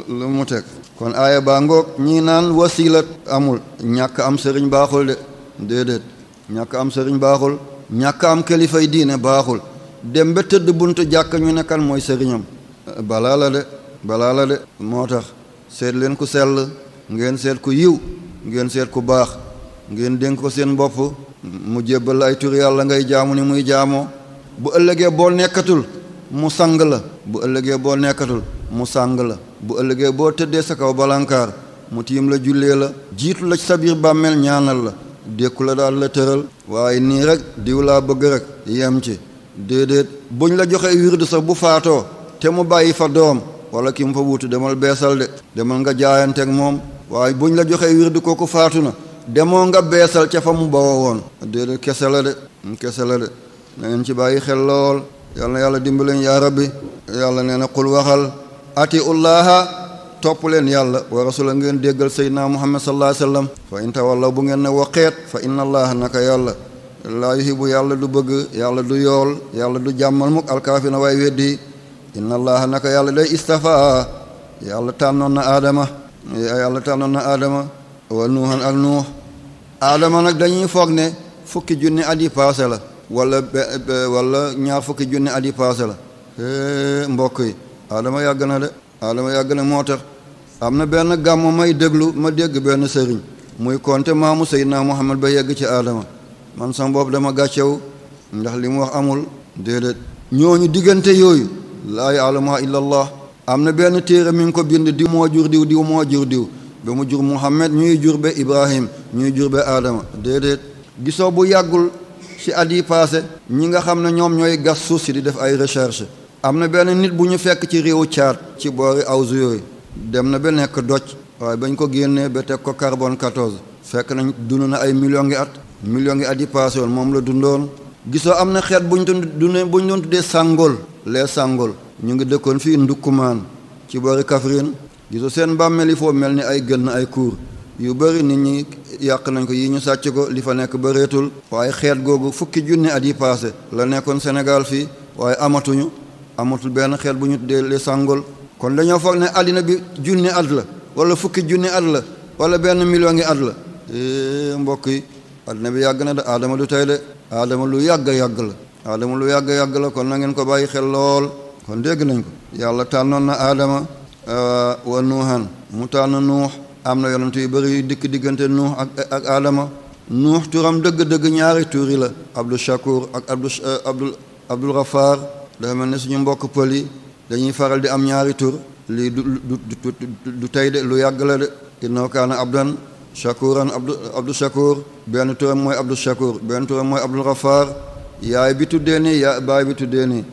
lu mu teg kon aaya baa ngoog ñii naan wasilat amul ñàkk am sëriñ baaxul de déedéet ñàkk am sëriñ baaxul ñàkk am kilifay diine baaxul dem ba tëdd buntu jàkk ñu ne mooy sëriñam balaa la de balaa la de moo tax seet leen ku sell ngeen seet ku yiw ngeen seet ku baax ngeen dénk ko seen bopp mu jébbal ay tur yàlla ngay jaamu ni muy jaamoo bu ëllëgee boo nekkatul mu sang la bu ëllëgee boo nekkatul mu sàng la bu ëllëgee boo tëddee sa kaw balankaar mu tiim la jullee la jiitu la ci sa biir bàmmeel ñaanal la dékku la daal la tëral waaye nii rek diw laa bëgg rek yem ci déedéet buñ la joxee wirdu sax bu faatoo te mu bàyyi fa doom wala ki mu fa wuutu demal beesal de demal nga jaayanteeg moom waaye buñ la joxee wirdu kooku faatu na demoo nga beesal ca fa mu bawoo woon déedéet kese la de kese la de na ngeen ci bàyyi xel lool yàlla yàlla dimbaleen yaa rabbi yàlla nee na qul ati ullaha topp leen yàlla wa rasula ngeen déggal seydina muhammad sallallahu alayhi wa sallam fa la bu ngeen ne waqeet fa inna allaha naka yàlla laa yuhibu yàlla du bëgg yàlla du yool yàlla du jàmmal mukk alkaafina waay weddi inna allaha naka yàlla day istafaa yàlla tànnoon na aadama yàlla tànnoon na aadama wa nuuhan ak nuux aadama nag dañuy foog ne fukki junni at yi paase la wala wala ñaar fukki junni at paase la mbokk yi aadama yàgg na de aadama am na benn gàmm may déglu ma dégg benn sëriñ muy konte maamu Seydina Muhammad ba yegg ci aadama man sama bopp dama gàccew ndax li mu wax amul déedéet ñooñu diggante yooyu laa yaalamuha illa allah am na benn téere mi ngi ko bind diw moo jur diw diw moo jur diw ba mu jur Muhammad ñuy jur be Ibrahim ñuy jur be aadama déedéet gisoo bu yàggul ci at yi ñi nga xam ne ñoom ñooy gas suuf si di def ay recherche am na benn nit bu ñu fekk ci réewu caat ci boori awsu yooyu dem na ba nekk doc waaye bañ ko génnee ba teg ko carbone 14 fekk nañ dund na ay million ngi at million ngi at yi passé woon moom la dundoon gisoo am na xeet bu ñu doon dundee bu ñu doon tuddee sangool les sangool ñu ngi dëkkoon fii ndukkumaan ci boori Kaffrine gisoo seen bàmmeel yi foo mel ni ay gën ay kuur yu bëri nit ñi yàq nañ ko yi ñu sàcc ko li fa nekk bëreetul waaye xeet googu fukki junni at yi passé la nekkoon Sénégal fii waaye amatuñu amatul benn xeet bu ñu tuddee les sàngool kon dañoo foog ne àddina bi junni at la wala fukki junni at la wala benn million ngi at la eh, mbokk yi àddina bi yàgg na de aadama du tey de aadama lu yàgg yàgg la aadama lu yàgg yàgg la kon na ngeen ko bàyyi xel lool kon dégg nañ ko yàlla tànnoon na aadama eh, wa nuuhan mu tànn nuux am na yonent yu bëri dikk diggante nuux ak ak aadama nuux turam dëgg-dëgg ñaari tuuri la abdul shakur ak abdul eh, abdul abdul rafaar dafa mel ni suñu mbokk pël yi dañuy faral di am ñaari tur lii du du tey de lu yàgg la de innahu kaana abdan shakuran abdu abdu shakur benn turam mooy abdu shakur benn turam mooy abdul ghaffar yaay bi tuddee nii yaa baay bi tuddee nii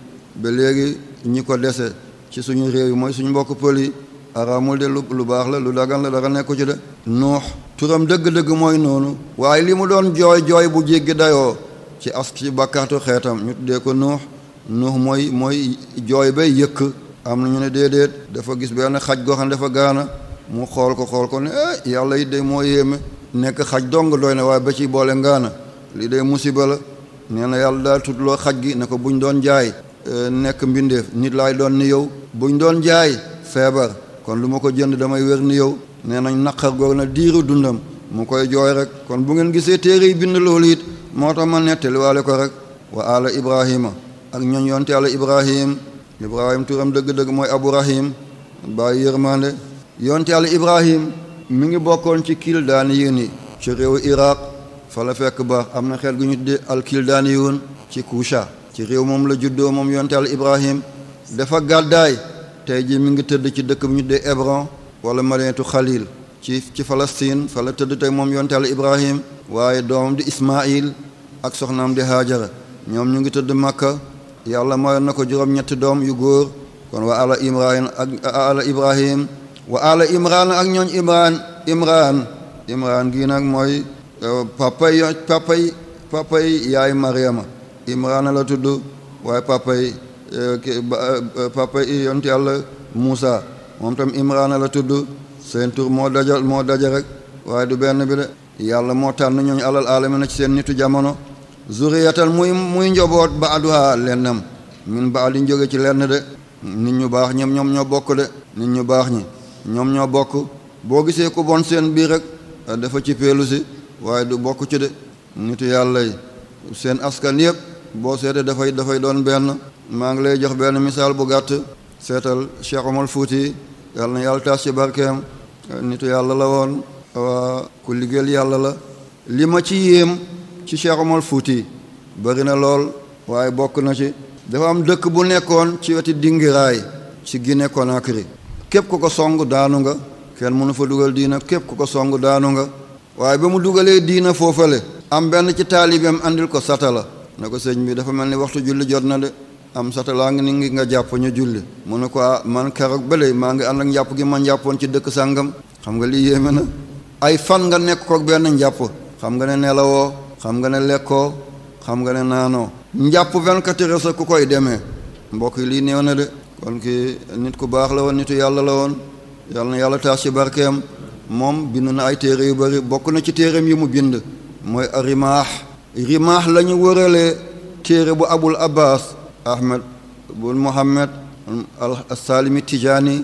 ba léegi ñi ko dese ci suñu réew yi mooy suñ mbokk pël yi araamul de lu baax la lu dagan la dara nekku ci de nuux turam dëgg-dëgg mooy noonu waaye li mu doon jooy jooy bu jéggi dayoo ci aski ci bàkkaatu xeetam ñu tuddee ko nuux nuux mooy mooy jooy bay yëkk am na ñu ne déedéet dafa gis benn xaj goo xam ne dafa gaana mu xool ko xool ko ne eh yàlla it de moo yéeme nekk xaj dong doy na waaye ba ci boole ngaana li de musiba la nee na yàlla daal loo xaj gi ne ko bu buñ doon jaay eh, nekk mbindeef nit laay doon ni yow buñ doon jaay feebar kon lu ma ko jënd damay wér ni yow nee nañ naqar goog na diiru dundam mu koy jooy rek kon bu ngeen gisee téere yi bind loolu it moo tax ma nettaliwaale ko rek wa ala ibrahima ak ñoñ yonte yàlla ibrahim ibrahim turam dëgg-dëgg mooy abu rahim bàyyi yonte yàlla ibrahim mi ngi bokkoon ci kildaani yun yi ci réewu iraq fa la fekk baax am na xel gu ñu tudde al kildaani yun ci kuusha ci réew moom la juddoo moom yonte yàlla ibrahim dafa gàddaay tey ji mi ngi tëdd ci dëkk bu ñu tuddee Hébron wala madiinatu xalil ci ci Palestine fa la tëdd tey moom yonte yàlla ibrahim waaye doomam di ismail ak soxnaam di haajara ñoom ñu ngi tëdd màkka yàlla mayoon na ko juróom-ñetti doom yu góor kon wa ala imran ak ala ibrahim wa ala imran ak ñooñ imran imran imran gii nag mooy euh, papay papay yaay mariama imran la tudd waaye papay euh, euh, papay yonent yàlla muusa moom tam imran la tudd seen tur moo daja moo daja rek waaye du benn bi de yàlla moo tànn ñooñ alal aalami na ci seen nitu jamono zuriyatan muy muy njoboot ba aduha lennam min ba liñ jóge ci lenn de nit ñu baax ñoom ñoom ñoo bokk de nit ñu baax ñi ñoom ñoo bokk boo gisee ku bon seen biir rek eh, dafa ci peelu si waaye du bokk ci de nitu yàlla yi seen askan yëpp boo seetee dafay dafay doon benn maa ngi lay jox benn misaal bu gàtt seetal Cheikh Omar Fouti yàlla na yàlla taas ci barkeem eh, nitu yàlla la woon ku liggéeyal yàlla la li ma ci yéem ci Cheikh Omar Fouti bëri na lool waaye bokk na ci dafa am dëkk bu nekkoon ci weti dingiraay ci gi nekkoon Guinée Conakry képp ku ko song daanu nga kenn mënu fa dugal diina képp ku ko song daanu nga waaye ba mu dugalee diina foofale am benn ci taalibeem andil ko satala na ko sëñ bi dafa mel ni waxtu julli jot na de am satalaa ngi ni ngi nga jàpp ñu julli mu ne ko ah, man keroog bële maa ngi ànd ak njàpp gi ma njàppoon ci dëkk sàngam xam nga lii yéeme na ay fan nga nekk koog benn njàpp xam nga ne nelawoo xam nga ne lekkoo xam nga ne naanoo njàpp 24 heures sa ku koy demee mbokk yi lii néew na de kon ki nit ku baax la woon nit yàlla la woon yàlla na yàlla taas barkeem moom bind na ay téere yu bari bokk na ci téereem yi mu bind mooy rimaax rimaax la ñu wëralee téere bu abul abbas ahmed bun mohammed alsalimi tijaani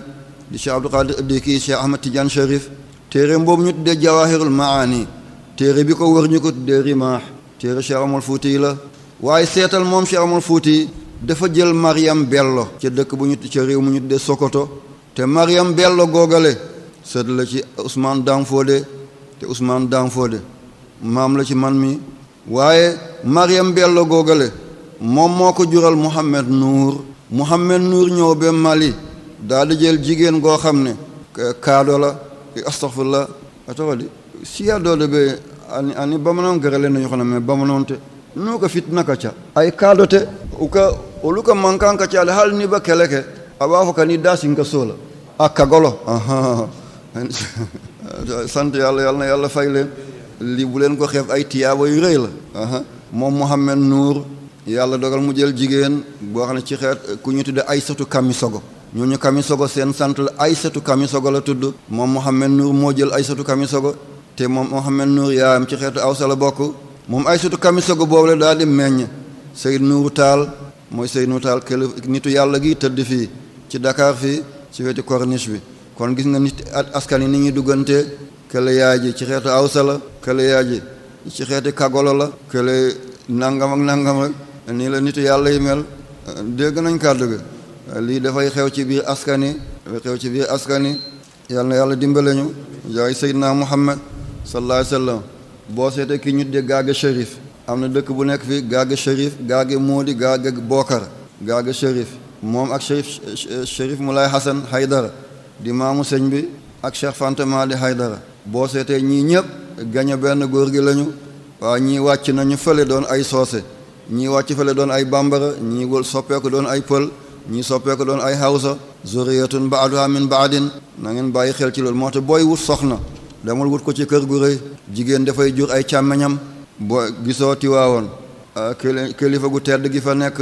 di cheikh abdul qadir di kii ahmed tidiane sharif téereem boobu ñu tuddee jawahirul maani téere bi ko wër ñu ko tuddee rimaax téere Cheikh Omar Fouti la waaye seetal moom Cheikh Omar Fouti dafa jël Mariam Bello ca dëkk bu ñu ca réew mu ñu tuddee Sokoto te Mariam Bello googale seet la ci Ousmane Danfodé te Ousmane Danfodé maam la ci man mi waaye Mariam Bello googale moom moo ko jural Mohamed Nour Mohamed Nour ñëw ba Mali daal di jël jigéen goo xam ne kaado la astaghfirullah atawadi siyaadoo de be ani ani bamanan gɛrɛlen no ɲɔgɔn na mɛ bamananw tɛ fit ka ca ay ye kaa dɔ tɛ u ka olu ka mankan ka n'i ba kɛlɛ kɛ a b'a fɔ ka n'i da sin ka so la a kagɔlɔ sant yàlla yàlla na yàlla fay leen li bu leen ko xeeb ay tiyaaba yu rëy la moom Mohamed Nour yàlla dogal mu jël jigéen boo xam ne ci xeet ku ñu tudde Aysatu Kamisogo ñooñu Kamisogo seen sant la Aysatu Kamisogo la tudd moom Mohamed Nour moo jël Aysatu Kamisogo te moom Mohamed Nour yaayam ci xeetu Awsa la bokk moom ay sutu kamisogo boobu la daal di meññ Seydou Nour taal mooy Seydou Nour Tall kële nitu yàlla gi tëdd fii ci dakaar fii ci wetu corniche bi kon gis nga nit askan yi ni ñuy duggante kële yaay ji ci xeetu Awsa la kële yaay ji ci xeeti kagolo la kële nangam ak nangam rek nii la nitu yàlla yi mel dégg nañ kàddu gi lii dafay xew ci biir askan dafay xew ci biir askan yi yàlla na yàlla dimbale ñu jaay sallallahu alayhi wa sallam boo seetee ki ñu de gaage shérif am na dëkk bu nekk fi gaage shérif gaage moodi gaage bookar gaage shérif moom ak shérif shérif mu lay xasan haydara di maamu sëñ bi ak cheikh fantama di haydara boo seetee ñii ñëpp gañe benn góor gi lañu waa ñii wàcc nañu fële doon ay soose ñii wàcc fële doon ay bambara ñii wël soppeeku doon ay pël ñii soppeeku doon ay hawsa zuriyatun baaduha min baadin na ngeen bàyyi xel ci loolu moo tax booy wut soxna demal wut ko ci kër gu rëy jigéen dafay jur ay càmmeñam boo gisoo tiwaawoon ah, kilifa gu tedd gi fa nekk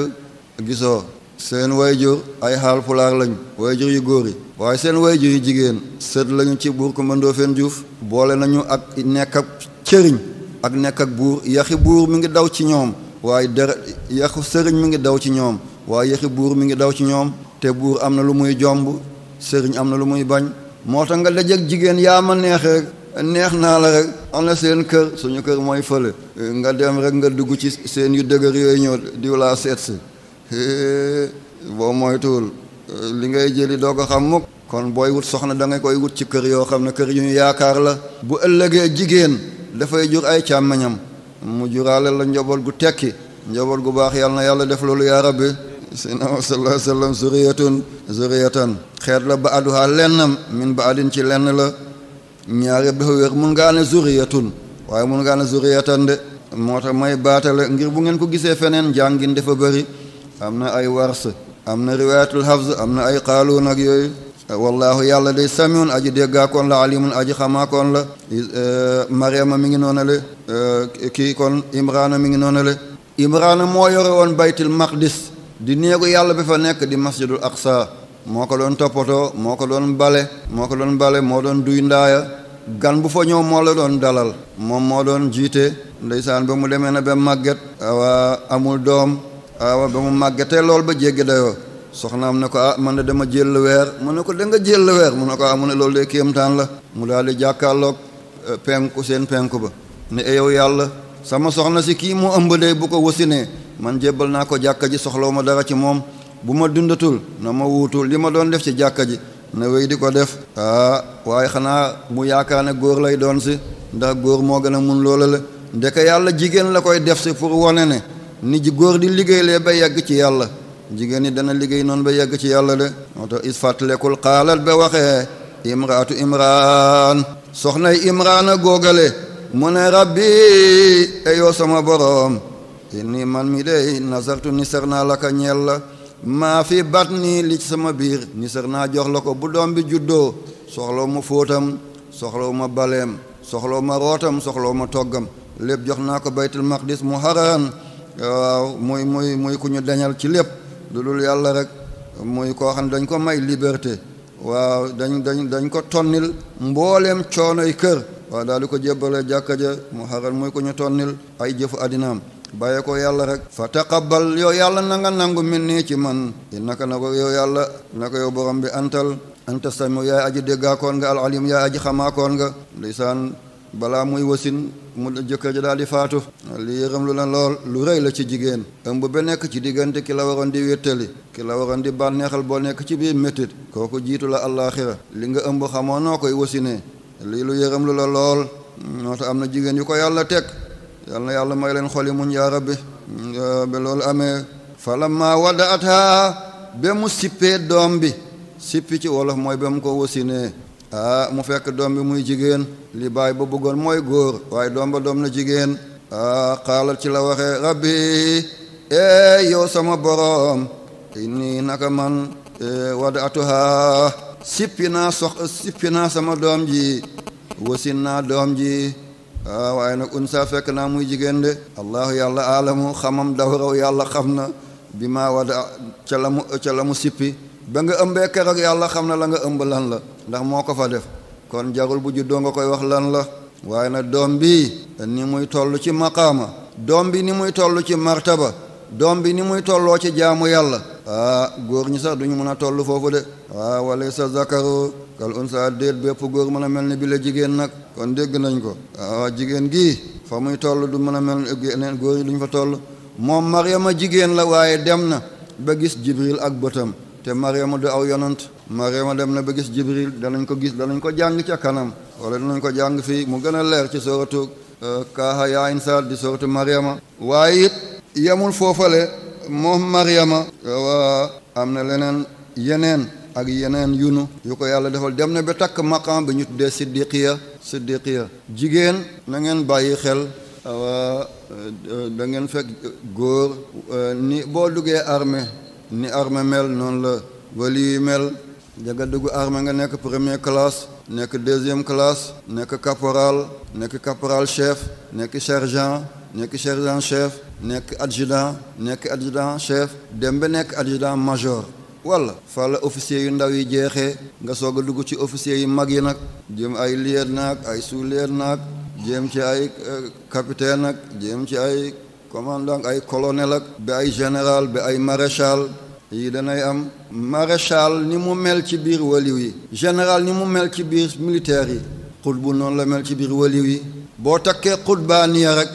gisoo seen wayjur ay xaal pulaar lañ wayjur yi góor yi waaye seen wayjur yi jigéen sët lañu ci buur ko mëndoo feen juuf boole nañu ak nekk ak cëriñ ak nekk ak buur yaxi buur mi ngi daw ci ñoom waaye dere yaxu sëriñ mi ngi daw ci ñoom waaye yaxi buur mi ngi daw ci ñoom te buur am na lu muy jomb sëriñ am na lu muy bañ moo tax nga dajeeg jigéen yaa ma neex rek neex naa la rek ana seen kër suñu kër mooy fële nga dem rek nga dugg ci seen yu dëgër yooyu ñëw diwlaa seet si boo moytuwul li ngay jëli doo ko xam mukk kon booy wut soxna da koy wut ci kër yoo xam ne kër yu ñu yaakaar la bu ëllëgee jigéen dafay jur ay càmmiñam mu juraale la njaboot gu tekki njaboot gu baax yàlla na yàlla def loolu yaa bi sayyidina sallallahu alayhi wa sallam zuriyatun zuriyatan xeet la ba aduha lennam min ba adin ci lenn la ñaari dafa wér mun ngaa ne zuriyatun waaye mun ngaa ne zuriyatan de moo ta may baatale ngir bu ngeen ko gisee feneen njàngin dafa bari am na ay wars am na riwayatul hafz am na ay qaaluun nag yooyu wallaahu yàlla day samiun aji déggaakoon la alimun aji xamaakoon la eh, mariama mi ngi noona le eh, kii kon imraana mi ngi noona le imraana moo yore woon baytil maqdis di néegu yàlla bi fa nekk di masjidul aqsa moo ko doon toppatoo moo ko doon bale moo ko doon bale moo doon duy ndaaya gan bu fa ñëw moo la doon dalal moom moo doon jiite ndeysaan ba mu demee na ba màgget awa amul doom awa ba mu màggetee lool ba jéggi dayoo soxnaam ne ko ah man de dama jël weer mu ne ko da nga jël weer mu ne ko amul ah, mu ne loolu de kéemtaan la mu daal di jàkkaarloog euh, penku seen penku ba ne yow yàlla sama soxna si kii mu ëmb de bu ko wasinee man jébbal naa ko jàkka ji soxlaw ma dara ci moom bu ma dundatul na ma wuutul li ma doon def ci jàkka ji na wéy di ko def ah, waaye xanaa mu yaakaar ne góor lay doon si ndax góor moo gën a mun loola la ndeke yàlla jigéen la koy def si pour wane ne nit ji góor di liggéey lee ba yegg ci yàlla jigéen ñi dana liggéey noonu ba yegg ci yàlla de moo tax is fàttalekul xaalat ba waxee imraatu imraan soxnay imraana góogale mu ne rab rabbi eyoo sama boroom inni man mi dey nasartu nisar naa la ka ñeel la maa fi bat nii lii ci sama biir nisar naa jox la ko bu doom bi juddoo soxlaw ma fóotam soxlaw ma baleem soxlaw ma rootam soxlaw ma toggam lépp jox naa ko baytul maqdis mu xaraan waaw muy muy muy ku ñu dañal ci lépp lu dul yàlla rek muy koo xam ne dañ ko may liberté waaw dañ dañ dañ ko tonnil mboolem coonoy kër waaw daal di ko jébbale jàkka ja mu xaral muy ko ñu tonnil ay jëfu àddinaam bàyyee ko yàlla rek fa taqabbal yow yàlla na nga nangu min nii ci man naka na ko yow yàlla na ko yow borom bi antal anta samiu yaay aji déggaakoon nga al alim yaay aji xamaakoon nga lisaan balaa muy wasin mu jëkkër ji daal di faatu li yërëm lu na lool lu rëy la ci jigéen ëmb ba nekk ci diggante ki la waroon di wéttali ki la waroon di bànneexal boo nekk ci biir métit kooku jiitu la àllaaxira li nga ëmb xamoo noo koy wasinee lii lu yëram lu la lool moo tax am na jigéen yu ko yàlla teg yàlla na yàlla may leen xoli muñ yaa rabbi ba loolu amee mu sippee doom bi sippi ci wolof mooy ba mu ko wasinee ah, mu fekk doom bi muy jigéen li baay ba bëggoon mooy góor waaye doom ba doom na jigéen ah ci la waxee rabbi ee eh, yow sama boroom inni naka man eh, wada atuha sippi naa sox sippi naa sama doom ji wasin naa doom ji ah, waaye nag unsa fekk naa muy jigéen de allahu yàlla aalamu xamam daw raw yàlla xam na bi ma wada ca la mu ca la mu sippi ba nga ëmbee keroog yàlla xam na la nga ëmb lan la ndax moo ko fa def kon jarul bu juddoo nga koy wax lan la waaye nag doom bi ni muy toll ci maqaama doom bi ni muy tollu ci martaba doom bi ni muy tolloo ci jaamu yàlla ah góor ñi sax duñu mën a toll foofu de waaw ah, wala sa zakaru kal unsa déet bépp góor mën a mel ni bi jigéen nag kon dégg nañ ko waaw ah, jigéen gi fa muy toll du mën a mel neen góor ñi duñ fa toll moom mariama jigéen la waaye dem na ba gis jibril ak bëtam te mariama du aw yonant mariama dem na ba gis jibril danañ ko gis danañ ko jàng ca kanam wala danañ ko jàng fii mu gën a leer ci sooratu ah, kaaha yaa insa di sooratu mariama waaye yemul foofale moom Maryama am na leneen yeneen ak yeneen yunu yu ko yàlla defal dem na ba takk maqam bi ñu tuddee siddiqiya siddiqiya jigéen na ngeen bàyyi xel da ngeen fekk góor eh, ni boo duggee armée ni armée mel noonu la wali yi mel danga dugg armée nga nekk première classe nekk deuxième classe nekk caporal nekk caporal chef nekk sergent nekk sergent chef nekk adjudant nekk adjudant chef dem ba nekk adjudant major walla fala la officier yu ndaw yi jeexee nga soog a dugg ci officier yu mag yi nag jëm ay lieutenant naag ay sous na naag jéem ci ay euh, capitaine nag jéem ci ay commandant ay colonel ak ba ay général bi ay maréchal yi danay am maréchal ni mu mel ci biir waliw yi général ni mu mel ci biir militaire yi bu noonu la mel ci biir waliw yi boo takkee xutbaaniya rek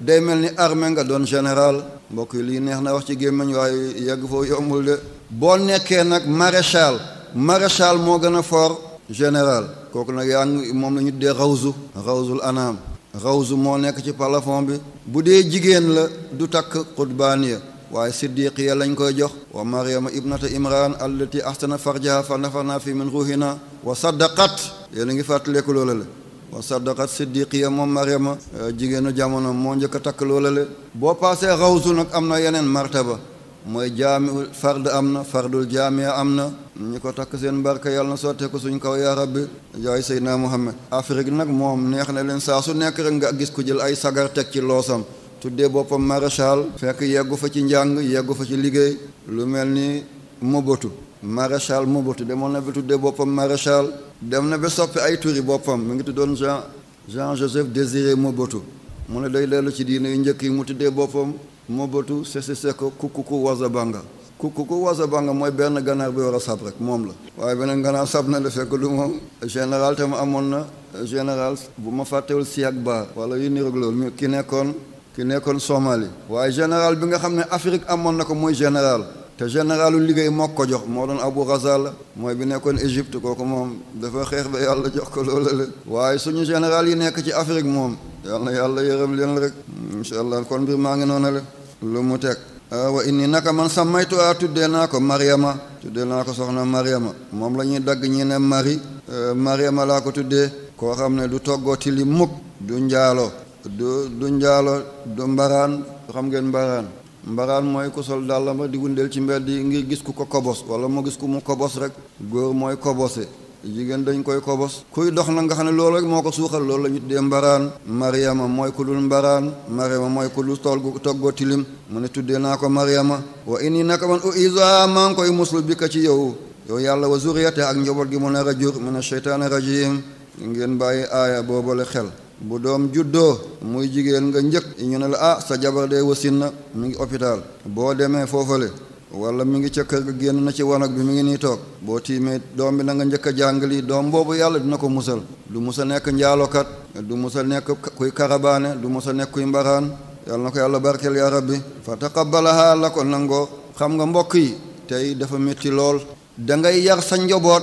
day mel ni armée nga doon général mbokk yi lii neex na wax ci gémmiñ waaye yegg foofu yombul de boo nekkee nag maréchal maréchal moo gën a foor général kooku nag yaa ngi moom lañu dee rawzu rawzul anaam rawzu moo nekk ci plafond bi bu dee jigéen la du takk qutbaaniya waaye siddiqiya lañ koy jox wa mariama ibnata imran allati ahsana farjaha fa nafarna fi min ruhina wa saddaqat yéena ngi fàttaleeku loola la wa sadaqat siddiqiya moom mariama eh, jigéenu jamono moo njëkk a takk loola le boo paasee rawsu nag am na yeneen martaba mooy jaamiul fard am na fardul jaamia am na ñu ko takk seen mbarka yàlla na sottee ko suñ kaw yaa rabbi jaay seydina muhammad afrique nag moom neex na leen saa su nekk rek nga gis ko jël ay sagar teg ci loosam tuddee boppam maréchal fekk yeggu fa ci njàng yeggu fa ci liggéey lu mel ni mobotu maréchal mobotu demoon na bi tuddee boppam maréchal dem na ba soppi ay turi boppam mu ngi tuddoon Jean Jean Joseph Désiré Mobutu mu ne day leelu ci diine yu njëkk yi mu tuddee boppam Mobutu Sese Seko Kukuku Wazabanga Kukuku Wazabanga mooy benn ganaar bi war a sab rek moom la waaye beneen ganaar sab na la fekk du moom général tam amoon na général bu ma fàttewul Siak Ba wala yu niroog ki nekkoon ki nekkoon Somalie waaye général bi nga xam ne Afrique amoon na ko mooy général te généralu liggéey moo ko jox moo doon Abu Ghazal mooy bi nekkoon Égypte kooku moom dafa xeex ba yàlla jox ko loola la waaye suñu général yi nekk ci Afrique moom yàlla yàlla yërëm leen rek incha allah kon mbir maa ngi noonu la lu mu teg ah, wa inni naka man sàmmaytu a ah, tuddee naa ko Mariama tuddee naa ko soxna Mariama moom la ñuy dagg ñi ne Marie eh, Mariama laa ko tuddee koo xam ne du toggooti li mukk du njaalo du du njaalo du mbaraan xam ngeen mbaraan mbaraan mooy ku sol dàllam di wundeel ci mbedd yi ngir gis ku ko kobos wala moo gis ku mu kobos rek góor mooy kobose jigéen dañ koy kobos kuy dox na nga xam ne loolu rek moo ko suuxal loolu la ñu tuddee mbaraan mariama mooy ku dul mbaraan mariama mooy ku dul tool gu toggoo tilim mu ne tuddee naa ko mariama wa ini naka man u isa ah, maa ngi koy muslu bi ka ci yow yow yàlla wa zuriyate ak njaboot gi mu nar a jur mu ne cheytaani rajim ngeen bàyyi aaya boobale xel bu doom juddoo muy jigéen nga njëkk ñu ne la ah sa jabar dee wasin na mu ngi hôpital boo demee foofale wala mu ngi ca kër ga génn na ci wanag bi mu ngi nii toog boo tiimee doom bi na nga njëkk a jàng lii doom boobu yàlla dina ko musal du musa nekk njaalokat du musa nekk kuy karabaane du musa nekk kuy mbaraan yàlla na ko yàlla barkeel yaa rabbi fa taqabbalaha la ko nangoo xam nga mbokk yi tey dafa métti lool da ngay yar sa njaboot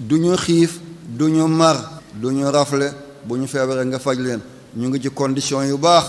du ñu du ñu mar du ñu rafle bu ñu feebaree nga faj leen ñu ngi ji condition yu baax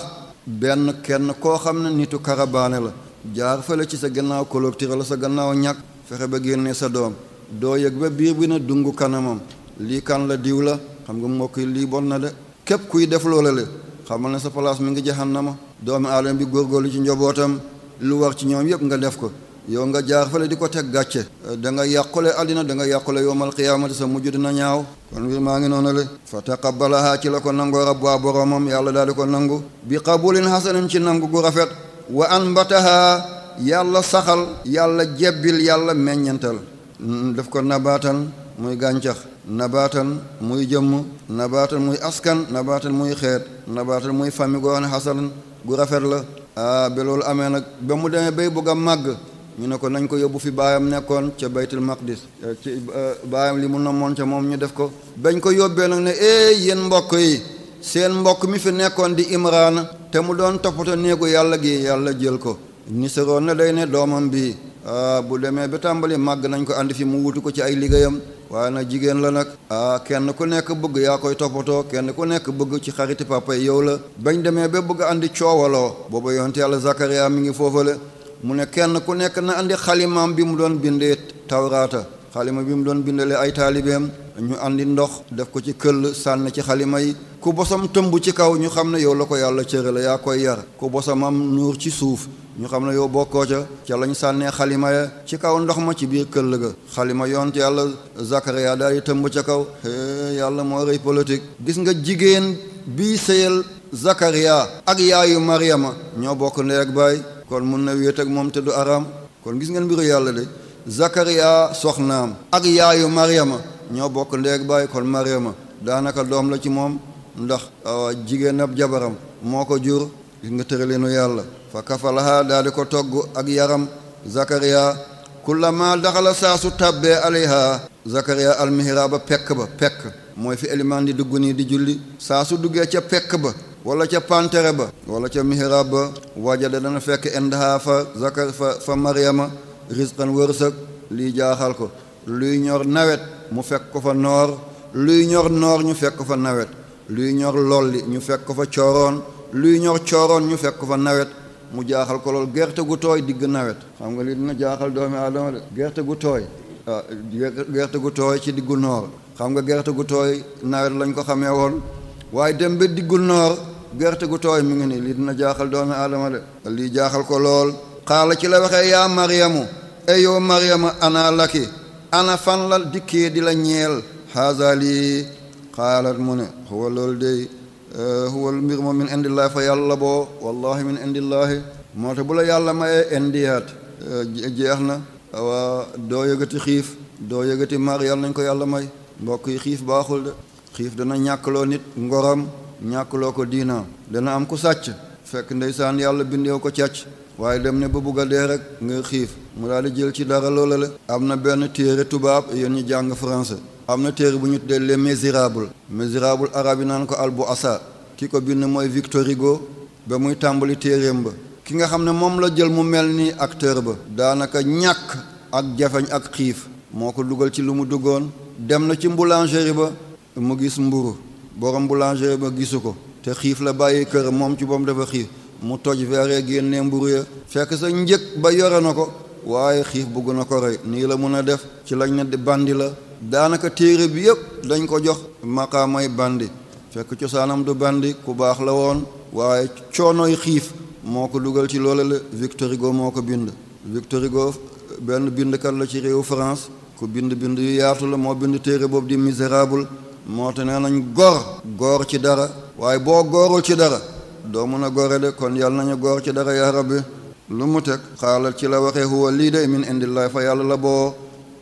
benn kenn koo xam ne nitu karabaane la jaar fële ci sa gannaaw collecteur la sa gannaaw ñàkk fexe ba génnee sa doom doo yëg ba biir bi na dungu kanamam lii kan la diw la xam nga mbokk yi lii bon na de képp kuy def loola le xamal ne sa place mi ngi ma doomi aadama bi góorgóorlu ci njobootam lu war ci ñoom yëpp nga def ko yow nga jaar fale di ko teg gàcce eh, da nga yàqule àddina da nga yàqule yowmal qiyaamati sa mujj dina ñaaw kon mbir maa ngi noonu le fa taqabbalaha ci la ko nangoo rabbaa boromam yàlla daal di ko nangu bi qabulin hasanin ci nangu gu rafet wa anbataha yàlla saxal yàlla jebbil yàlla meññental mm, daf ko nabaatan muy gàncax nabaatan muy jëmm nabaatan muy askan nabaatan muy xeet nabaatan muy famille goo xam rafet la ah loolu amee nag ba mu demee bay bëgg a màgg ñu ne ko nañ ko yóbbu fi baayam nekkoon ca baytul maqdis eh, ci eh, baayam li mun na moon ca moom ñu def ko bañ ko yóbbee nag ne eh yéen mbokk yi seen mbokk mi fi nekkoon di imraan te mu doon toppatoo néegu yàlla gi yàlla jël ko nisaroon na day ne doomam bi ah, bu demee ba tàmbali màgg nañ ko ànd fii mu wutu ko ci ay liggéeyam waaye nag jigéen la nag ah, kenn ku nekk bëgg yaa koy toppatoo kenn ku nekk bëgg ci xariti papa yow la bañ demee ba bëgg andi coowaloo booba yonte yàlla Zakaria mi ngi foofale mu ne kenn ku nekk na andi xalimaam bi mu doon bindee tawraata xalima bi mu doon bindalee ay taalibeem ñu àndi ndox def ko ci kël sànn ci xalima yi ku bosam tëmb ci kaw ñu xam ne yow la ko yàlla la yaa koy yar ku bosamam nuur ci suuf ñu xam ne yow bokkoo ca ca lañ sànnee xalima ya ci kaw ndox ma ci biir këll ga xalima yont yàlla Zakaria daal di tëmb ca kaw é yàlla moo rëy politique gis nga jigéen bii sëyal Zakaria ak yaayu Mariama ñoo bokk kon mun na wéet ak moom te du araam kon gis ngeen mbiru yàlla de Zakaria soxnaam ak yaayu Mariama ñoo bokk ndeeg bàyyi kon Mariama daanaka doom la ci moom ndax jigéen ab jabaram moo ko jur gis nga tëraleenu yàlla fa kafalaha daal di ko togg ak yaram Zakaria kullama daxala saa su tabbee alayha Zakaria almihraaba pekk ba pekk mooy fi elimaan di dugg nii di julli saa su duggee ca pekk ba wala ca pantere ba wala ca mihrab ba wajada dana fekk indaha fa zakar fa fa mariama risqan wërsëg lii jaaxal ko luy ñor nawet mu fekk ko fa noor luy ñor noor ñu fekk ko fa nawet luy ñor lolli ñu fekk ko fa cooroon luy ñor cooroon ñu fekk ko fa nawet mu jaaxal ko lool gerte gu tooy digg nawet xam nga lii dina jaaxal doomi aadama de gerte gu tooy ah, gerte gu tooy ci diggu noor xam nga gerte gu tooy nawet lañ ko xamee woon waaye dem ba diggu noor gerte gu tooy mu ngi ni lii dina jaaxal doomi aadama de lii jaaxal ko lool xaala ci la waxee yaa maryamu eyow maryama ana laki ana fan la dikkee di la ñeel haasa lii xaalat mu ne huwa loolu day eh, huwa mbir moom min indillaahi fa yàlla boo wallahi min indillaahi moo tax bu la yàlla mayee indiyaat eh, jeex na waa doo yëgati xiif doo yëgati mar yàlla nañ ko yàlla may mbokk yi xiif baaxul de xiif dana ñàkkaloo nit ngoram ñàkkuloo ko diina dana am ku sàcc fekk ndeysaan yàlla bindeew ko càcc waaye dem ne ba bugg a dee rek nga xiif mu daal jël ci dara loola la am na benn téere tubaab yéen ñu jàng français am na téere bu ñu tuddee les Misérables Misérables arab yi naan ko albu asa ki ko bind mooy Victor Hugo ba muy tàmbali téeréem ba ki nga xam ne moom la jël mu mel ni acteur ba daanaka ñàkk ak jafeñ ak xiif moo ko dugal ci lu mu duggoon dem na ci boulangerie ba mu gis mburu borom boulanger ba gisu ko te xiif la bàyyi kër moom ci boom dafa xiif mu toj veere génne mburu ya fekk sa njëkk ba yore na ko waaye xiif bugg na ko rey nii la mun a def ci lañ ne bandi la daanaka téere bi yëpp dañ ko jox maqaamay bandi fekk cosaanam du bandi ku baax la woon waaye coonoy xiif moo ko dugal ci loole la Victor Hugo moo ko bind Victor Hugo benn bindkat la ci réewu France ku bind bind yu yaatu la moo bind téere boobu di misérable moo te nee nañ gor goor ci dara waaye boo goorul ci dara doo mun a gore de kon yàlla nañu goor ci dara yaa rabbi lu mu teg xaalal ci la waxee huwa lii de min indillaay fa yàlla la boo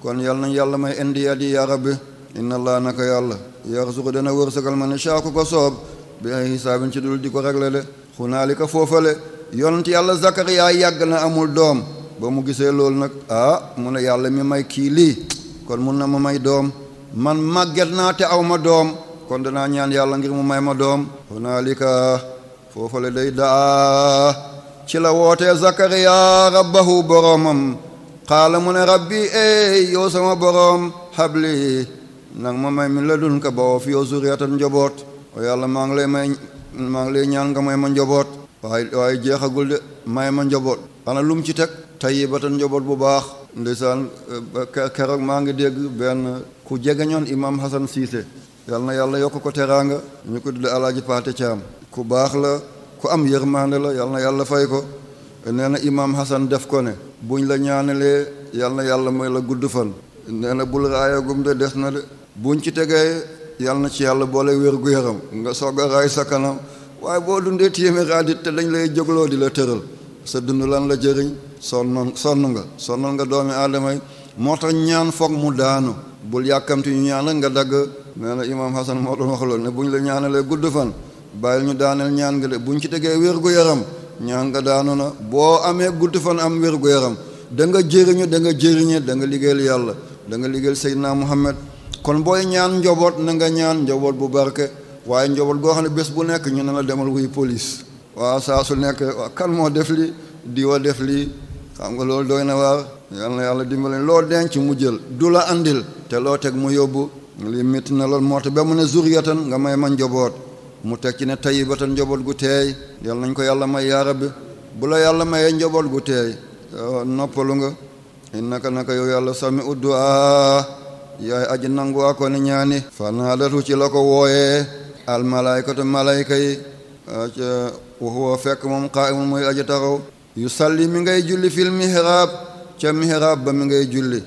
kon yàlla nañ yàlla may indi yat yi yaa rabbi inna laa naka yàlla yarzuqu dana wërsëgal ma ne caaku ko soob bi ay xisaabin ci dul di ko rek regle de xunaalika foofale yonent yàlla zakariya yàgg na amul doom ba mu gisee loolu nag ah mu ne yàlla mi may kii lii kon mun na ma may doom man màgget naa te aw ma doom kon danaa ñaan yàlla ngir mu may ma doom hunaalika foofale day daa ci la wootee zakariya rabbahu boroomam xaala mu ne rabbi ey yow sama boroom habli nang ma may min la dun ka bawoo fi yow zuriyatan njoboot o yàlla maa ngi lay may maa ngi lay ñaan nga may ma njoboot waay waaye jeexagul de may ma njoboot ana lum ci teg tayyibatan njoboot bu baax ndeysaan eh, keroog maa ngi dégg ku jegeñoon imam Hassan Cissé yal na yàlla yokk ko teraanga ñu ko tudde alaaji paate caam ku baax la ku am yërmande la yal na yàlla fay ko nee na imam Hassan def ko ne ñu la ñaanalee yal na yàlla mooy la gudd fan nee na bul raayagum de des na de buñ ci tegee yal na ci yàlla boole wér-gu-yaram nga soog a raay sa kanam waaye boo dundee téeméer it te dañ lay jógloo di la tëral sa dund lan la jëriñ sonn sonn nga sonnal nga doomi aadama moo tax ñaan foog mu daanu bul yàkkamti ñu ñaan la nga dagg nee na imaam Hassan moo doon wax loolu bu ñu la ñaanalee gudd fan bàyyil ñu daaneel ñaan nga de bu ñu ci tegee wér-gu-yaram ñaan nga daanu na boo amee gudd fan am wér-gu-yaram da nga jëriñu da nga jëriñe da nga liggéeyal yàlla danga nga liggéeyal naa Muhammad kon booy ñaan njaboot na nga ñaan njaboot bu barke waaye njaboot goo xam ne bés bu nekk ñu ne la demal wuy police waaw saa su nekk kan moo def li di wa def lii xam nga loolu doy na waar yal na yàlla dimbali loo denc mu jël du la andil te loo teg mu yóbbu li métti na loolu moo tax ba mu ne zuriyatan nga may ma njoboot mu teg ci ne tayyibatan njoboot gu teey yal nañ ko yàlla may yaa rabbi bu la yàlla mayee njoboot gu teey eh, noppalu nga innaka naka yow yàlla sami uddu'a yaay aji nanguwaa ko ne ñaani fanaadatu ci la ko wooyee al malaykatu malayka yi eh, wa huwa fekk moom qaa'imun mooy aji taxaw yu salli ngay julli fil mihrab ca mihrab ba mi ngay julli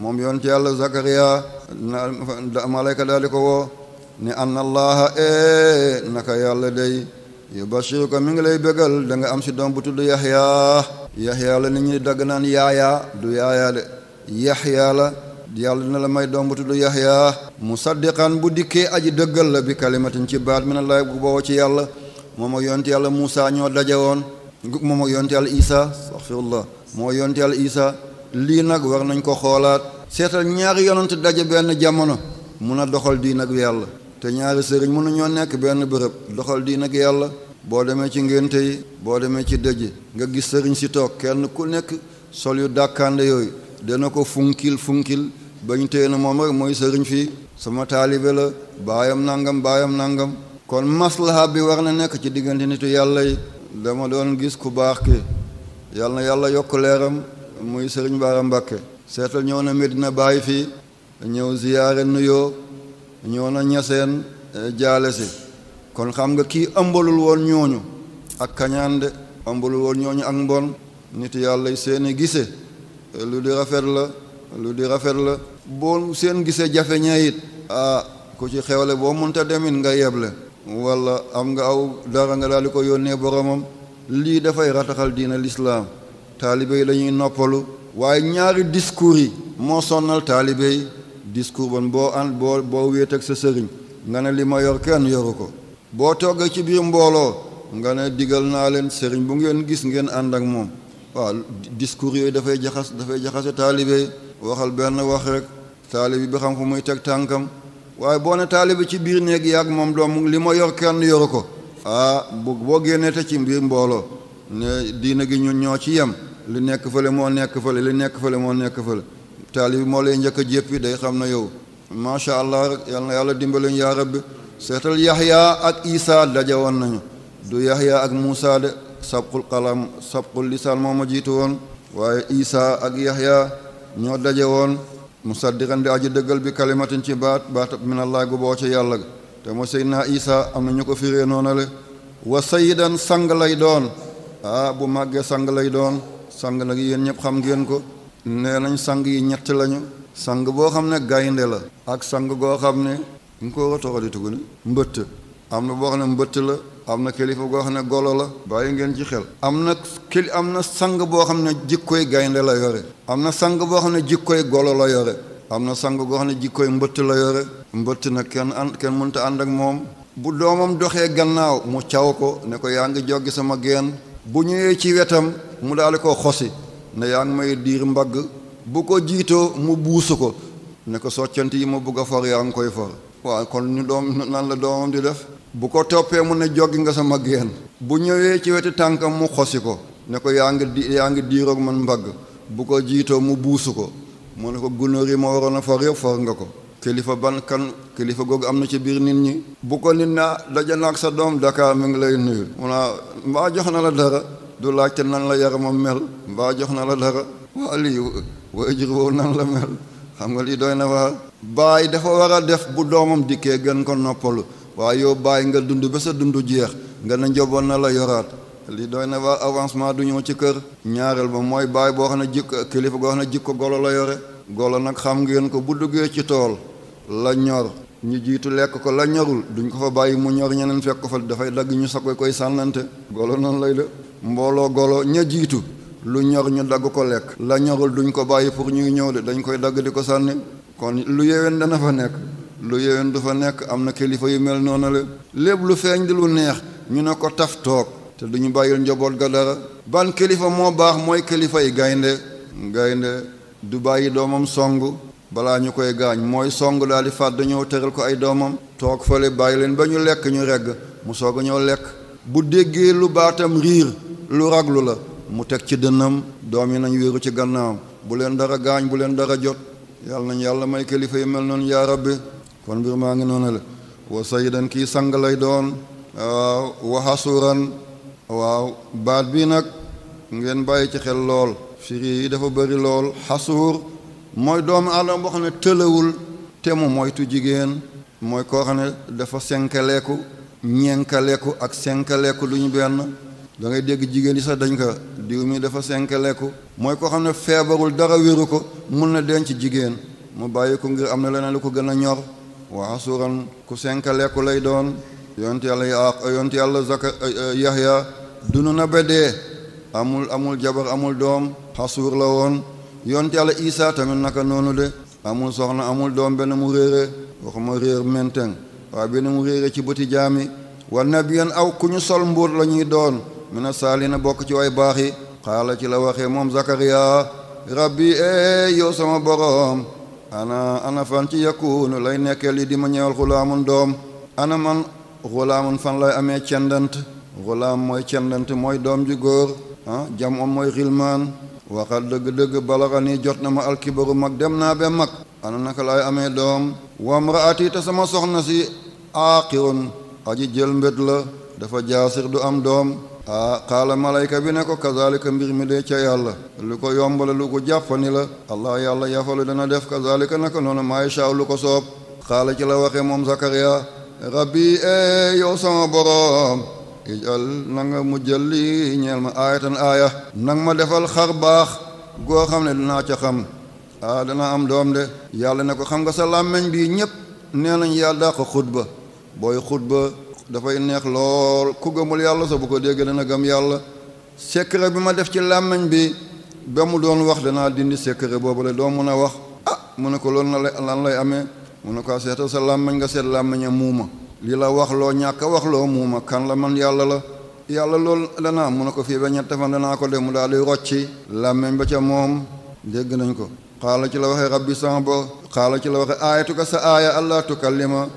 moom yoon ci yàlla zakariya na malayka daal di ko woo ni anna allaha e naka yàlla day yubashiruka mi ngi lay bégal danga am si doom bu tudd yaxya yaxya la nit ñi dagg naan yaaya du yaaya de yaxya la yàlla na la may doom bu tudd yaxya musaddiqan bu dikkee aji dëggal la bi kalimatin ci baat mi na lay bu bowoo ci yàlla moom ak yonte yàlla Muusa ñoo daje woon moom ak yonte yàlla Isa astaghfirullah moo yonte yàlla Isa lii nag war nañ ko xoolaat seetal ñaari yonent daje benn jamono mun a doxal diin ak yàlla te ñaari sëriñ mun nañoo nekk benn bërëb doxal diin ak yàlla boo demee ci ngénte yi boo demee ci dëj nga gis sëriñ si toog kenn ku nekk sol yu dàkkande yooyu dana ko funkil funkil bañ téye na moom rek mooy sëriñ fii sama taalibe la baayam nangam baayam nangam kon maslaha bi war na nekk ci diggante nit yàlla yi dama doon gis ku baax ki yal na yàlla yokk leeram muy sëriñ Baara Mbàkke seetal ñoo na Medina Baay fii ñëw ziyaare nuyoo ñëw na ñaseen e, jaale si kon xam nga kii ëmbalul woon ñooñu ak kañaande ëmbalul woon ñooñu ak mbon nit yàlla seeni gise lu di rafet la lu di rafet la boo seen gise jafe ñee it ah ku ci xewle boo mënta demit nga yeble walla am nga aw dara nga daal di ko yónnee boromam lii dafay rataxal diina lislaam taalibe yi dañuy noppalu waaye ñaari discours yi moo sonnal taalibe yi discours bon boo ànd boo boo wéet ak sa sëriñ nga ne li ma yor kenn yoru ko boo toggee ci biir mbooloo nga ne digal naa leen sëriñ bu ngeen gis ngeen ànd ak moom waaw discours yooyu dafay jaxas dafay jaxase taalibe yi waxal benn wax rek taalibe bi xam fu muy teg tànkam waaye boo ne taalibe ci biir néeg yàgg moom doom li ma yor kenn yoru ko ah bu boo génnee te ci biir mbooloo ne diina gi ñun ñoo ci yem li nekk fële moo nekk fële li nekk fële moo nekk fële taalib moo lay njëkk a jéppi day xam na yow macha allah yal na yàlla dimbalañ yaa rabbi seetal yaxya ak isa daje woon nañu du yaxya ak muusa de sabqul qalam sabqul lisaan moo ma jiitu woon waaye isa ak yaxya ñoo daje woon musaddiqan di aji dëggal bi kalimatin ci baat baat min allah gu boo ca yàlla ga te moo naa isa am na ñu ko firee noona le wa sayyidan sang lay doon ah bu màggee sang lay doon sang nag yéen ñëpp xam ngeen ko nee nañ sang yi ñett lañu sang boo xam ne gaynde la ak sang goo xam ne nga ko watoxa di tugg mbëtt am na boo xam ne mbëtt la am na kilifa goo xam ne golo la bàyyi ngeen ci xel am na kili am na sang boo xam ne jikk koy gaynde la yore am na sang boo xam ne koy golo la yore am na sang goo xam ne jikkooy mbëtt la yore mbëtt nag kenn an kenn mënta ànd ak moom bu doomam doxee gannaaw mu caw ko ne ko yaa ngi sama geen bu ñëwee ci wetam mu daal ko xosi ne yaa ngi may diir mbagg bu ko jiitoo mu buusu ko ne ko soccant yi ma bugg a for yaa ngi koy for waaw kon ñu doom nan la doomam di def bu ko toppee mu ne joggi nga sama geen bu ñëwee ci wetu tànkam mu xosi ko ne ko yaa ngi di yaa ngi diiroog man mbagg bu ko jiitoo mu buusu ko moo ne ko gunóor yi ma waroon a for yëpp for nga ko kilifa ban kan kilifa googu am na ci biir nit ñi bu ko nit naa daja naag sa doom Dakar mi ngi lay nuyu mu naa mbaa jox na la dara du laajte nan la yaramam mel mbaa jox na la dara waa lii waajur woowu nan la mel xam nga lii doy na waar baay dafa war a def bu doomam dikkee gën ko noppalu waaye yow baay nga dund ba sa dund jeex nga ne njaboot na la yoraat lii doy na waa avancement du ñëw ci kër ñaareel ba mooy baay boo xam ne jikko kilifa goo xam ne ko golo la yore golo nag xam ngeen ko bu duggee ci tool la ñor ñu jiitu lekk ko la ñorul duñ ko fa bàyyi mu ñor ñeneen fekk ko fa dafay dagg ñu sakoy koy sànnante golo noonu lay la mbooloo golo ña jiitu lu ñor ñu dagg ko lekk la ñorul duñ ko bàyyi pour ñuy ñëw de dañ koy dagg di ko sànni kon lu yeween dana fa nekk lu yeween du fa nekk am na kilifa yu mel noonu la lépp lu feeñ di lu neex ñu ne ko taf toog te du ñu bàyyil njaboot ga dara ban kilifa moo baax mooy kilifa yi gaynde gaynde du bàyyi doomam song balaa ñu koy gaañ mooy song daal di fàdd ñëw tëral ko ay doomam toog fële bàyyi leen ba ñu lekk ñu regg mu soog a ñëw lekk bu déggee lu baatam riir lu raglu la mu teg ci dënnam doom yi nañu wéeru ci gannaawam bu leen dara gaañ bu leen dara jot yàlla nañ yàlla may kilifa yi mel noonu yaa rabbi kon mbir maa ngi noonu la wa sayidan kii sang lay doon wa waaw baat bi nag ngeen bàyyi ci xel lool firi yi dafa bëri lool xasuur mooy doomu aadama boo xam ne tëlawul te mu moytu jigéen mooy koo xam ne dafa senkaleeku ñenkaleeku ak senkaleeku lu ñu benn da dégg jigéen yi sax dañ ko diw mi dafa senkaleeku mooy koo xam ne feebarul dara wéru ko mun na denc jigéen mu bàyyi ko ngir am na leneen lu ko gën a ñor waa xasuuran ku senkaleeku lay doon yonte yàlla yaaq yonte yahya dund na ba dee amul amul jabar amul doom xasuur la woon yonte yàlla Isaa tamit naka noonu de amul soxna amul doom benn mu réere waxuma réer menteng waaye benn mu réere ci bëti jaami wa nabiyan aw ku ñu sol mbuur la ñuy doon mu ne saali na bokk ci way baax yi xaala ci la waxe moom Zakariya rabbi e yow sama boroom ana ana fan ci yakunu lay nekkee lii di ma ñëwal xulaamun doom ana man xulaamun fan lay amee cendant gulaam mooy cendante mooy doom ji góor ah jam om mooy xilmaan waxal dëgg-dëgg balaxa jot na ma alkibaru mag dem naa be mag ana naka laay amee doom wam raati te sama soxna si aaqirun aji jël mbét la dafa jaasir du am doom ah xaala malayka bi ne ko kazalika mbir mi dee ca yàlla lu ko yombale lu ko jàppani la allah yàlla yafalu dana def kazalika naka noonu maay shaaw lu ko soob xaala ci la waxee moom zakariya rabbi e yow sama boroom ijal na nga mu jël lii ñeel ma aayatan aaya nang ma defal xar baax goo xam ne dinaa ca xam ah danaa am doom de yàlla ne ko xam nga sa làmmiñ bii ñëpp nee nañ yàlla daa ko xutba booy xutba dafay neex lool ku gëmul yàlla soo bu ko dégg dana gëm yàlla secret bi ma def ci làmmiñ bi ba mu doon wax danaa dindi secret boobu la doo mun a wax ah mu ne ko loolu na lan lay amee mu ne ko ah, seetal sa làmmiñ nga seet làmmiña muuma li la wax loo ñàkk a wax loo muuma kan la man yàlla la yàlla loolu danaa mu ne ko fii ba ñett fan danaa ko de mu daal di rocci làmmeñ ba ca moom dégg nañ ko xaala ci la waxee rabbi sama bo xaala ci la waxe aayatuka sa aaya allah tukallima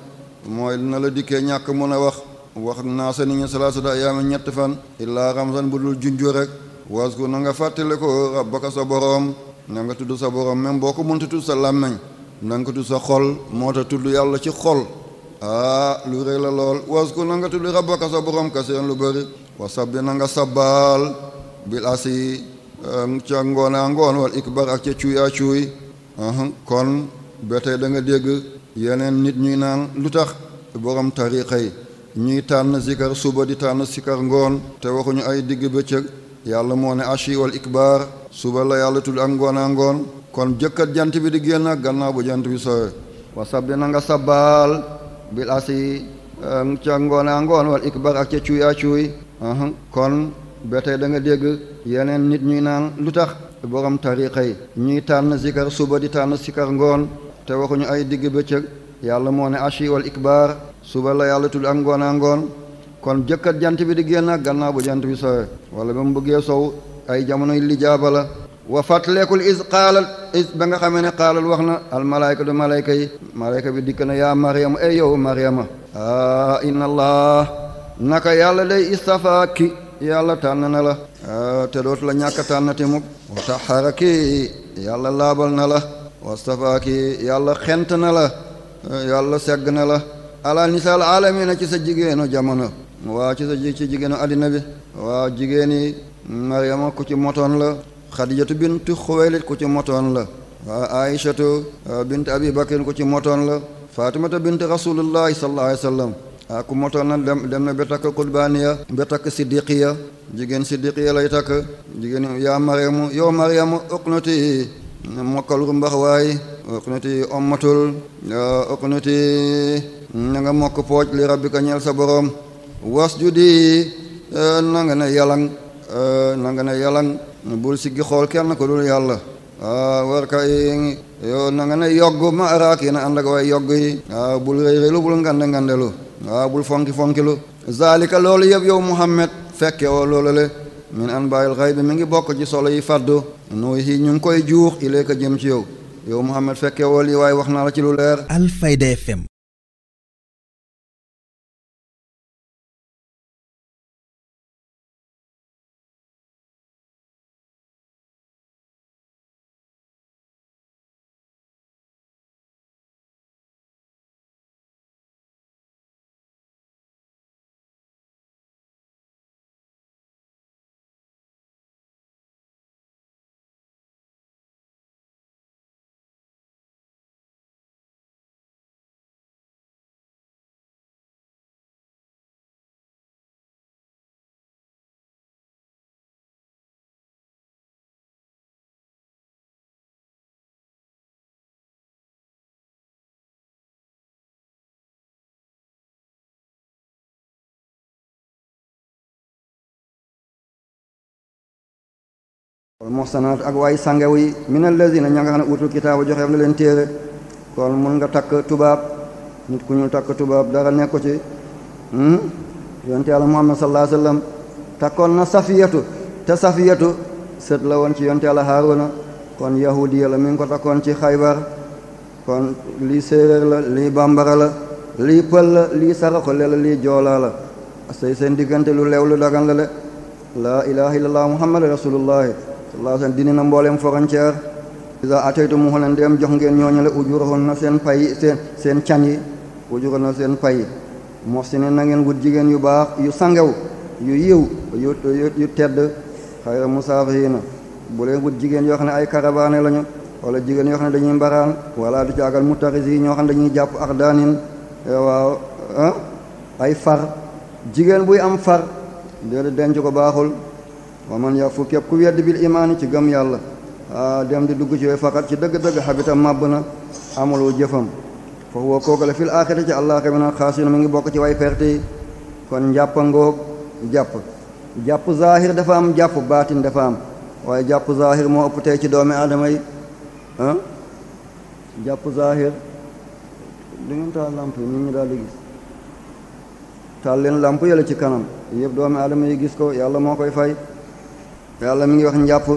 mooy dina la dikkee ñàkk mun a wax wax naa sa nit ñi salaasata ayaama ñett fan illaa ramsan bu dul junju rek wasku na nga fàttale ko rabbaka sa borom na nga tudd sa boroom même boo ko mënta tudd sa làmmeñ na ko tudd sa xol moo yàlla ci xol ah lu rëy la lool wasku na nga tuddi rabbaka sa borom kasiran lu bëri wa sabbi na nga sabbaal bil asi ehm, ca ngoon a ngoon wal ikbar ak ca cuuy a cuuy kon ba tey da nga dégg yeneen nit ñuy naan lu tax borom tariqa yi ñuy tànn zikar suba di tànn zikar ngoon te waxuñu ay digg bëccëg yàlla moo ne ashi wal ikbar suba la yàlla tudd ak ngoon a ngoon kon jëkkat jant bi di génn ak gannaaw bu jant bi soowe wa sabbi sabbaal bil asi ca ngoona ngoon wal ikbar ak ca cuuy a cuuy kon ba tey da nga dégg yeneen nit ñuy naan lu tax borom tariqa yi ñuy tànn zikar suba di tànn zikar ngoon te waxuñu ay digg bëccëg yàlla moo ne achi wal ikbar suba la yàlla tudd ak ngoona ngoon kon jëkkat jant bi di génn ak gannaaw bu jant bi sowe wala ba mu bëggee sow ay jamonoy lijaaba wa fatlekul is xaalal ba nga xamee ne xaalal wax na almalayka du malayka yi malayka bi dikk na yaa mariama ay yow mariama a inna allah naka yàlla day istafaaki yàlla tànn na la te dootu la ñàkk tànnati muk wa taxaraki yàlla laabal na la wastafaaki yàlla xent na la yàlla segg na la ala nisaal alamina ci sa jigéenu jamono waa ci sa jigéenu addina waa jigéeni mariama ku ci motoon la xadijatu bintu xuwaylit ku ci motoon la aïchatu bint abi bakrin ku ci motoon la fatimata bint rasulullahi sallallahu alayhi wa sallam ah ku motoon na dem dem na ba takk kulbaaniya ba takk siddiqiya jigéen siddiqiya lay takk jigéen yaa mariamu yow mariamu uqnuti mokkal rumbax waay uqnuti ommatul uqnuti na nga sa borom wasjudi eh, na nga ne yalang eh, na yalang bul siggi xool kenn ko dul yàlla waaw ah, war kay na nga ne yogg ma araak yi na ànd ak way yogg yi waaw ah, bul réy réylu bul ngande ngandelu waaw ah, bul fonki fonkilu zalika loolu yëpp yow muhammad fekke woo loolu le min an bàyyil xay bi mi ngi bokk ci solo yi fàddu nuy yi ñu ngi koy juux ileeka jëm ci yow yow muhammad fekke woo waaye wax naa la ci lu leer Alfayda FM wal muhsanaat ak waay sangew yi min allazina ña nga xam ne utul kitaaba joxeef na leen téere kon mun nga takk tubaab nit ku ñu takk tubaab dara nekku ci hmm? yonte yàlla muhammad sallallahu alayhi takkoon na safiyatu te safiyatu sët la woon ci yonte yàlla haaruna kon yahudiya la mi ngi ko takkoon ci xaybar kon lii séeréer la lii bambara la lii pël la lii saraxole la lii joolaa la sey seen diggante lu leew lu dagan la de laa ilaha illallah muhammad rasulullahi sallallahu alayhi wa sallam dindi na mbooleem frontière isa ataytu mu xooleen dem jox ngeen ñooñu la ujuroon na seen pay seen seen can yi ujuroon na seen pay muhsinin na nangeen wut jigéen yu baax yu sangew yu yiw yu yu tedd xayra musaafihina bu leen wut jigéen yoo xam ne ay karabaane lañu wala jigéen yoo xam ne dañuy mbaraan wala du caagal mutaris yi ñoo xam ne dañuy jàpp ak daanin eh, waaw ah, ay far jigéen buy am far déedéet denc ko baaxul wa man yakfur képp ku wedd bil imaani ci gëm yàlla dem di dugg ci yooyu faqat ci dëgg-dëgg xabita màbb na amalu jëfam foofu woo kookale fil aaxira ci allah xabi na xaasina mu ngi bokk ci way perte yi kon njàppa ngoog jàpp jàpp zahir dafa am jàpp baatin dafa waaye jàpp zahir moo ëpp tey ci doomi aadama yi ah jàpp zahir di ngeen taal làmp yi nit daal di gis taal leen làmp ci kanam yëpp doomi aadama yi gis ko yàlla moo koy fay yàlla mi ngi wax njàpp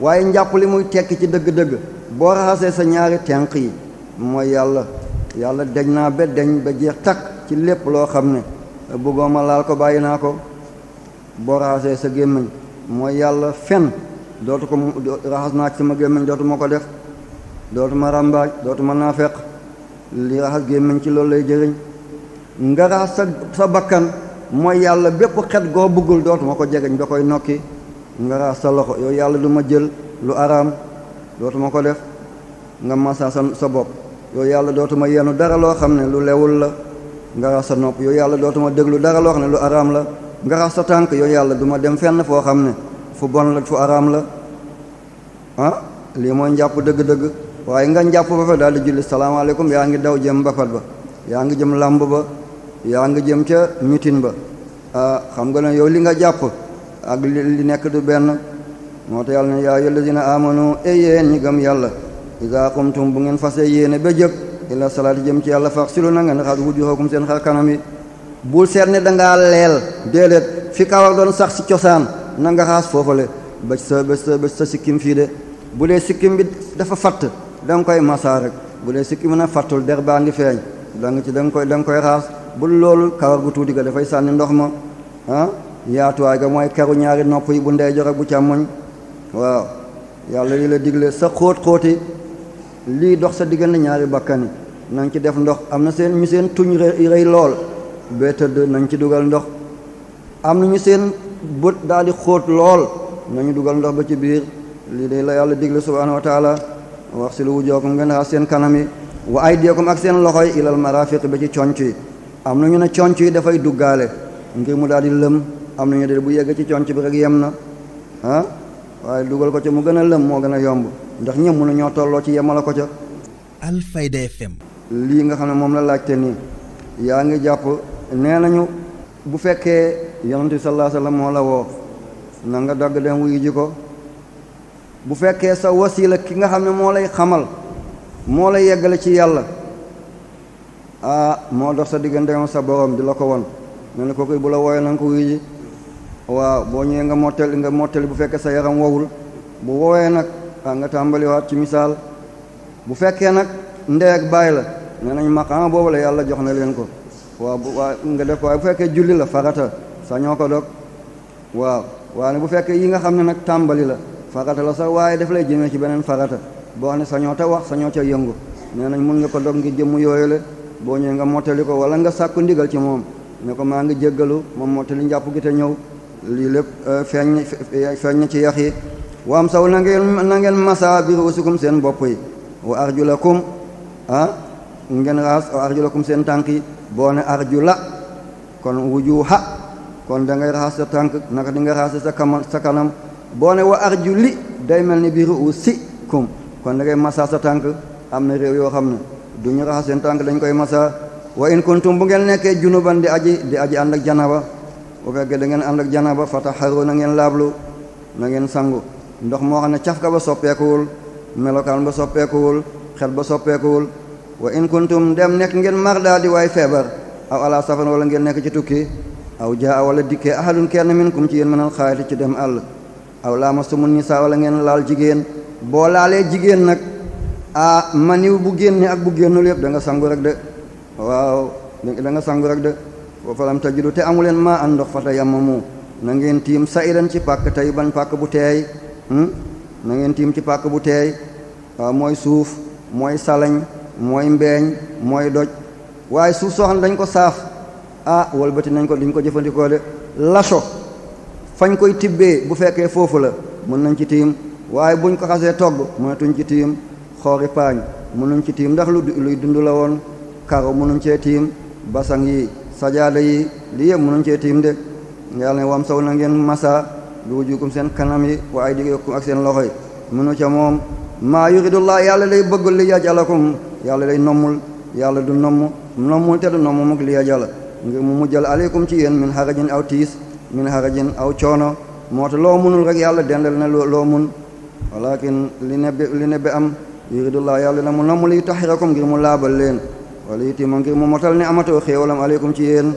waaye njàpp li muy tekki ci dëgg-dëgg boo raxasee sa ñaari tenq yi mooy yàlla yàlla deñ naa ba deñ ba jeex takk ci lépp loo xam ne bëggoo ma laal ko bàyyi naa ko boo raxasee sa gémmiñ mooy yàlla fen dootu ko raxas naa ci sama dootu ma ko def dootu ma ràmbaaj dootu ma naa feq li raxas gémmiñ ci loolu lay jëriñ nga raxas sa sa bakkan mooy yàlla bépp xet goo bëggul dootu ma ko jegeñ ba koy nokki nga sa loxo yow yàlla du ma jël lu araam dootuma ko def nga masa sa sa bopp yow yàlla dootuma yenu dara loo xam ne lu lewul la nga sa nopp yow yàlla dootuma déglu dara loo xam ne lu araam la nga sa tànk yow yàlla duma dem fenn foo xam ne fu bon la fu araam la ah lii mooy njàpp dëgg-dëgg waaye nga njàpp ba fa daal di julli salaamaaleykum yaa ngi daw jëm mbapat ba yaa ngi jëm làmb ba yaa ngi jëm ca mitin ba ah, xam nga ne yow li nga jàpp ak li nekk du benn moo tax yàlla ne yaa ayyuhallazina amanu ey yéen gëm yàlla iza qumtum bu ngeen fase yéene ba jëg ila salaati jëm ci yàlla faxsilu na ngeen raxas wujuhakum seen xar kanam yi bu seet ne dangaa leel déedéet fi kawar doon sax ci cosaan na nga xaas foofale ba sa ba sa ba sa sikkim fii de bu dee sikkim bi dafa fatt da koy masaa rek bu dee sikkim bi na fattul der baa ngi feeñ da ci da koy da nga koy xaas bul loolu kawar gu tuuti ga dafay sànni ndox ma ah? yaatuwaay ga mooy keru ñaari nopp yi bu ndeyjoor ak bu càmmoñ waaw yàlla lii la digle sa xóot-xóoti lii dox sa diggante ñaari bakkan yi nañ ci def ndox am na seen ñu seen tuñ rëy lool bee nañ ci dugal ndox am na seen bët daal di xóot lool nañu dugal ndox ba ci biir lii de la yàlla digle subhaanahu wa taala wax si lu wujookum ngeen xaar seen kanam yi wa aydiyakum ak seen loxo yi ilal marafiq ba ci conc yi am na ñu ne conc yi dafay duggaale ngir mu daal lëm am nañu de bu yegg ci conc bi rek yem na ah waaye dugal ko ca mu gën a lëm moo gën a yomb ndax ñëpp mënu ñoo tolloo ci yemala ko ca Alfayda FM lii nga xam ne moom la laajte nii yaa ngi jàpp nee nañu bu fekkee yonent bi sallallahu moo la woo na nga dagg dem wuyu ji ko bu fekkee sa wasila ki nga xam ne moo lay xamal moo lay yeggale ci yàlla ah moo dox sa diggante sa borom di la ko won ne na kooku bu la wooyee na nga ko wuyu waaw boo ñëwee nga mottali nga mottali bu fekkee sa yaram wowul bu wowee nag ah nga tàmbaliwaat ci misaal bu fekkee nag ndey ak la nee nañ maqaama boobu la yàlla jox na leen ko waaw bu waa nga def ko waaye bu fekkee julli la farata sa ñoo ko dog waaw waaye bu fekkee yi nga xam ne nag tàmbali la farata la sax waaye daf lay jëmee ci beneen farata boo xam ne sañoo ta wax sañoo ca yëngu nee nañ mun nga ko dog ngir jëmm yooyu la boo ñëwee nga mottali ko wala nga sàkku ci moom ne ko maa ngi jéggalu moom mottali lii lépp euh, feeñ feeñ na ci yax yi wa am saw na ngeen na ngeen masa bi ruusukum seen bopp yi wa arjulakum ah ngeen raas wa arjulakum seen tànk yi boo ne arjula kon wujuha kon da ngay raxas sa tànk naka dinga nga raxas sa kamal sa kanam boo ne wa arjuli day mel ni bi ruusikum kon da ngay masa sa tànk am na réew yoo xam ne du ñu raxas seen tànk dañ koy masa wa in kuntum bu ngeen nekkee junuban di aji di aji ànd ak janaba bu fekkee da ngeen ànd ak janaba fataharu na ngeen laablu na ngeen sangu ndox moo xam ne cafka ba soppeekuwul melokaan ba soppeekuwul xel ba soppeekuwul wa in kuntum dem nekk ngeen mardaa di waaye feebar aw ala safan wala ngeen nekk ci tukki aw jaa wala dikkee ahadun kenn minkum ci yéen mënal xaayati ci dem àll aw laa lamastumu nisaa wala ngeen laal jigéen boo laalee jigéen nag a ah, maniw bu génne ak bu génnul yépp danga nga sangu rek de waaw sangu rek de falam tajidu te amu leen maa an ndox fa tayammamu na ngeen tiim sa'idan ci pàkk tey ban pàkk bu teey hmm? na ngeen tiim ci pàkk bu teey waaw mooy suuf mooy salañ mooy mooy doj waaye suuf soo dañ ko saaf ah walbati nañ ko duñ ko jëfandikoo de laso fañ koy tibbee bu fekkee foofu la mën nañ ci tiim waaye buñ ko xasee togg mënatuñ ci tiim xoori paañ mënuñ ci tiim ndax lu luy dund la woon karo mënuñ cee tiim basang yi sajaada yi li yëpp mënuñ cee tiim de ne wam saw na ngeen masaa lu wujukum seen kanam yi wa ay dikum ak seen loxo yi mënu ca moom maa yuridullah yàlla lay bëggul li yajalakum yàlla lay nommul yàlla du nomm nommul te du nomm muk li yajala ngir mu mujjal aleykum ci yéen min harajin aw tiis min harajin aw coono moo te loo munul rek yàlla dendal na loo mun walakin li nebbe li nebbe am yuridullah yàlla la mu nomm li tahirakum ngir mu laabal leen wala itti ma ngir mu motal ni amatoo xéewalam aleykum ci yéen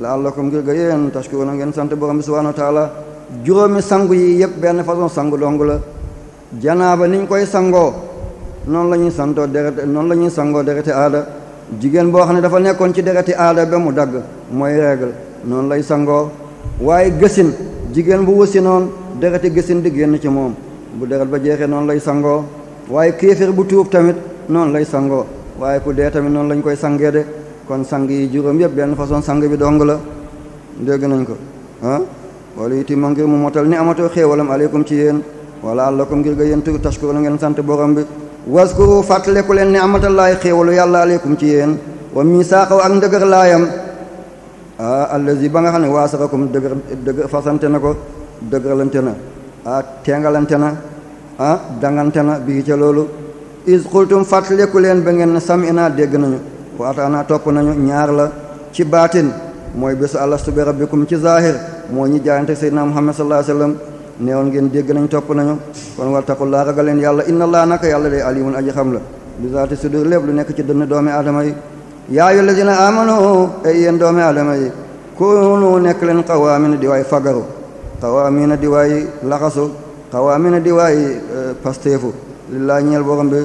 la allakum ngir ga yéen tashkuruna ngeen sant borom bi subhanahu wa taala juróomi sangu yi yëpp benn façon sangu dong la janaaba niñ koy sangoo noonu la ñuy santoo deret noonu la ñuy sangoo dereti aada jigéen boo xam ne dafa nekkoon ci dereti aada ba mu dagg mooy règle noonu lay sangoo waaye gësin jigéen bu wësinoon dereti gësin di génn ci moom bu deret ba jeexee noonu lay sangoo waaye kéeféer bu tuub tamit noonu lay sangoo waaye ku dee tamit noonu lañ koy sangee de kon sang yi juróom yëpp benn façon sang bi dong la dégg nañ ko ah wala itam ma ngir mu motal ni amatoo xéewalam aleykum ci yéen wala allakum ngir nga yéen tur tashkuru la ngeen sant borom bi waskuru fàttaleku leen ni amatallaay xéewalu yàlla aleykum ci yéen wa misaaqaw ak ndëgër laayam a ah, allazi ba nga xam ne waasarakum dëgër dëgër fasante na ko dëgëralante na a ah, teengalante na ah dangante na bii ca loolu is xultum fàttaliku leen ba ngeen ne samina dégg nañu waataana topp nañu ñaar la ci baatin mooy bésu alastu bi rabbikum ci zahir moo ñi jaayante seydina muhammad sallallahu alayhi wasallam neewoon ngeen dégg nañ topp nañu kon wattaqullaa ragal leen yàlla inna laa naka yàlla day alimun aji xam la bi sudur lépp lu nekk ci dënn doomi aadama yi yaa ayyuhal lazina amanu ay yéen doomi aadama yi kunu nekk leen xawaamina di waay fagaru xawaamina di waay laxasu xawaamina di waay euh, pasteefu lillaa ñeel borom bi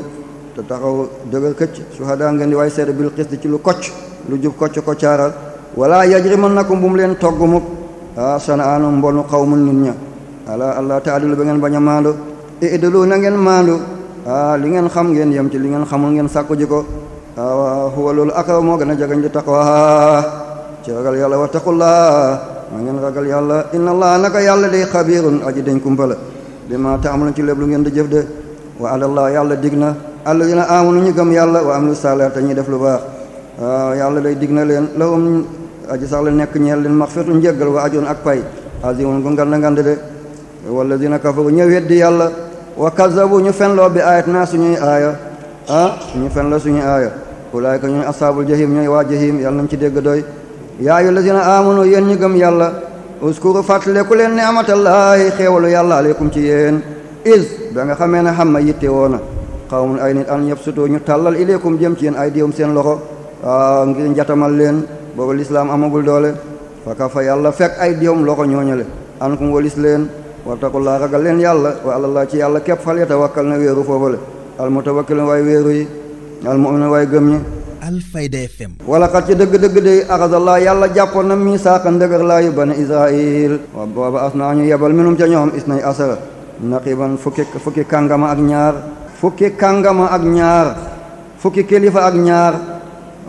te taxaw dëgër këcc suhadaa ngeen di waay seede bil xis di ci lu kocc lu jub kocc ko caaral wala yajrimannakum bu mu leen togg mukk a sanaanu mbonu xawmu nit ña ala allah taadilu ba ngeen bañ a maandu idilu na ngeen maandu li ngeen xam ngeen yem ci li ngeen xamul ngeen sàkku ji ko waaw huwa loolu aqrab moo gën a jagañ di taqwa ci ragal yàlla wa taqullaa ma ngeen ragal yàlla inna allah naka yàlla day xabirun aji dañ kumpala bi ma taamaloon ci lépp lu ngeen di jëf de wa adallah yàlla dig na alladina amanu ñu gëm yàlla wa amilu saalihaat te ñuy def lu baax waaw ah, day dig na leen lahum aji sax nekk ñeel leen maxfiratu njéggal wa ajoon ak pay azimun gu ngand ngand de walladina kafaru ñu weddi yàlla wa kazabu ñu fenloo bi ayat naa suñuy aaya ah ñu fenloo suñuy aaya ulaayika ñooy asaabul jahim ñooy waa jahim yàlla nañ ci dégg doy yaayu lazina amanu yéen ñu gëm yàlla uskuru fàttaleku leen ne amatallaahi xéewalu is ba nga xamee ne xam ma yitte woona xawmun ay nit an yabsutu ñu tàllal ilaykum jëm ci yéen ay diwum seen loxo waaw ah, ngir njatamal leen booba lislaam amagul doole faka fa yàlla fekk ay diwum loxo ñooñale an kum walis leen wattaqullaa ragal leen yàlla wa alallaa ci yàlla képp fal yatawakkal na wéeru foofale al mutawakkilun waay wéeru yi al mu'minun waay gëm ñi Alfayda FM wala xat ci dëgg-dëgg day axasallaa yàlla jàppoon na mi saaqa ndëgër laayu bani israil wa booba as naa ñu yebal minum ca ñoom naqiban fukki fukki kàngama ak ñaar fukki kàngama ak ñaar fukki kilifa ak ñaar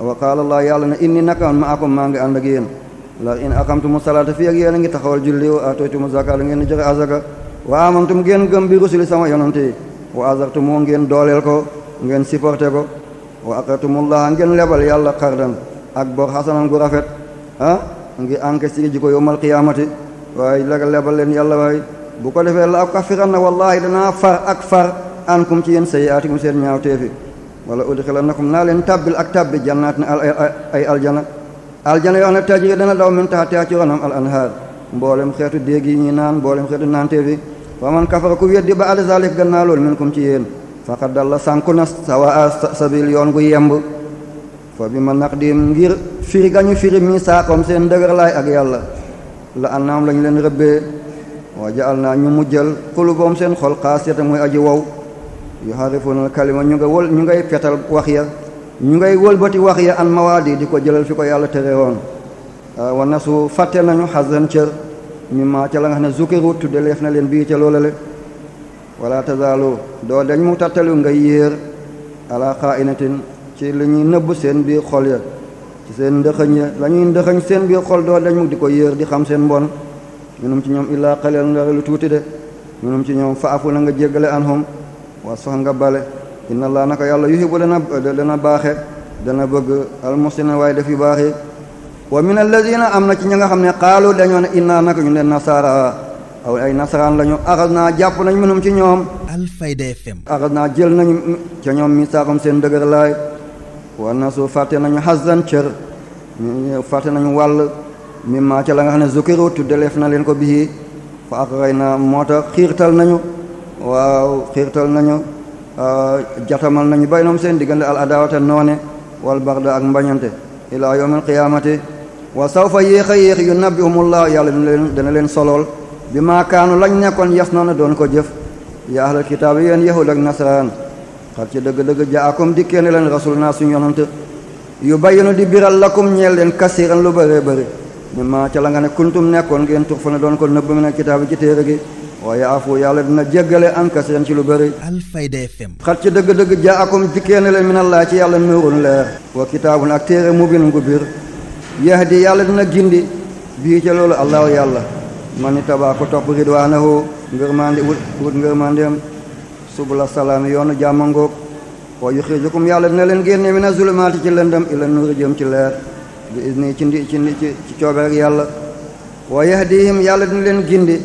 wa qaala yàlla na inni naka ma akum maa ngi ànd ak yéen la in aqamtumu salaata fii ak yéen ngi taxawal julli wa atooytumu zakaata ngeen di joxe azaka wa amantum ngeen gëm rusuli sama yonante yi wa azartumu ngeen dooleel ko ngeen supporté ko wa aqratumullaha ngeen lebal yàlla xardan ak bor gu rafet ah ngi encaissé ji ko yowmal qiyaamati waaye lebal leen bu ko defee la ukaffiranna wallaahi danaa far ak far ankum ci yéen sayyi'aatikum seen ñaawteefi wala udxilannakum naa leen tàbbil ak tàbbi jannaat ne ay aljana aljana yoo xam ne tajri dana daw min tahtihaa ci ronam al anhaar mboolem xeetu déeg yi ñi naan mboolem xeetu naanteefi wa man kafara ku weddi ba ba'da zaalika gannaaw loolu minkum ci yéen faqad dalla sànku na sawaa sabil yoon gu yemb fa bi ma naqdim ngir firi gañu firi mi saakoom seen dëgër ak yàlla waa jaal naa ñu mujjal xuluboom seen xol xaasiyata mooy aji wow yuharrifuuna al kalima ñu nga wël ñu ngay fetal wax ya ñu ngay wëlbati wax ya an mawaadi di ko jëlal fi ko yàlla terewoon ah, wa nasu fàtte nañu xasan cër mi maa ca la nga ne zukiru tudde leef na leen bii ca loola le wala tazalu doo dañ mu tattalu nga yéer ala xaainatin ci li ñuy nëbb seen biir xol ya ci seen ndëxëñ ya la ñuy ndëxëñ seen biir xol doo dañ mu di ko yéer di xam seen mbon minum ci ñoom illaa xaleel nga lu tuuti de minum ci ñoom faafu na nga jéggale anhum wa sax nga bale inna allah naka yàlla yuhibu dana dana baaxe dana bëgg almusina waaye def yu baax yi wa min alladina am na ci ñi nga xam ne xaalu dañoo ne innaa naka ñu ne nasara aw ay nasaraan lañu axas naa jàpp nañ minum ci ñoom alfayda fm axas naa jël nañu ca ñoom misaaxam seen dëgër laay war na su fàtte nañu xasan cër fàtte nañu wàll mimma ca la nga xam ne zukiru tuddeleef na leen ko bii fa aqray na moo tax xiirtal nañu waaw xiirtal nañu euh, jatamal nañu bay noom seen diggante al adawata noone wal barda ak mbañante ilaa yawmil qiyaamati wa sawfa yéex a yéex yu nabbihumullah yàlla dana leen dana leen solool bi maa kaanu lañ nekkoon yas noona doon ko jëf yaa ahlal kitaab yi yéen yahud ak nasaraan xar ci dëgg-dëgg jaakum dikkee ne leen rasul naa suñu yonant yu bayyinu di biral lakum ñeel leen kasiiran lu bëree bëri mi ma ca la nga ne kuntum nekkoon ngeen tux fa ne doon ko nëbb mi ne ci téere gi waaye afu yàlla dina jéggale ankaseen ci lu bëri Alfayda FM xat ci dëgg-dëgg jaa akum dikkee na leen min allah ci yàlla nuurun leer wa kitaabun ak téere mubin ngu bir di yàlla dina gindi bii ca loolu allahu yàlla man ni tabaa ko topp ridwaanahu ngër mandi wut wut ngër mandeem subula salaam yoonu jàmmangoog wa yuxrijukum yàlla dina leen génne mina zulumaati ci lëndëm ila nuuri jëm ci leer bi izni ci ndi ci ndi ci coobee rek yàlla wa yahdihim yàlla dina leen gindi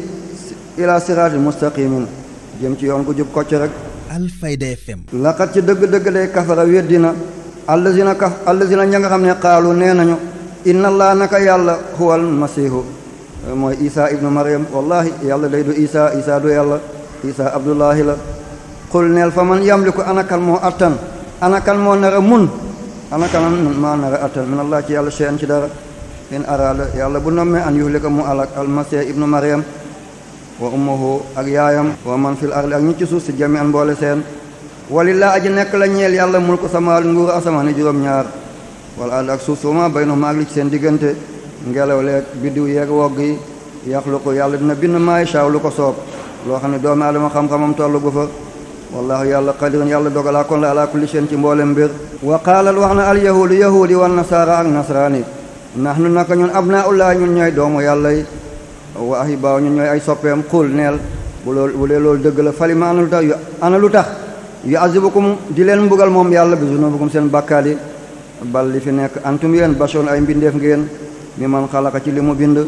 ila siraatin mustaqimin jëm ci yoon ku jub kocc rek alfayda fm laqat ci dëgg-dëgg day kafara weddina allazina kaf allazina ña nga xam ne xaalu nee nañu inna allah naka yàlla huwal masihu mooy isa ibnu maryam wallahi yàlla day du isa isa du yàlla isa abdullahi la qul neel fa man yamliku anakan moo attan anakan moo nar mun anaka man maa nawe atal min allah ci yàlla cheyan ci dara in araada yàlla bu nommee an yuhlika mu alak almasih ibnu mariam wa ummuhu ak yaayam wa man fil ardi ak ñi ci suuf si jami an mboole seen walilaa aji nekk la ñeel yàlla mulku samaal nguuru asamaan yi juróom-ñaar wala ardi ak suuf si ma baynahuma ak li ci seen diggante ngelaw leeg biddiw yeeg wogg yi ko yàlla dina bind maay shaaw lu ko soob loo xam ne doomu aadama xam-xamam tollu gu fa wallaahu yàlla qadirun yàlla dogalaa kon la ala kulli shay'in ci mboolem mbir wa qaalat wax na alyahuudu yahuudi wa nasaara ak nasraani nahnu naka ñun abnaullaah ñun ñooy doomu yàlla yi wa ahibaaw ñun ñooy ay soppeem xul neel bu loolu bu dee loolu dëgg la falima ana lu tax ana lu tax yu azibukum di leen mbugal moom yàlla bi zunubikum seen bàkkaat yi bal li fi nekk antum yéen bashoon ay mbindeef ngeen mi man xalaka ci li mu bind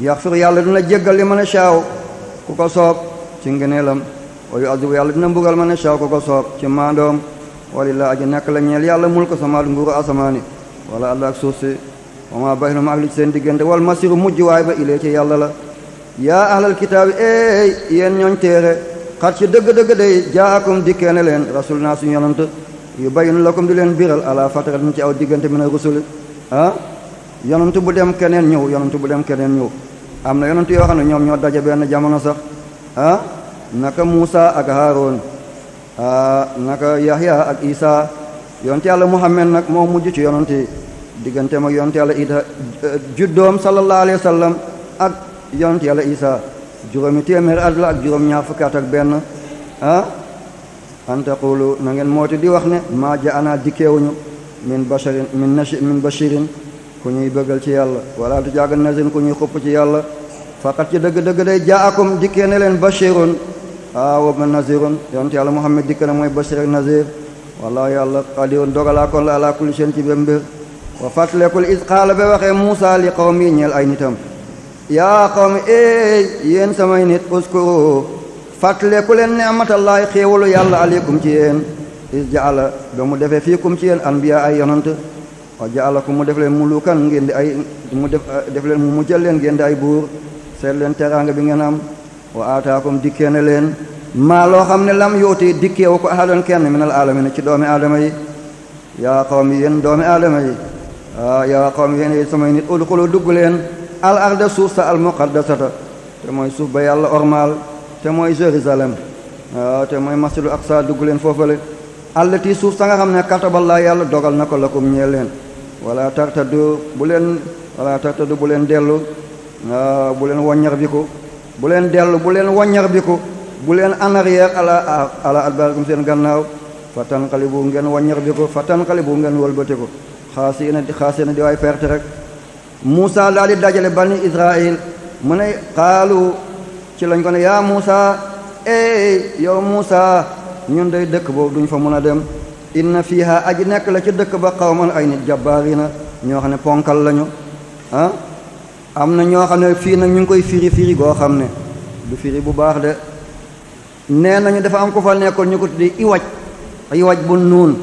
yaxfir yàlla dina jéggal li mën a caaw ku ko soob ci wa yu yàlla dina mbugal ma ne shaw ko ko soob ci maandoom walilaa aji nekk la ñeel yàlla mul ko samaat nguuru asamaani wala àll ak suuf si wa maa baynahuma ak li ci seen diggante wal masiru mujj waay ba ilee ci yàlla la yaa ahlal kitaabi eey yéen ñooñ téere xat ci dëgg-dëgg day jaakum dikkee ne leen rasul naa suñu yonant yu la kom di leen biral ala fataratin ci aw diggante mina rusuli ah yonant bu dem keneen ñëw yonant bu dem keneen ñëw am na yonant yoo xam ne ñoom ñoo daje benn jamono sax ah? naka Muusa ak Haaroon ah, naka Yahya ak Isa yonte yàlla Muhammad nag moo mujj ci yonante digganteem ak yonte yàlla Ida eh, juddoom sallallahu alayhi wa sallam ak yonte yàlla Isa juróomi téeméer at ak juróom-ñaar fukki at ak benn ah an taqulu na ngeen mooti di wax ne maa jaana dikkeewuñu min basharin min nashi min bashirin ku ñuy bëggal ci yàlla wala tu jaaga nasin ku ñuy xupp ci yàlla faqat ci dëgg-dëgg day jaakum dikkee ne bashirun ah wa man nazirun yonent yàlla Muhammad dikk na mooy bashir ak nazir wallaahu yàlla qadirun dogalaakoon la ala kulli shay'in ci bépp mbir wa fàttalekul is qaala ba waxee Muusaa li eh, nit uskuru fàttaleku leen ni'matallaahi xéewalu yàlla aleykum ci yéen is jaala ba mu defee fiikum ci yéen anbiya ay yonant wa jaalakum mu def leen mulukan ngeen di ay mu def def leen mu jël leen ngeen di ay buur seet leen teraanga bi ngeen am wa aataakum dikkee na leen maa loo xam ne lam yuuti dikkee wu ko ahadan kenn minal aalamiina ci doomi aadama yi yaa qawmi yéen doomi aadama yi a yaa qawmi yéen samay nit udxulu dugg leen al arda suuf sa al muqaddasata te mooy suuf ba yàlla ormaal te mooy Jérusalem waaw te mooy masjidu aqsa dugg leen foofale allati suuf sa nga xam ne kataballaa yàlla dogal na ko lakum ñeel leen wala tartaddu bu leen wala tartaddu bu leen dellu bu leen bu leen dellu bu leen waññar bi ko bu leen en arrière ala ala adbaarikum seen gannaaw fatanqalibu ngeen waññar bi ko fatanqalibu ngeen wëlbati ko xaasi na xaasi na di waay perte rek Muusa daal di dajale bani Israil mu ne xaalu ci lañ ko ne yaa Muusa ey yow Muusa ñun day dëkk boobu duñu fa mën a dem inna fiiha aji nekk la ci dëkk ba xawman ay nit jabbaari na ñoo xam ne ponkal lañu ah? am na ñoo xam ne fii nag ñu ngi koy firi firi goo xam ne du firi bu baax de nee nañu dafa am ko fa nekkoon ñu ko tuddi iwaj iwaj bu nuun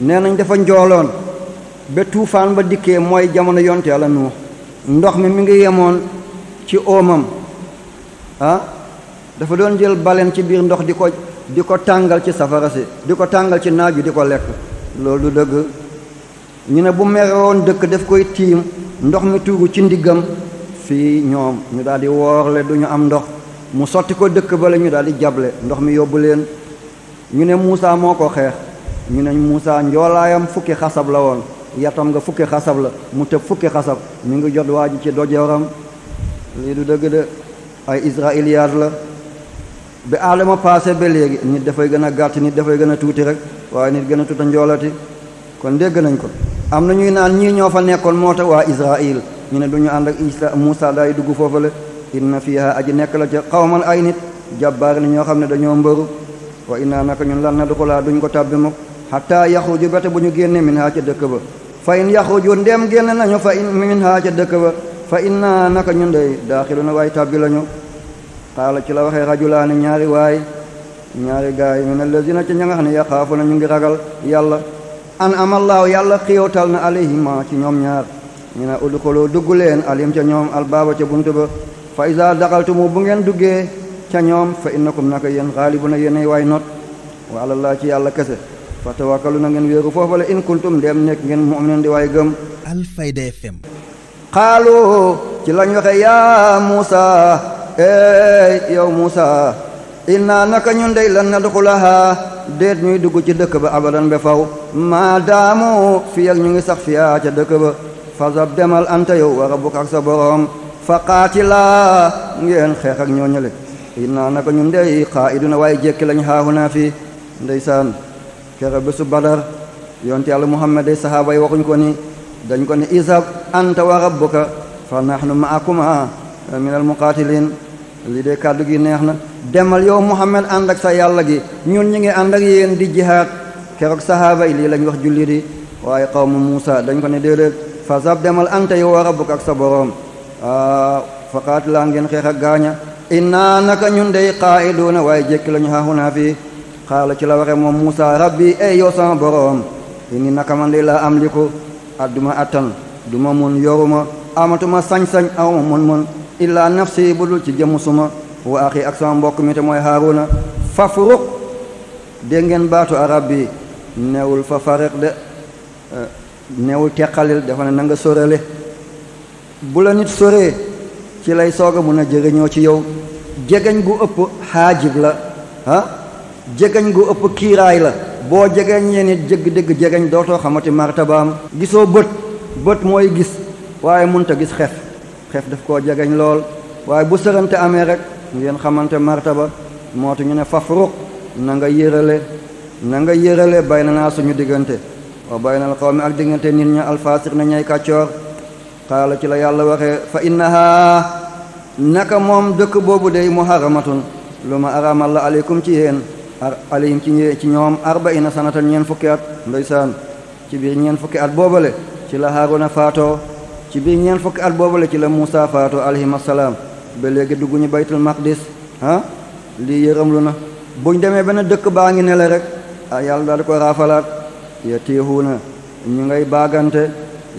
nee nañ dafa njooloon ba tuufaan ba dikkee mooy jamono yonte yàlla nuux ndox mi mi ngi yemoon ci oomam ah dafa doon jël baleen ci biir ndox di ko di ko tàngal ci safara si di ko tàngal ci naaj wi di ko lekk loolu du dëgg ñu ne bu merewoon dëkk daf koy tiim ndox mi tuuru ci ndiggam fii ñoom ñu daal di woorle du ñu am ndox mu sotti ko dëkk ba la daal di jable ndox mi yóbbu leen ñu ne Muusa moo ko xeex ñu ne Muusa njoolaayam fukki xasab la woon yatam nga fukki xasab la mu tëb fukki xasab mu ngi jot waa ji ci dojoram lii du dëgg de ay israiliyaat la bi aadama passé ba léegi nit dafay gën a gàtt nit dafay gën a tuuti rek waaye nit gën a tuuta njoolati kon dégg nañ ko am na ñuy naan ñii ñoo fa nekkoon moo tax waa Israil ñu ne duñu ànd ak isa Muusa daay dugg foofale inna fiha aji nekk la ca xawman ay nit jàbbaar ni ñoo xam ne dañoo mbëru wa inna naka ñun lan na du laa duñ ko tàbbi mukk xataa yaxruju bete bu ñu génne min haa ca dëkk ba fa in yaxruju génn nañu fa in min haa ca dëkk ba fa inna naka ñun dey daaxilu na waay tàbbi lañu xaala ci la waxee rajulaani ñaari waay ñaari gaay min allazina ca ña nga xam ne yaxaafu na ñu ngi ragal yàlla an amallaahu yàlla xiyootal na alayhima ci ñoom ñaar ñu ne udxulu dugg leen alim ca ñoom albaaba ca bunt ba fa isa daxaltumu bu ngeen duggee ca ñoom fa innakum naka yéen xaalibuna yéenay waay not wa alallah ci yàlla kese fa tawakkalu na ngeen wéeru foofa la in kuntum dem nekk ngeen mu'minin di waay gëm alfayda fm xaalu ci lañ waxe yaa muusa ey yow muusa inna naka ñun dey lan nadxulaha déet ñuy dugg ci dëkk ba abadan be faw maadaamu fi ak ñu ngi sax fiyaa ca dëkk ba fasab demal anta yow wa rabbuka ak sa boroom fa qaatilaa ngeen xeex ak ñooñale inna naka ñun dey qaa'iduna waaye jekki lañ haahuna fii ndeysaan kere bésu badar yonte yàlla muhammad day sahaaba yi waxuñ ko ni dañ ko ni isab anta wa rabbuka fa nahnu ma'akuma minal muqaatilin lii de kàddu gi neex na demal yow muhammad ànd sa yàlla gi ñun ñi ngi ànd ak di jihaad keroog sahaaba lii lañu wax julli di waaye qawmu muusa dañ ko ne déedéet fasab demal anta yow wa rabbuk ak sa boroom waaw faqaat laa ngeen xeex ak gaaña inna naka ñun dey qaa'iduuna waaye jékki lañu xaaxunaa fii xaala ci la waxe moom Muusa rabbi ey yow sama boroom inni naka man dey laa am liku adduma attan duma mun yoruma amatuma sañ-sañ awma mun mun illaa nafsi bu ci jëmm suma wa axi ak sama mbokk mi te mooy Haaruna fafruq dégg ngeen baatu arab bi newul fa fariq de neewul teqalil dafa ne na nga sorale bu la nit soree ci lay soog a mun a jëriñoo ci yow jegeñ gu ëpp xaajib la ah jegeñ gu ëpp kiiraay la boo jegeñee nit jëgg-dëgg jegeñ dootoo xamati martabaam gisoo bët bët mooy gis waaye munta gis xef xef daf ko jegeñ lool waaye bu sërante amee rek ngeen xamante martaba moo tax ñu ne fafruq na nga yërale na nga yërale bay na naa suñu diggante wa baynal qawmi ak diggante nit ñi alfaasiq na ñay kàccoor xaala ci la yàlla waxe fa innaha naka moom dëkk boobu de day muharramatun lu ma araamal la aleykum ci yéen aleyhim ci ci ñoom na sanatan ñeen fukki at ndeysaan ci biir ñeen fukki at boobale ci la haaruna faatoo ci biir ñeen fukki at boobale ci la muusa faatoo alayhim assalaam ba léegi dugg ñu baytul maqdis ah lii yërëm lu na buñ demee benn dëkk baa ngi ne la rek ah, yàlla daal yatiihuuna ñu ngay baagante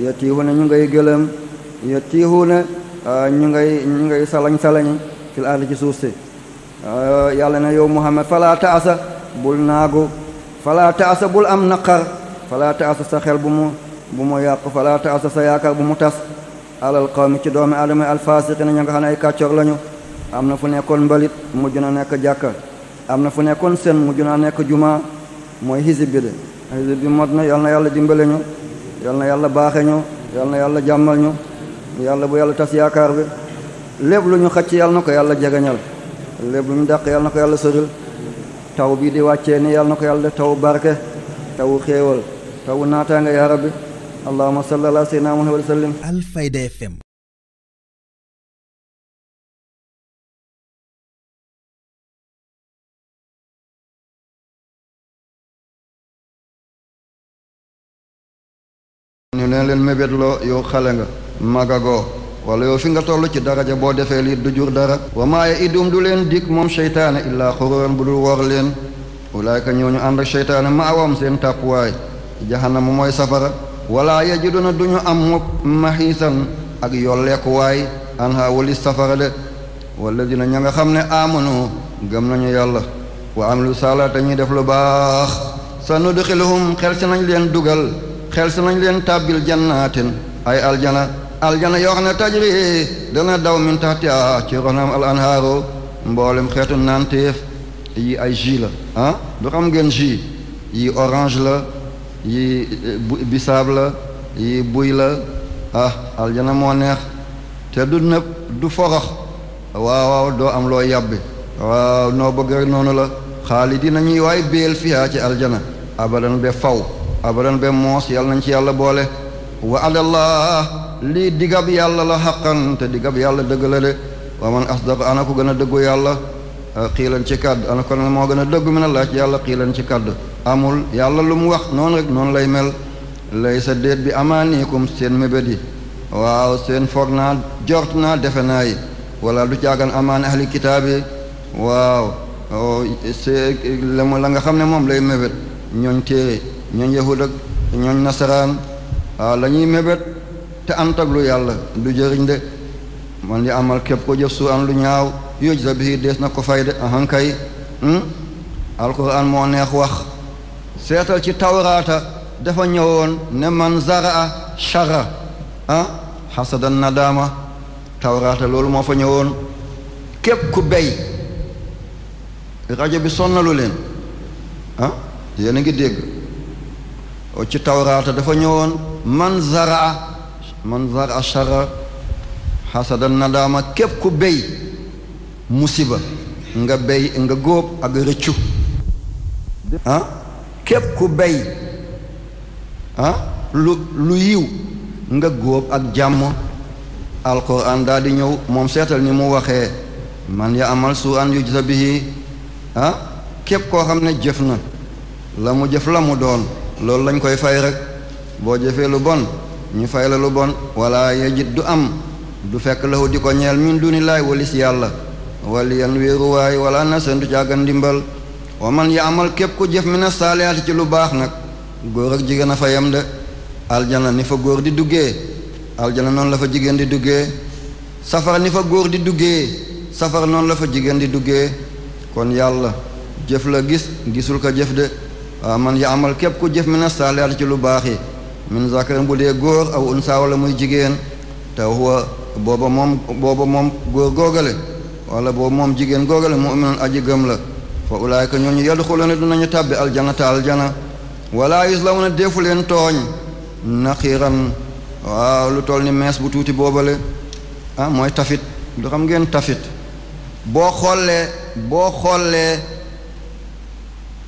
yatiihuuna ñu ngay gëlëm yatiihuuna ñu ngay ñu ngay salañ-salañi fil ardi ci suuf si yàlla na yow muhammad falaa taasa bul naagu falaa taasa bul am naqar falaa taasa sa xel bu mu bu mu yàqu falaa taasa sa yaakaar bu mu tas alal qawmi ci doomi aadama yi alfaasiqina ña nga xam ay kàccoor lañu am na fu nekkoon mbalit mujj na nekk jàkka am na fu nekkoon seen mujj na nekk jumaa mooy hisib addis bi mot na yal na yàlla dimbale ñu yal na yàlla baaxe ñu yal na yàlla jàmmal ñu yàlla bu yàlla tas yaakaar bi lépp lu ñu xacc yal na ko yàlla jegeñal lépp lu ñu dàq yal na ko yàlla soril taw bii di wàccee ni yal na ko yàlla taw barke taw xéewal taw naataanga yaa rabbi allahumma salli ala sayyidina muhammad wa sallim alfayda dana leen mébétloo yow xale nga magagoo wala yow fi toll ci daraja boo defee lii du jur dara wa maaye idum du leen dikk moom seytaane illaa xuróoran bu dul wor leen ulaayka ñooñu ànd ak seytaane maawam seen tàppuwaay jahannama mooy safara wala yajiduna du duñu am mukk maxiisan ak yolleekuwaay anha wali safara de wala dina ña nga xam ne amanu gëm nañu yàlla wa am lu saalaata def lu baax sa nudxiluhum xel si nañ leen dugal xel si nañ leen tàbbil jannaatin ay aljana aljana yoo xam ne tajri dana daw min taxtiha ci ronam al anhaaro mboolem xeetu naanteef yi ay jus la ah du xam ngeen jus yi orange la yi bisaab la yi buy la ah aljana moo neex te du nëb du forox waaw doo am loo yàbbi waaw noo bëgg rek noonu la xaali dina ñuy waay béel ci aljana abadan be faw abadan ba moos yàlla nañ ci yàlla boole wa adallah lii digab yàlla la xaqan te digab yàlla dëgg la wa man asdaq ana ko gën a dëggu yàlla ah, xiilan ci kàdd ana ko moo gën a dëggu mi na laaj yàlla xiilan ci kàdd amul yàlla lu mu wax noonu rek noonu lay mel lay sa déet bi amaaniikum seen mébét yi waaw seen foog naa jort naa defe naa yi wala du caagan amaan ahli kitaab yi waaw oh, se la nga xam ne moom lay mébét ñooñ téere ñooñ yahud ak ñooñ nasaraan waaw lañuy ñuy te antag lu yàlla du jëriñ de man di amal képp ko jëf su an lu ñaaw yóoj sa dees na ko fay de ahankay hmm? alquran moo neex wax seetal ci tawraata dafa ñëwoon ne man zaraa shara ah na daama tawraata loolu moo fa ñëwoon képp ku bey rajo bi sonnalu leen ah yéen ngi dégg ci tawraata dafa ñëwoon man zaraa man zaraa shara xasada nadaama képp ku béy musiba nga béy nga góob ak rëccu ah? képp ku béy ah? lu lu yiw nga góob ak jàmm alquran daal di ñëw moom seetal ni mu waxee man ya amal su an yujza bihi ah? képp koo xam ne jëf na la mu jëf la mu doon loolu lañ koy fay rek boo jëfee lu bon ñu fay la lu bon walla yajid du am du fekk lahu di ko ñeel min duni laay walis yàlla waliyan wéeruwaay wala nasen du càggan ndimbal wa man ya amal képp ku jëf mi na saaliyaati ci lu baax nag góor ak jigéen a fa yem de aljana ni fa góor di duggee aljana noon la fa jigéen di duggee safara ni fa góor di duggee safara noonu la fa jigéen di duggee kon yàlla jëf la gis gisul ko jëf de waaw ah, man amal képp ku jëf mi na saalaat ci lu baax yi min zakarin bu dee góor aw unsaa wala muy jigéen te huwa booba moom booba moom góor góogale wala booba moom jigéen góogale mu'minun aji gëm la fa ulaayka ñooñu du nañu tàbbi aljana ta aljana walaa yuslawuna deefu leen tooñ naqiiran waaw lu toll ni mees bu tuuti boobale ah mooy tafit du xam ngeen tafit boo xoolee boo xoolee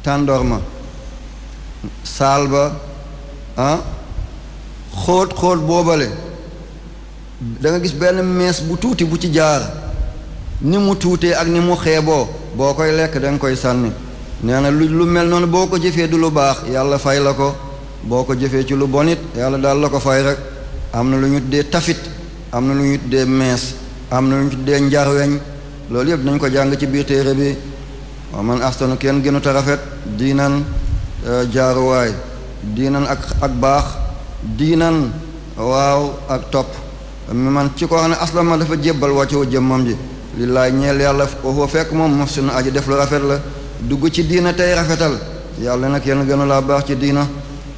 tàndoor ma saal ba ah xóot xóot boobale da nga gis benn mees bu tuuti bu ci jaar ni mu tuutee ak ni mu xeeboo boo koy lekk da koy sànni nee na lu lu mel noonu boo ko jëfee du lu baax yàlla fay la ko boo ko jëfee ci lu bonit yàlla daal la ko fay rek am na lu ñu tuddee tafit am na lu ñu dee mees am na lu ñu tuddee njarweñ loolu yëpp dinañ ko jàng ci biir téere bi wa man astanu kenn gënu ta rafet diinan Euh, jaaruwaay diinan ak ak baax diinan waaw ak topp man ci koo xam ne aslama dafa jébbal wàccowu moom ji lillaay ñeel yàlla foofu fekk moom mof sunu aji def lu rafet la dugg ci diina tey rafetal yàlla nag yéen gënu laa baax ci diina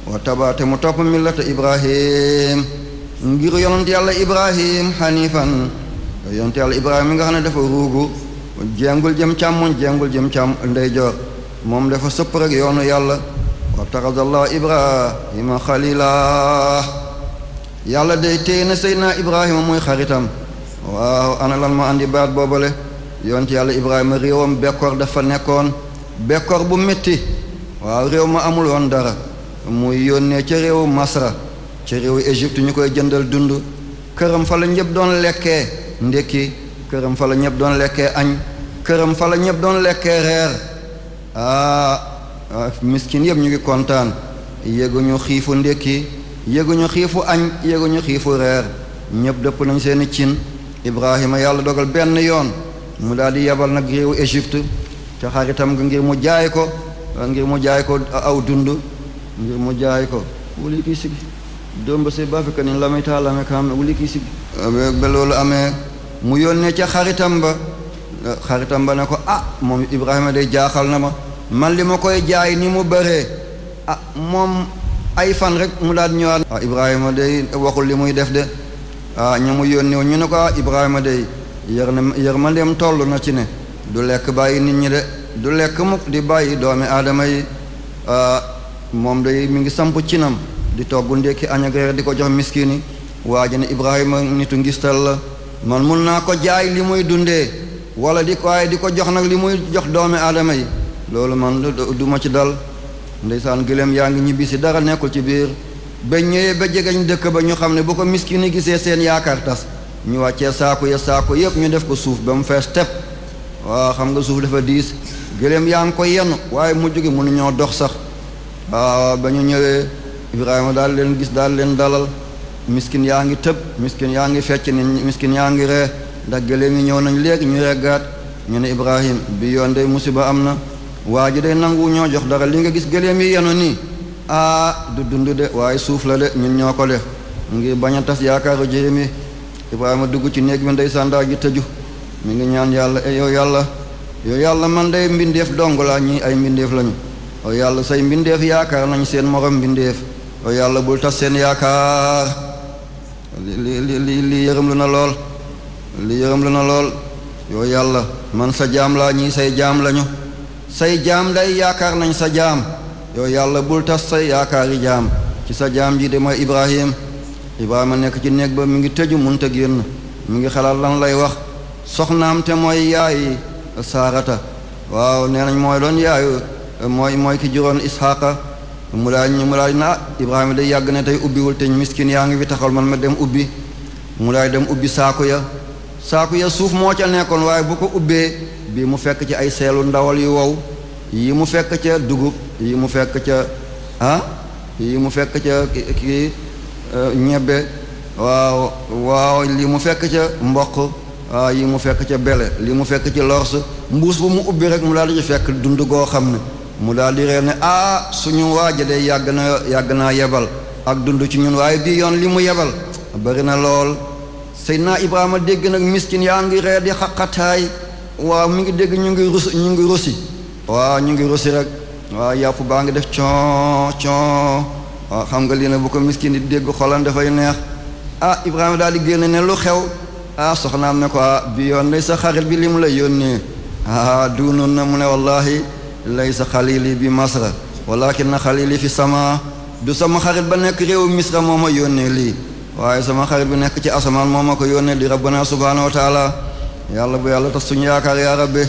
wa tabaate mu topp millata ibrahim ngir yonent yàlla ibrahim xanifan yonent yàlla ibrahim mi nga xam ne dafa ruugu jengul jëm càmmoñ jengul jëm càmm ndeyjoor moom dafa sëpp rek yoonu yàlla wattaxadallahu ibrahima xalila yàlla day téye na seydina ibrahima muy xaritam waaw ana lan ma andi baat boobale yonent yàlla ibrahima réewam bekkoor dafa nekkoon bekkoor bu metti waaw réew ma amul woon dara muy yónnee ca réewu masra ca réewu égypte ñu koy jëndal dund këram fala la ñëpp doon lekkee ndekki këram fa la ñëpp doon lekke añ këram fala la ñëpp doon lekkee reer ah Ah, miskin yëpp ñu ngi kontaan yéeguñu xiifu ndékki yéguñu xiifu añ yéguñu xiifu reer ñëpp dëpp nañ seeni cin ibrahima yàlla dogal benn yoon mu daal di yebal nag réewu égypte te xaritam nga ngir mu jaay ko ah, ngir mu jaay ko aw dund ngir mu jaay ko wuli kii sigi domba se ba fekk ni lamay taa lame ka xam ne wuli kii ah, loolu amee mu yónnee ca xaritam ba xaritam ba ne ko ah moom ibrahima day jaaxal na ma man li ma koy jaay ni mu bëree ah moom ay fan rek mu daal ñëwaat ah Ibrahima day waxul li muy def de ah ñu mu yónni ñu ne ko ah Ibrahima day yër na yër ma dem toll na ci ne du lekk bàyyi nit ñi de du lekk mukk di bàyyi doome aadama yi ah, moom day mi ngi samp nam di togg ndékki añ ak reer di ko jox miskini waa ji ne Ibrahima nitu ngistal la man mun naa ko jaay li muy dundee wala di waaye di ko jox nag li muy jox doome aadama yi loolu man du ma ci dal ndeysaan gëléem yaa ngi ñibbi si dara nekkul ci biir ba ñëwee ba jegeñ dëkk ba ñu xam ne boo ko miskin yi gisee seen yaakaar tas ñu wàccee saako ya saako yëpp ñu def ko suuf ba mu fees tepp waaw xam nga suuf dafa diis gëléem yaa ngi ko yenn waaye mu mujj nu mënuñoo dox sax waaw ba ñu ñëwee Ibrahima daal leen gis daal leen dalal miskin yaa ngi tëb miskin yaa ngi fecc ni miskin yaa ngi ree ndax gëléem yi ñëw nañ léegi ñu reggaat ñu ne Ibrahim bi yoon de musiba am na waa ji day nangu ñoo jox dara li nga gis gëléem yi yenu nii aa ah, du dund de waaye suuf la de ñun ñoo ko le ngir bañ a tas yaakaaru jéem yi ibrahima dugg ci néeg bi ndey sàndaar ji tëju mi ngi ñaan yàlla e yàlla yow yàlla man de mbindeef dong laa ñii ay mbindeef lañu yow yàlla say mbindeef yaakaar nañ seen morom mbindeef yow yàlla bul tas seen yaakaar li li li li na lool li yërëm na lool yow yàlla man sa jaam laa ñii say jaam lañu say jaam lay yaakaar nañ sa jaam yow yàlla bul tas say yaakaari jaam ci sa jaam ji de mooy ibrahim ibrahima nekk ci néeg ba mi ngi tëju munta génn mu ngi xalaat lan lay wax soxnaam te mooy yaay saarata waaw nee nañ mooy doon yaayu mooy mooy ki juróon isxaqa mu daa mu daa na ah ibrahima day yàgg ne tey ubbiwul te miskin yaa ngi fi taxawal man ma dem ubbi mu daay dem ubbi saaku ya saaku ya suuf moo ca nekkoon waaye bu ko ubbee bii mu fekk ci ay seelu ndawal yu wow yi mu fekk ca dugub yi mu fekk ca ah yi mu fekk ca ki eh, ñebbe waaw waaw lii mu fekk ca mboq waaw yi mu fekk ca bele lii mu fekk ci lors mbuus bu mu ubbi rek mu daal di fekk dund goo xam ne mu daal di ree ne ah suñu waaja de yàgg na yàgg naa yebal ak dund ci ñun waaye bii yoon li mu yebal bari na lool seydna ibrahima dégg nag miskin yaa ngi ree di xaqataay waaw mi ngi dégg ñu ngi rus ñu rusi waaw ñu ngi rusi rek waaw yàpp baa ngi def con con waaw xam nga lii nag bu ko miskin di dégg xolan dafay neex ah ibrahima daal di génn ne lu xew ah soxnaam ne ko ah bi yoon lay sa xarit bi li mu la yónnee ah duunoon na mu ne wallahi lay sa xalili bi masra walakin na xalili fi sama du sama xarit ba nekk réew misra moo ma yónnee lii waaye sama xarit bi nekk ci asamaan moo ma ko yónnee di rabbana subhaanahu wa taala yàlla bu yàlla tas suñu yaakaar yaa rabbi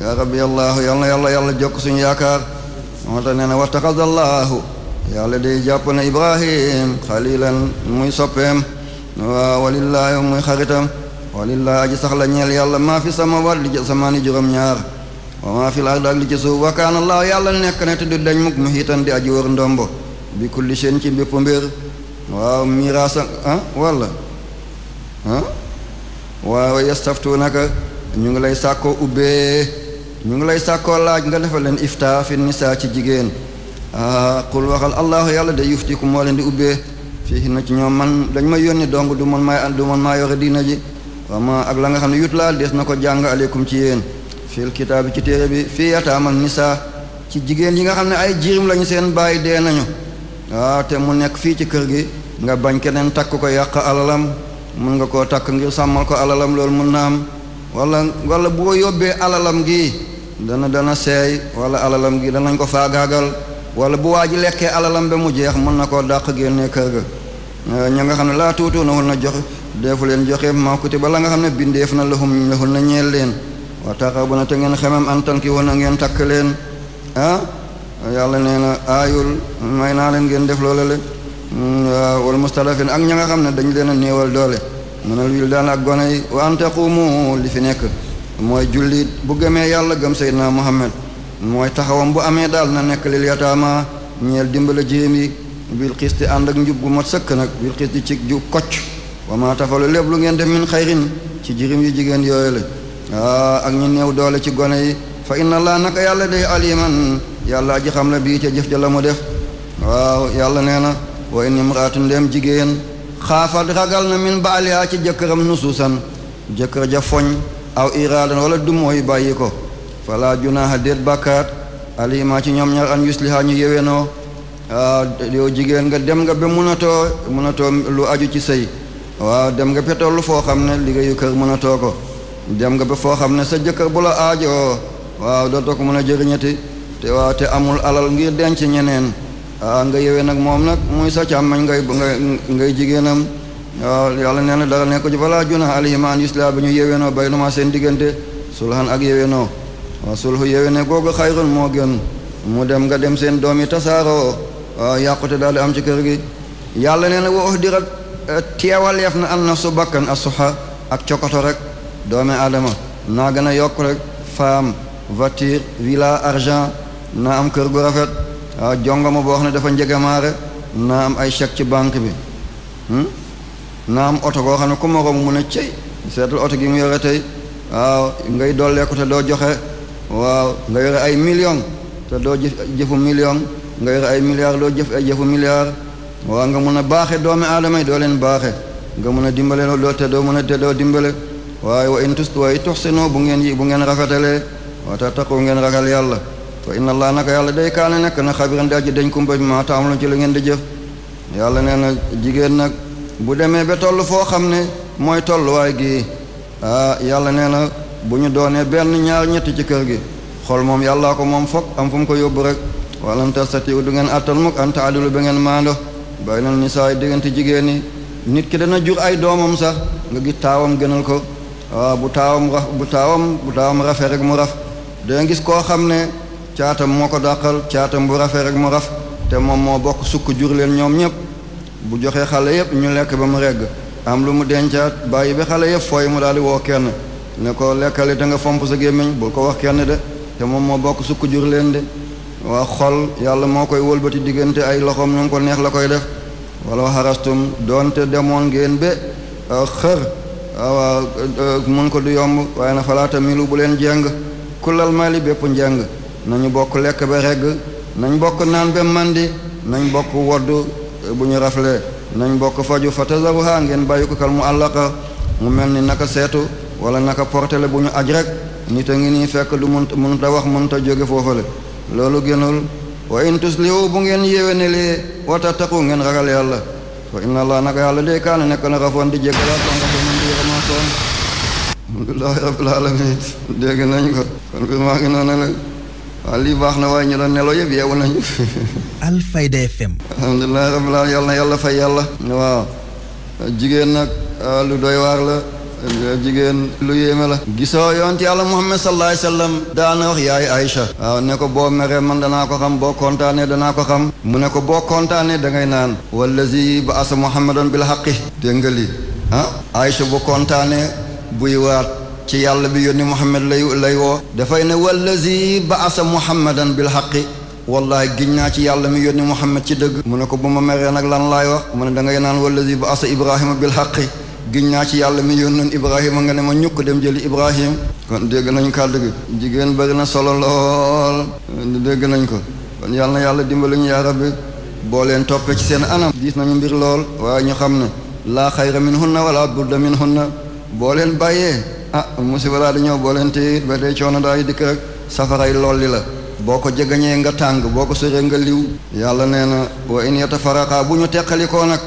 yaa rabbi yàllaahu yàlla yàlla yàlla jokk suñu yaakaar moo tax nee na wattaxadallaahu yàlla day jàpp na ibrahim xalilan muy soppeem waa walillaahi muy xaritam walillaahi aji sax la ñeel yàlla maa fi samaawaat li ci samaani ñaar wa maa fi al-ard ak li kaana allaahu yàlla nekk na te du dañ mukk di aji wër ndombo bi waaw miraasa ah walla ah waaw yastaftuunaka ñu ngi lay sàkkoo ubbee ñu ngi lay sàkkoo laaj nga defal leen ifta fi nisaa ci jigéen a ah, qul waxal allah yàlla de yuftiku moo leen di ubbee fii na ci ñoom man dañ ma yónni donc du man maay du man maa yore diina ji wama ak la nga xam ne yut laa des na ko jàng aleykum ci yéen fil kitaabi ci téere bi fii yataamal nisaa ci jigéen yi nga xam ne ay jirim lañu seen baay dee nañu waaw ah, te mu nekk fii ci kër gi nga bañ keneen takk ko yàq alalam mën nga koo takk ngir sàmmal ko alalam lool mën na am wala wala boo yóbbee alalam gi dana dana seey wala alalam gi danañ ko faagaagal wala bu waa ji lekkee alalam ba mu jeex mën na koo dàq génnee ah, ña nga xam ne laa tuutu na wul na joxe defu leen joxe maa kuti ba la nga xam ne bindeef na lahum lahul na ñeel leen wa taxaw bu na te ngeen xemam an tan ki won na ngeen takk leen ah yàlla nee na aayul may naa leen ngeen def loola le mm, wal mustalafin ak ña nga xam ne dañ leen a néewal doole mënal wil daan ak gone yi wa an taqumu li fi nekk mooy jullit bu gëmee yàlla gëm seydina muhammad mooy taxawam bu amee daal na nekk lil yataama ñeel dimbala jéem yi bil xisti ànd ak njub gu mat sëkk nag bil xisti ci jub kocc wa maa tafalu lépp lu ngeen def min xayrin ci jirim yu jigéen yooyu la ak ñu néew doole ci gone fa inna allah naka yàlla day yàlla ji xam la bii ca jëf ja la mu def waaw yàlla nee na wa in imraatun dem jigéen xaafat ragal na min baaliha ci jëkkëram nusuusan jëkkër ja foñ aw iraadan wala du mooy bàyyi ko fala junaaha déet bàkkaat alima ci ñoom ñaar an yusliha ñu yéwénoo waaw yow jigéen nga dem nga ba munatoo munatoo lu aju ci sëy waaw dem nga ba tollu foo xam ne liggéeyu kër munatoo ko dem nga ba foo xam ne sa jëkkër bu la aajoo waaw dootoo ko mën jëriñati te waaw te amul alal ngir denc ñeneen waaw ah, nga yewee nag moom nag muy sa càmmañ ngay ngay ngay jigéenam waaw ah, yàlla nee na dara nekk ci balaa juna alayhim an yusla bi ñu yeweenoo bay numaa seen diggante sulhan ak yeweenoo waaw ah, sulhu yewene googu xayrun moo gën mu dem nga dem seen doom yi tasaaroo waaw yàqute daal di am ci kër gi yàlla nee na wa uhdirat eh, teewaleef na an na su bakkan asuxa ak cokoto rek doomi aadama naa gën a yokk rek femme voiture villa argent naa am kër gu rafet a jongoma boo xam ne dafa njegemaare naa am ay chèque ci banque bi hmm? naa am oto goo xam ne ku ma romb mu ne cey seetal oto gi mu yore tey waaw ngay dolleeku te doo joxe waaw nga yore ay million te doo jëf jëfu million nga yore ay milliard doo jëf ay jëfu milliard waaw nga mun a baaxe doomi aadama yi doo leen baaxe nga mun a dimbale doo te doo mun a te doo dimbale waaye wa in tustu wa tuxsinu bu ngeen yi bu ngeen rafetalee wa tattaqu ngeen ragal yàlla fa inna allah naka yàlla day kaane nekk na xabiran di aji dañ kumba bi ma taamaloon ci lu ngeen di jëf yàlla nee na jigéen nag bu demee ba toll foo xam ne mooy tolluwaay gi ah yàlla nee na bu ñu doonee benn ñaar ñetti ci kër gi xool moom yàllaa ko moom foog am fu mu ko yóbbu rek walan tastati du ngeen attal mukk an taadilu ba ngeen maando bàyyi na nisaay diggante jigéen ñi nit ki dana jur ay doomam sax nga gis taawam gënal ko waaw bu taawam bu taawam bu taawam rafet rek mu raf caatam moo ko dàqal caatam bu rafee rek mu raf te moom moo bokk sukk jur leen ñoom ñëpp bu joxee xale yëpp ñu lekk ba mu regg am lu mu dencaat bàyyi ba xale yëpp fooy mu daal di woo kenn ne ko lekkali te nga fomp sa gémmiñ bul ko wax kenn de te moom moo bokk sukk jur leen de waa xol yàlla moo koy wëlbati diggante ay loxoom nu mu ko neex la koy def wala xarastum doonte demoon ngeen be xër waaw mun ko du yomb waaye na falaata milu bu leen jeng kulal mali bépp njeng nañu bokk lekk be regg nañ bokk naan ba mandi nañ bokk woddu eh, bu ñu rafle nañ bokk faju fatazaruha ngeen bàyyi ko kal mu àllaqa mu mel ni naka seetu wala naka portele bu ñu aj rek nit a ngi nii fekk du mun mënuta wax mënuta jóge foofale loolu gënul wa in tuslihu bu ngeen yéwénelee wa tattaqu ngeen ragal yàlla fa inna allah naka yàlla dee kaana nekk na rafoon di jéggalaat ko nga ko mën di yërëmaa toon alamin dégg nañ ko kon waaw lii baax na waaye ñu doon nelaw yëpp yeewu nañu. Alfayda FM. alhamdulilah rabbil alamin yàlla na yàlla fay yàlla. waaw jigéen nag ah, lu doy waar la. jigéen lu yéeme la gisoo yonent yàlla muhammad sallallahu alayhi wasallam daana wax yaay Aïcha waaw ne ko boo meree man danaa ko xam boo kontaanee danaa ko xam mu ne ko boo kontaanee da ngay naan wallazi ba asa muhammadan bil haqqi dégg nga lii ah kontaanee buy waat ci yàlla bi yónni muhammad lay lay woo dafay ne wallazi baasa muhammadan bil xaqi wallahi giñ naa ci yàlla mi yónni muhammad ci dëgg mu ne ko bu ma meree nag lan laay wax mu ne da ngay naan wallazi baasa ibrahima bil xaqi giñ naa ci yàlla mi yónnoon ibrahima nga ne ma ñukk dem jëli ibrahim kon dégg nañu kàddu gi jigéen bëri na solo lool dégg nañ ko kon yàlla na yàlla dimbali ñu yaa rabbi boo leen toppee ci seen anam diis nañu mbir lool waaye ñu xam ne laa xayra min hunna wala budda min hunna boo leen bàyyee ah musiba daal di ñëw boo leen téye ba tey coono daal di safaray lolli boo ko jegañee nga tàng boo ko soree nga liw yàlla nee na wa in yatafaraqaa bu ñu teqalikoo nag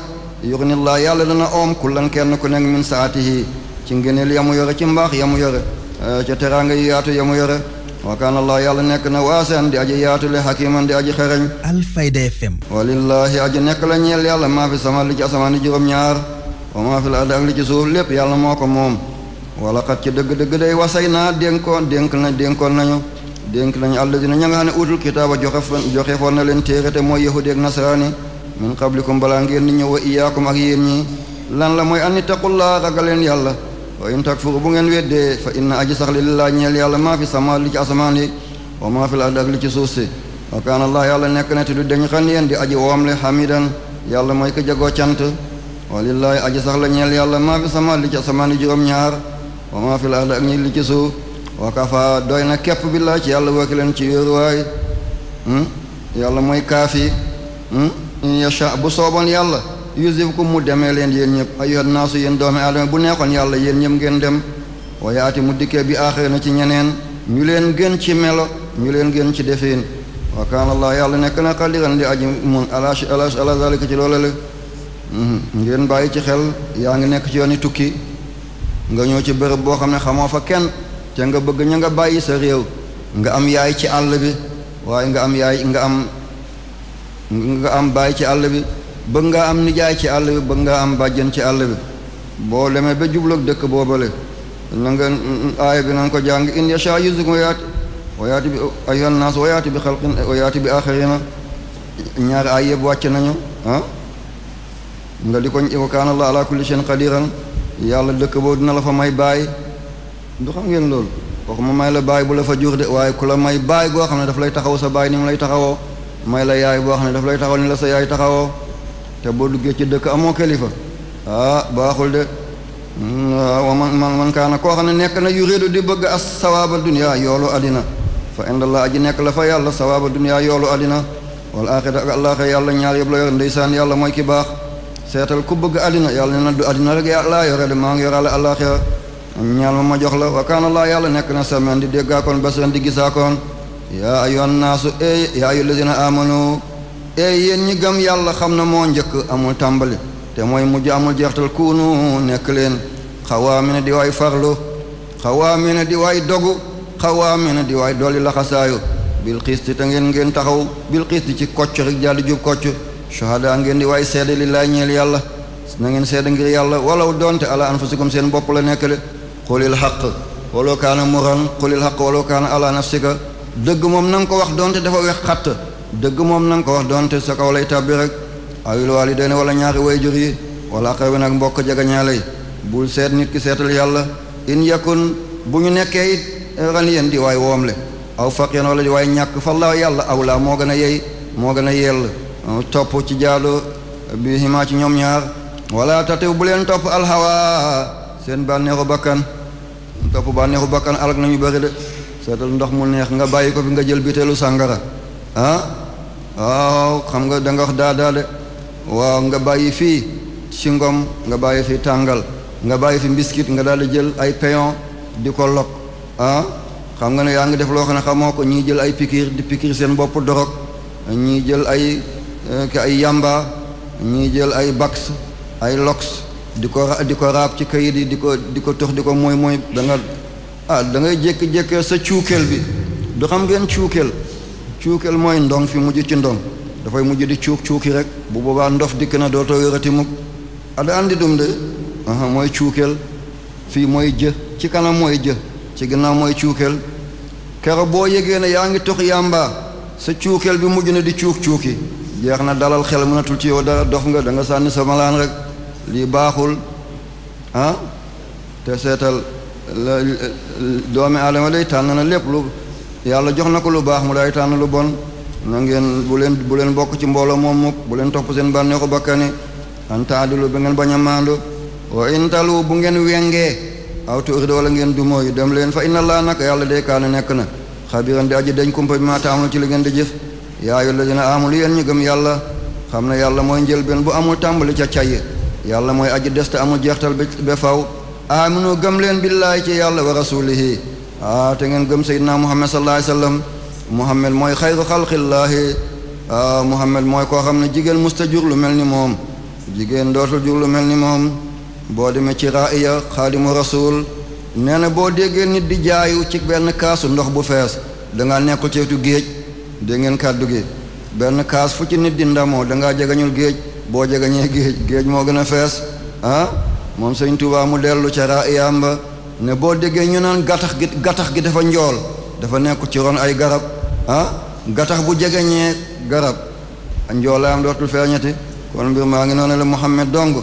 yurnillaa yàlla dana oom kullan kenn ku nekk min saatihi ci ngëneel yamu yore ci mbaax yamu yore eh, ca teraanga yi yaatu yamu yore wa kaana allah yàlla nekk na waasaan di aji yaatu le hakiman di aji xereñ alfayda fm walillaahi aji nekk la ñeel yàlla maa fi sama li juróom-ñaar la ak li ci suuf lépp wala xat ci dëgg-dëgg day wasay naa denkoon denk na dénkoon nañu dénk nañu alladina ña nga xam ne kitaaba joxe joxe na leen téere te mooy yahudi ak nasaraani min qablikum balaa ngeen di ñëw wa iyaakum ak yéen ñi lan la mooy anni taqullaa leen yàlla wa in takfuru bu ngeen weddee fa inna aji sax li lillaa ñeel yàlla maa fi sama li ci asamaan yi wa maa fi l ard ak li ci suuf si wa kaana allah yàlla nekk na te du dañ xan yéen di aji woomle hamidan yàlla mooy ko jagoo cant wa lillaahi aji sax la ñeel yàlla maa fi sama li ci wa maa fil ñi li ci suuf doy na képp billaa ci yàlla wakilan ci wéeruwaay hmm? yàlla mooy kaafi hmm? in bu sooboon yàlla yusifkum mu demee leen yéen ñëpp ayyuhan naasu yéen doomi aadama bu neexoon yàlla yéen ñëpp ngeen dem wa yaati mu dikkee bi aaxir na ci ñeneen ñu leen gën ci melo ñu leen ngeen ci defeen wa kaana yàlla nekk na qadiran li aji mun alash alash ala zalika ci loolu hmm? ngeen bàyyi ci xel yaa ngi nekk ci yooni tukki nga ñëw ci bërëb boo xam ne xamoo fa kenn te nga bëgg ña nga bàyyi sa réew nga am yaay ci àll bi waaye nga am yaay nga am nga am baay ci àll bi bëgg nga am nijaay ci àll bi bëgg nga am bàjjen ci àll bi boo demee ba jubloog dëkk boobale na nga aaya nanga ko jàng in yasha yuzukum wayaati wayaati bi ayyuhan naas wayaati bi xalqin wayaati bi axarina ñaari ay yëpp wàcc nañu ah nga di ko kaana allah ala kulli shay'in qadiran yàlla dëkk boobu dina la fa may baay du xam ngeen loolu waxuma may la baay bu la fa jur de waaye ku la may baay goo xam ne daf lay taxaw sa baay ni lay taxawoo may la yaay boo xam ne daf lay taxaw ni la sa yaay taxawoo te boo duggee ci dëkk amoo kilifa ah baaxul de hmm, waaw man man man koo xam ne nekk na yuridu di bëgg a sawaaba dunya yoolu àddina fa indallah aji nekk la fa yàlla sawaaba dunya yoolu àddina wal axira ak yàlla ñaar yëpp la yor ndeysaan yàlla mooy ki baax seetal ku bëgg àddina yàlla ne na du àddina yore de maa ngi yoraale àllaaxira ñaal ma ma jox la wa kaana yàlla nekk na samen di déggaakoon basen di gisaakoon yaa ayoon naasu ey yaa ayu amanu ey yéen ñi gëm yàlla xam na moo njëkk amul tàmbali te mooy mujj amul jeextal kuunu nekk leen xawaa mi ne di waay farlu xawaa mi di waay dogu xawaa mi di waay dolli laxasaayu bil xiisti te ngeen ngeen taxaw bil xiisti ci kocc rek jàll shuhada ngeen di waay seede lillaahi ñeel yàlla na ngeen seede ngir yàlla walaw donte ala anfusikum seen bopp la nekk de xulil xaq walaw kaana muran xulil xaq walaw kaana ala nafsika dëgg moom na ko wax donte dafa wex xatt dëgg moom na ko wax donte sa kaw lay tàbbi rek awil waalidayni wala ñaari wayjur yi wala xew bi nag mbokk jegeñaale yi bul seet nit ki seetal yàlla in yakun bu ñu nekkee it ran yéen di waay woomle aw faq yéen wala di waay ñàkk fa la yàlla aw laa moo gën a yey moo gën a yell Uh, topp ci jaalu bi himaa ci ñoom ñaar wala tatew bu leen topp alxawa seen bànneexu bakkan topp bànneexu bakkan alak nañu bëri de seetal ndox mu neex nga bàyyi ko fi nga jël biteelu sàngara ah waaw xam nga danga nga daadaa de waaw nga bàyyi fii ci ngom nga bàyyi fi tàngal nga bàyyi fi mbiskit nga daal di jël ay peyon di ko lok ah xam nga ne yaa ngi def loo xam ne xamoo ko ñii jël ay pikir di pikir seen bopp dorog ñii jël ay Euh, ki ay yamba ñuy jël ay bax ay lox di ko ko raab ci kayit yi di ko di ko tox di ko mooy mooy danga nga ah da ngay jékki-jékki sa cuukeel bi du xam ngeen cuukeel cuukeel mooy ndong fi mujj ci ndong dafay mujj di cuuk cuuki rek bu boobaa ndof dikk na dootoo wérati mukk ada andi dum de mooy cuukeel fii mooy jë ci kanam mooy jë ci ginnaaw mooy cuukeel kero boo yégee ne yaa ngi tox yàmbaa sa cuukeel bi mujj na di cuuk cuuki jeex na dalal xel mënatul ci yow da dof nga da nga sànni sa malaan rek lii baaxul ah te seetal la doomi aadama day tànn na lépp lu yàlla jox na ko lu baax mu day tànn lu bon na ngeen bu leen bu leen bokk ci mbooloo moom mukk bu leen topp seen bànneexu bakkani an taadilu ba ngeen bañ a maandu wa intalu bu ngeen wengee aw turid wala ngeen du mooyu dem leen fa inna laa nag yàlla daykaane nekk na xabiran di aji dañ kumpa bi maa taamal ci li ngeen di jëf yaa ayyuhal dina amul yéen ñu gëm yàlla xam na yàlla mooy njëlbeen bu amul tàmbali ca cay yàlla mooy aji des te amul jeextal ba faw aaminu gëm leen billaahi ci yàlla wa rasuulihi ah te ngeen gëm seydinaa muhammad sallallahu alayhi wa sallam muhammad mooy xayru xalqillaahi ah muhammad mooy koo xam ne jigéen musta jur lu mel ni moom jigéen dootul jur lu mel ni moom boo demee ci raaya xaadimu rasul nee na boo déggee nit di jaayu ci benn kaasu ndox bu fees da nga nekkul ceetu géej dégg ngeen kàddu gi benn kaas fu ci nit di ndamoo dangaa jegañul géej boo jegañee géej géej moo gën a fees ah moom sëñ Tuubaa mu dellu ca raa iyamba ne boo déggee ñu naan gattax gi gattax gi dafa njool dafa nekk ci ron ay garab ah gattax bu jegeñee garab njoolaam dootul feeñati kon mbir maa ngi noonu la Muhammad dong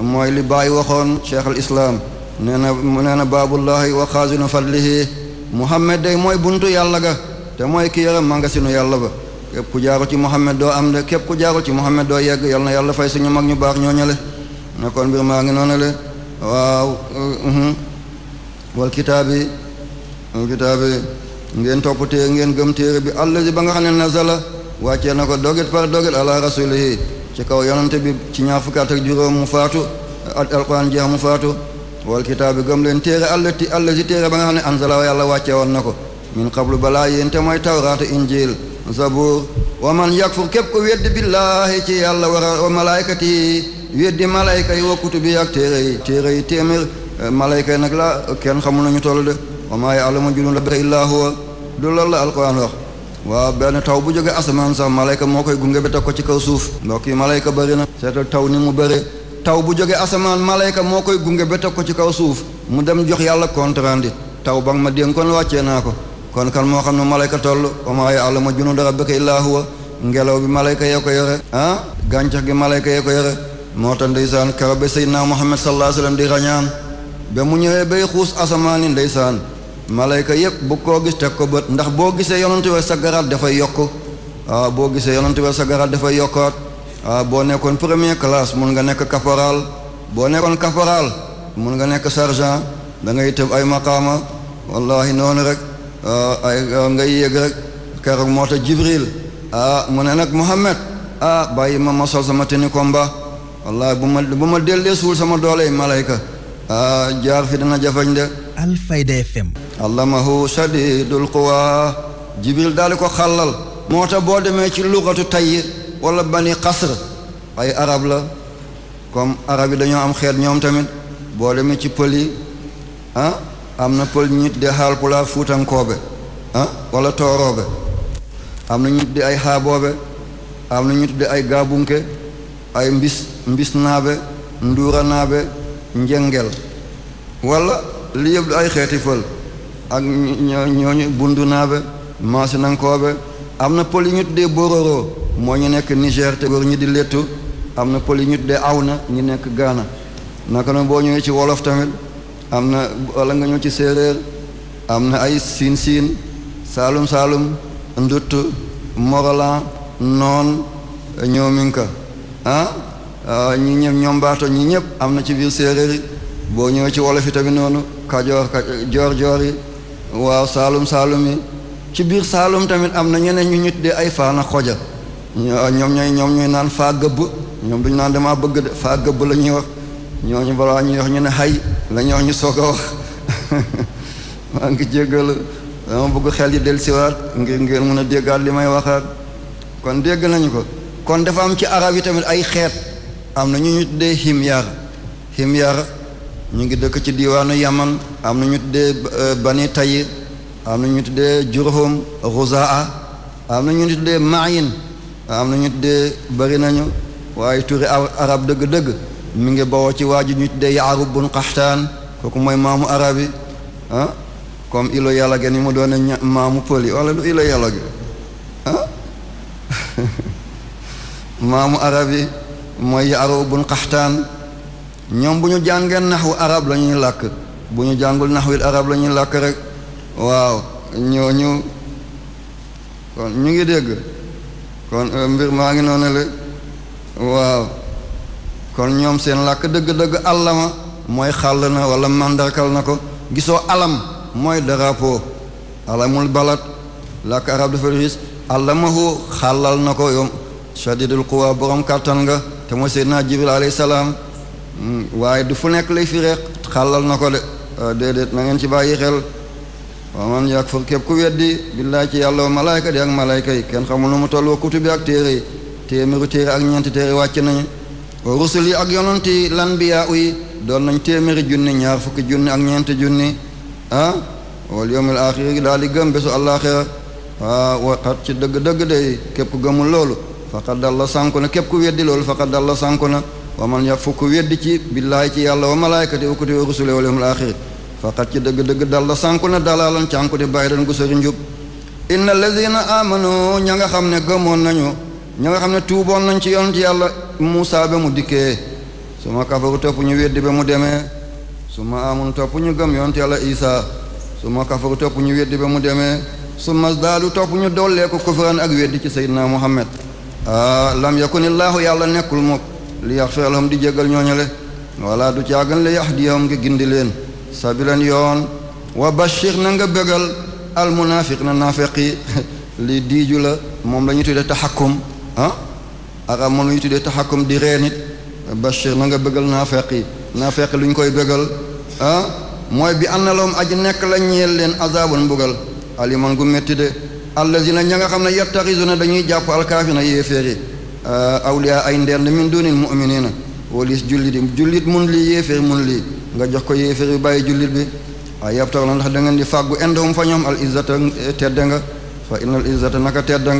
mooy li bàyyi waxoon cheikh islaam nee na nee na baabullahi wa xaasinu fadlihi Muhammad day mooy buntu yàlla ga te mooy ki yore mangasinu yàlla ba képp ku jaaru ci Muhammad doo am de képp ku jaaru ci Muhammad doo yegg yal na yàlla fay suñu mag ñu baax ñooñale ne kon mbir maa ngi noonu le waaw uh, uh-huh. wal kitaabi wal kitaabi ngeen topp téere ngeen gëm téere bi allazi ba nga xam ne nazala wàccee na ko dogit par dogit ala rasulihi ci kaw yonante bi ci ñaar fukki at ak juróom mu faatu at alquran jeex mu faatu wal kitaabi gëm leen téere allati allazi téere ba nga xam ne anzala yàlla wàccee woon na ko min qablu balaa yéen te mooy tawraata injil zabur wa man yakfur képp ko weddi billaahi ci yàlla wara wa malaykati yi weddi malayka yi wa kutubi yi ak téere yi yi téeméer eh, malayka yi nag la kenn xamul nañu toll de wa maa ya'lamu junuuda la illaa huwa du loolu la alquran wax benn taw bu jóge asamaan sax malayka moo koy gunge ba ko ci kaw suuf mbokk yi malayka bëri na taw ni mu bëre taw bu jóge asamaan malayka moo koy gunge ba ko ci kaw suuf mu dem jox yàlla contrat taw ba nga ma dénkoon wàcce naa ko kon kan moo xam ne malayka toll wa maa ya'lamu junuuda rabbika illaa huwa ngelaw bi malayka yee ko yore ah gàncax gi malayka yee ko yore moo tax ndeysaan kara ba seydinaa muhammad sallallahu alayhi wasallam di rañaan ba mu ñëwee bay xuus asamaani ndeysaan malayka yëpp bu koo gis teg ko bët ndax boo gisee yonantu we sa garaat dafay yokk waaw ah, boo gisee yonantu sa garaat dafay yokkaat waaw ah, boo nekkoon première classe mun nga nekk caporal boo nekkoon caporal mun nga nekk sergent da ngay tëb ay maqaama noonu rek Ah, ah, ngay yëg rek keroog moo tax jibril ah, mu ne nag muhammad ah bàyyi ma ma sol sama teni komba wallaay bu ma bu ma dellee suul sama dooley malayka ah jaar fi dana jafañ de alfayda fm allamahu shadidul quwa jibril daal di ko xàllal moo tax boo demee ci lugatu tayyi wala bani xasr ay arab la comme arab yi dañoo am xeet ñoom tamit boo demee ci pël yi ah am na pël ñu tuddee haalpulaar fuutankoobe ah wala tooroobe am na ñu tuddee ay xaaboobe am na ñu tuddee ay gaabunke ay mbis mbis naabe nduura naabe njengel wala li yëpp du ay xeeti pël ak ñooñu bundu naabe maasinankoobe am na pël yi ñu tuddee bororo moo ñu nekk Niger te góor ñu di léttu am na pël yi ñu tuddee aw na ñu nekk Ghana naka na boo ñëwee ci wolof tamit am na wala nga ñëw ci séeréer am na ay siin siin saalum saalum ndutt morolan noon ñëw mi ah, ah ñi ñëpp ñoom baato ñi ñëpp am na ci biir séeréer yi boo ñëwee ci wolof yi tamit noonu kajoor joor joor yi waaw saalum saalum yi ci biir saalum tamit am na ñeneen ñu ñu tuddee ay faana xoja ñoom ñooy ñoom ñooy naan faa gëbb ñoom duñu naan demaa bëgg de faa gëbb la ñuy wax ñooñu balaa ñuy wax ñu ne hay la ñoo ñu soog a wax maa ngi jéggal dama bëgg xel yi del siwaat ngir ngeen mën a déggaat li may waxaat kon dégg nañu ko kon dafa am ci arab yi tamit ay xeet am na ñu ñu tuddee himyar himyar ñu ngi dëkk ci diwaanu yaman am na ñu tuddee euh, bani tayy am na ñu tuddee jurhum ruzaa am na ñu tuddee mayin am na ñu tuddee bëri nañu waaye turi arab dëgg-dëgg mi ngi bawoo ci waa ji ñu tuddee Yaarub bun Qaxtaan kooku mooy maamu arab yi ah ilo yàlla ge ni mu doone maamu pël yi wala du ilo yàlla ah, maamu arab yi mooy Yaarub bun Qaxtaan ñoom bu ñu jàngee naxwu arab la ñuy làkk bu ñu jàngul naxwil arab la ñuy làkk rek waaw ñu kon ñu ngi dégg kon mbir maa ngi noonu la waaw kon ñoom seen làkk dëgg-dëgg allama mooy xàll na walla màndarkal na ko gisoo alam mooy drapeau alamul balat làkk arab dafa riis allamahu xàllal na ko yow shadidul quwa borom kàttan nga te mooy seydina jibril alayhi salaam hmm, waaye du fu nekk lay fi reex na ko de euh, déedéet na ngeen ci bàyyi xel waaw man yàgg fur képp ku weddi billaay ci yàlla wa malaayka di ak malaayka yi kenn xamul nu mu toll wa kutu bi ak téere yi téeméeru téere ak ñeenti téere wàcc nañu rusul yi ak yonent yi lan biyaa yi doon nañ téeméeri junni ñaar fukki junni ak ñeenti junni ah wal yawmil axir daal di gëm bésu àllaaxira waaw ah, waxat ci dëgg-dëgg day képp ku gëmul loolu faqad dalla sànku na képp ku weddi loolu faqad dalla sànku na wa man yàq fukk weddi ci billaahi ci yàlla wa malaayikati wa kutubi wa rusuli wal yawmil axir faqad ci dëgg-dëgg dalla sànku na dalaalan di bàyyi dan njub inna lazina amanu ña xam ne gëmoon nañu ña xam ne Muusa ba mu dikkee su ma kafaru topp ñu weddi ba mu demee su ma amunu topp ñu gëm yonte yàlla Isaa su ma kafaru topp ñu weddi ba mu demee su ma daalu topp ñu dollee ko kufran ak weddi ci Seydina Muhammad a ah, lam yakunillaahu yàlla nekkul mukk li yaxfira lahum di jégal ñooñale wala du caagan li yahdiyahum nga gindi leen sabilan yoon wa bashir na nga bégal al na naafeqi lii diiju la moom la ñu tudde taxakkum ah arab moom yu tuddee taxakkum di ree nit bashir na nga bëggal naafeq yi naafeq lu ñu koy bëggal ah mooy bi annaloom aji nekk la ñeel leen azabun mbugal aliman gu métti de allazina ña nga xam ne yattaxizuna dañuy jàpp alkaafina yéeféer yi ah, awliya ay ndend min dunil muminina walis jullit yi jullit mun lii yéeféer mun lii nga jox ko yéeféer bi bàyyi jullit bi ay yabtax la ndax da ngeen di fàggu indowum fa ñoom al izzata tedda nga fa innal izzata naka tedda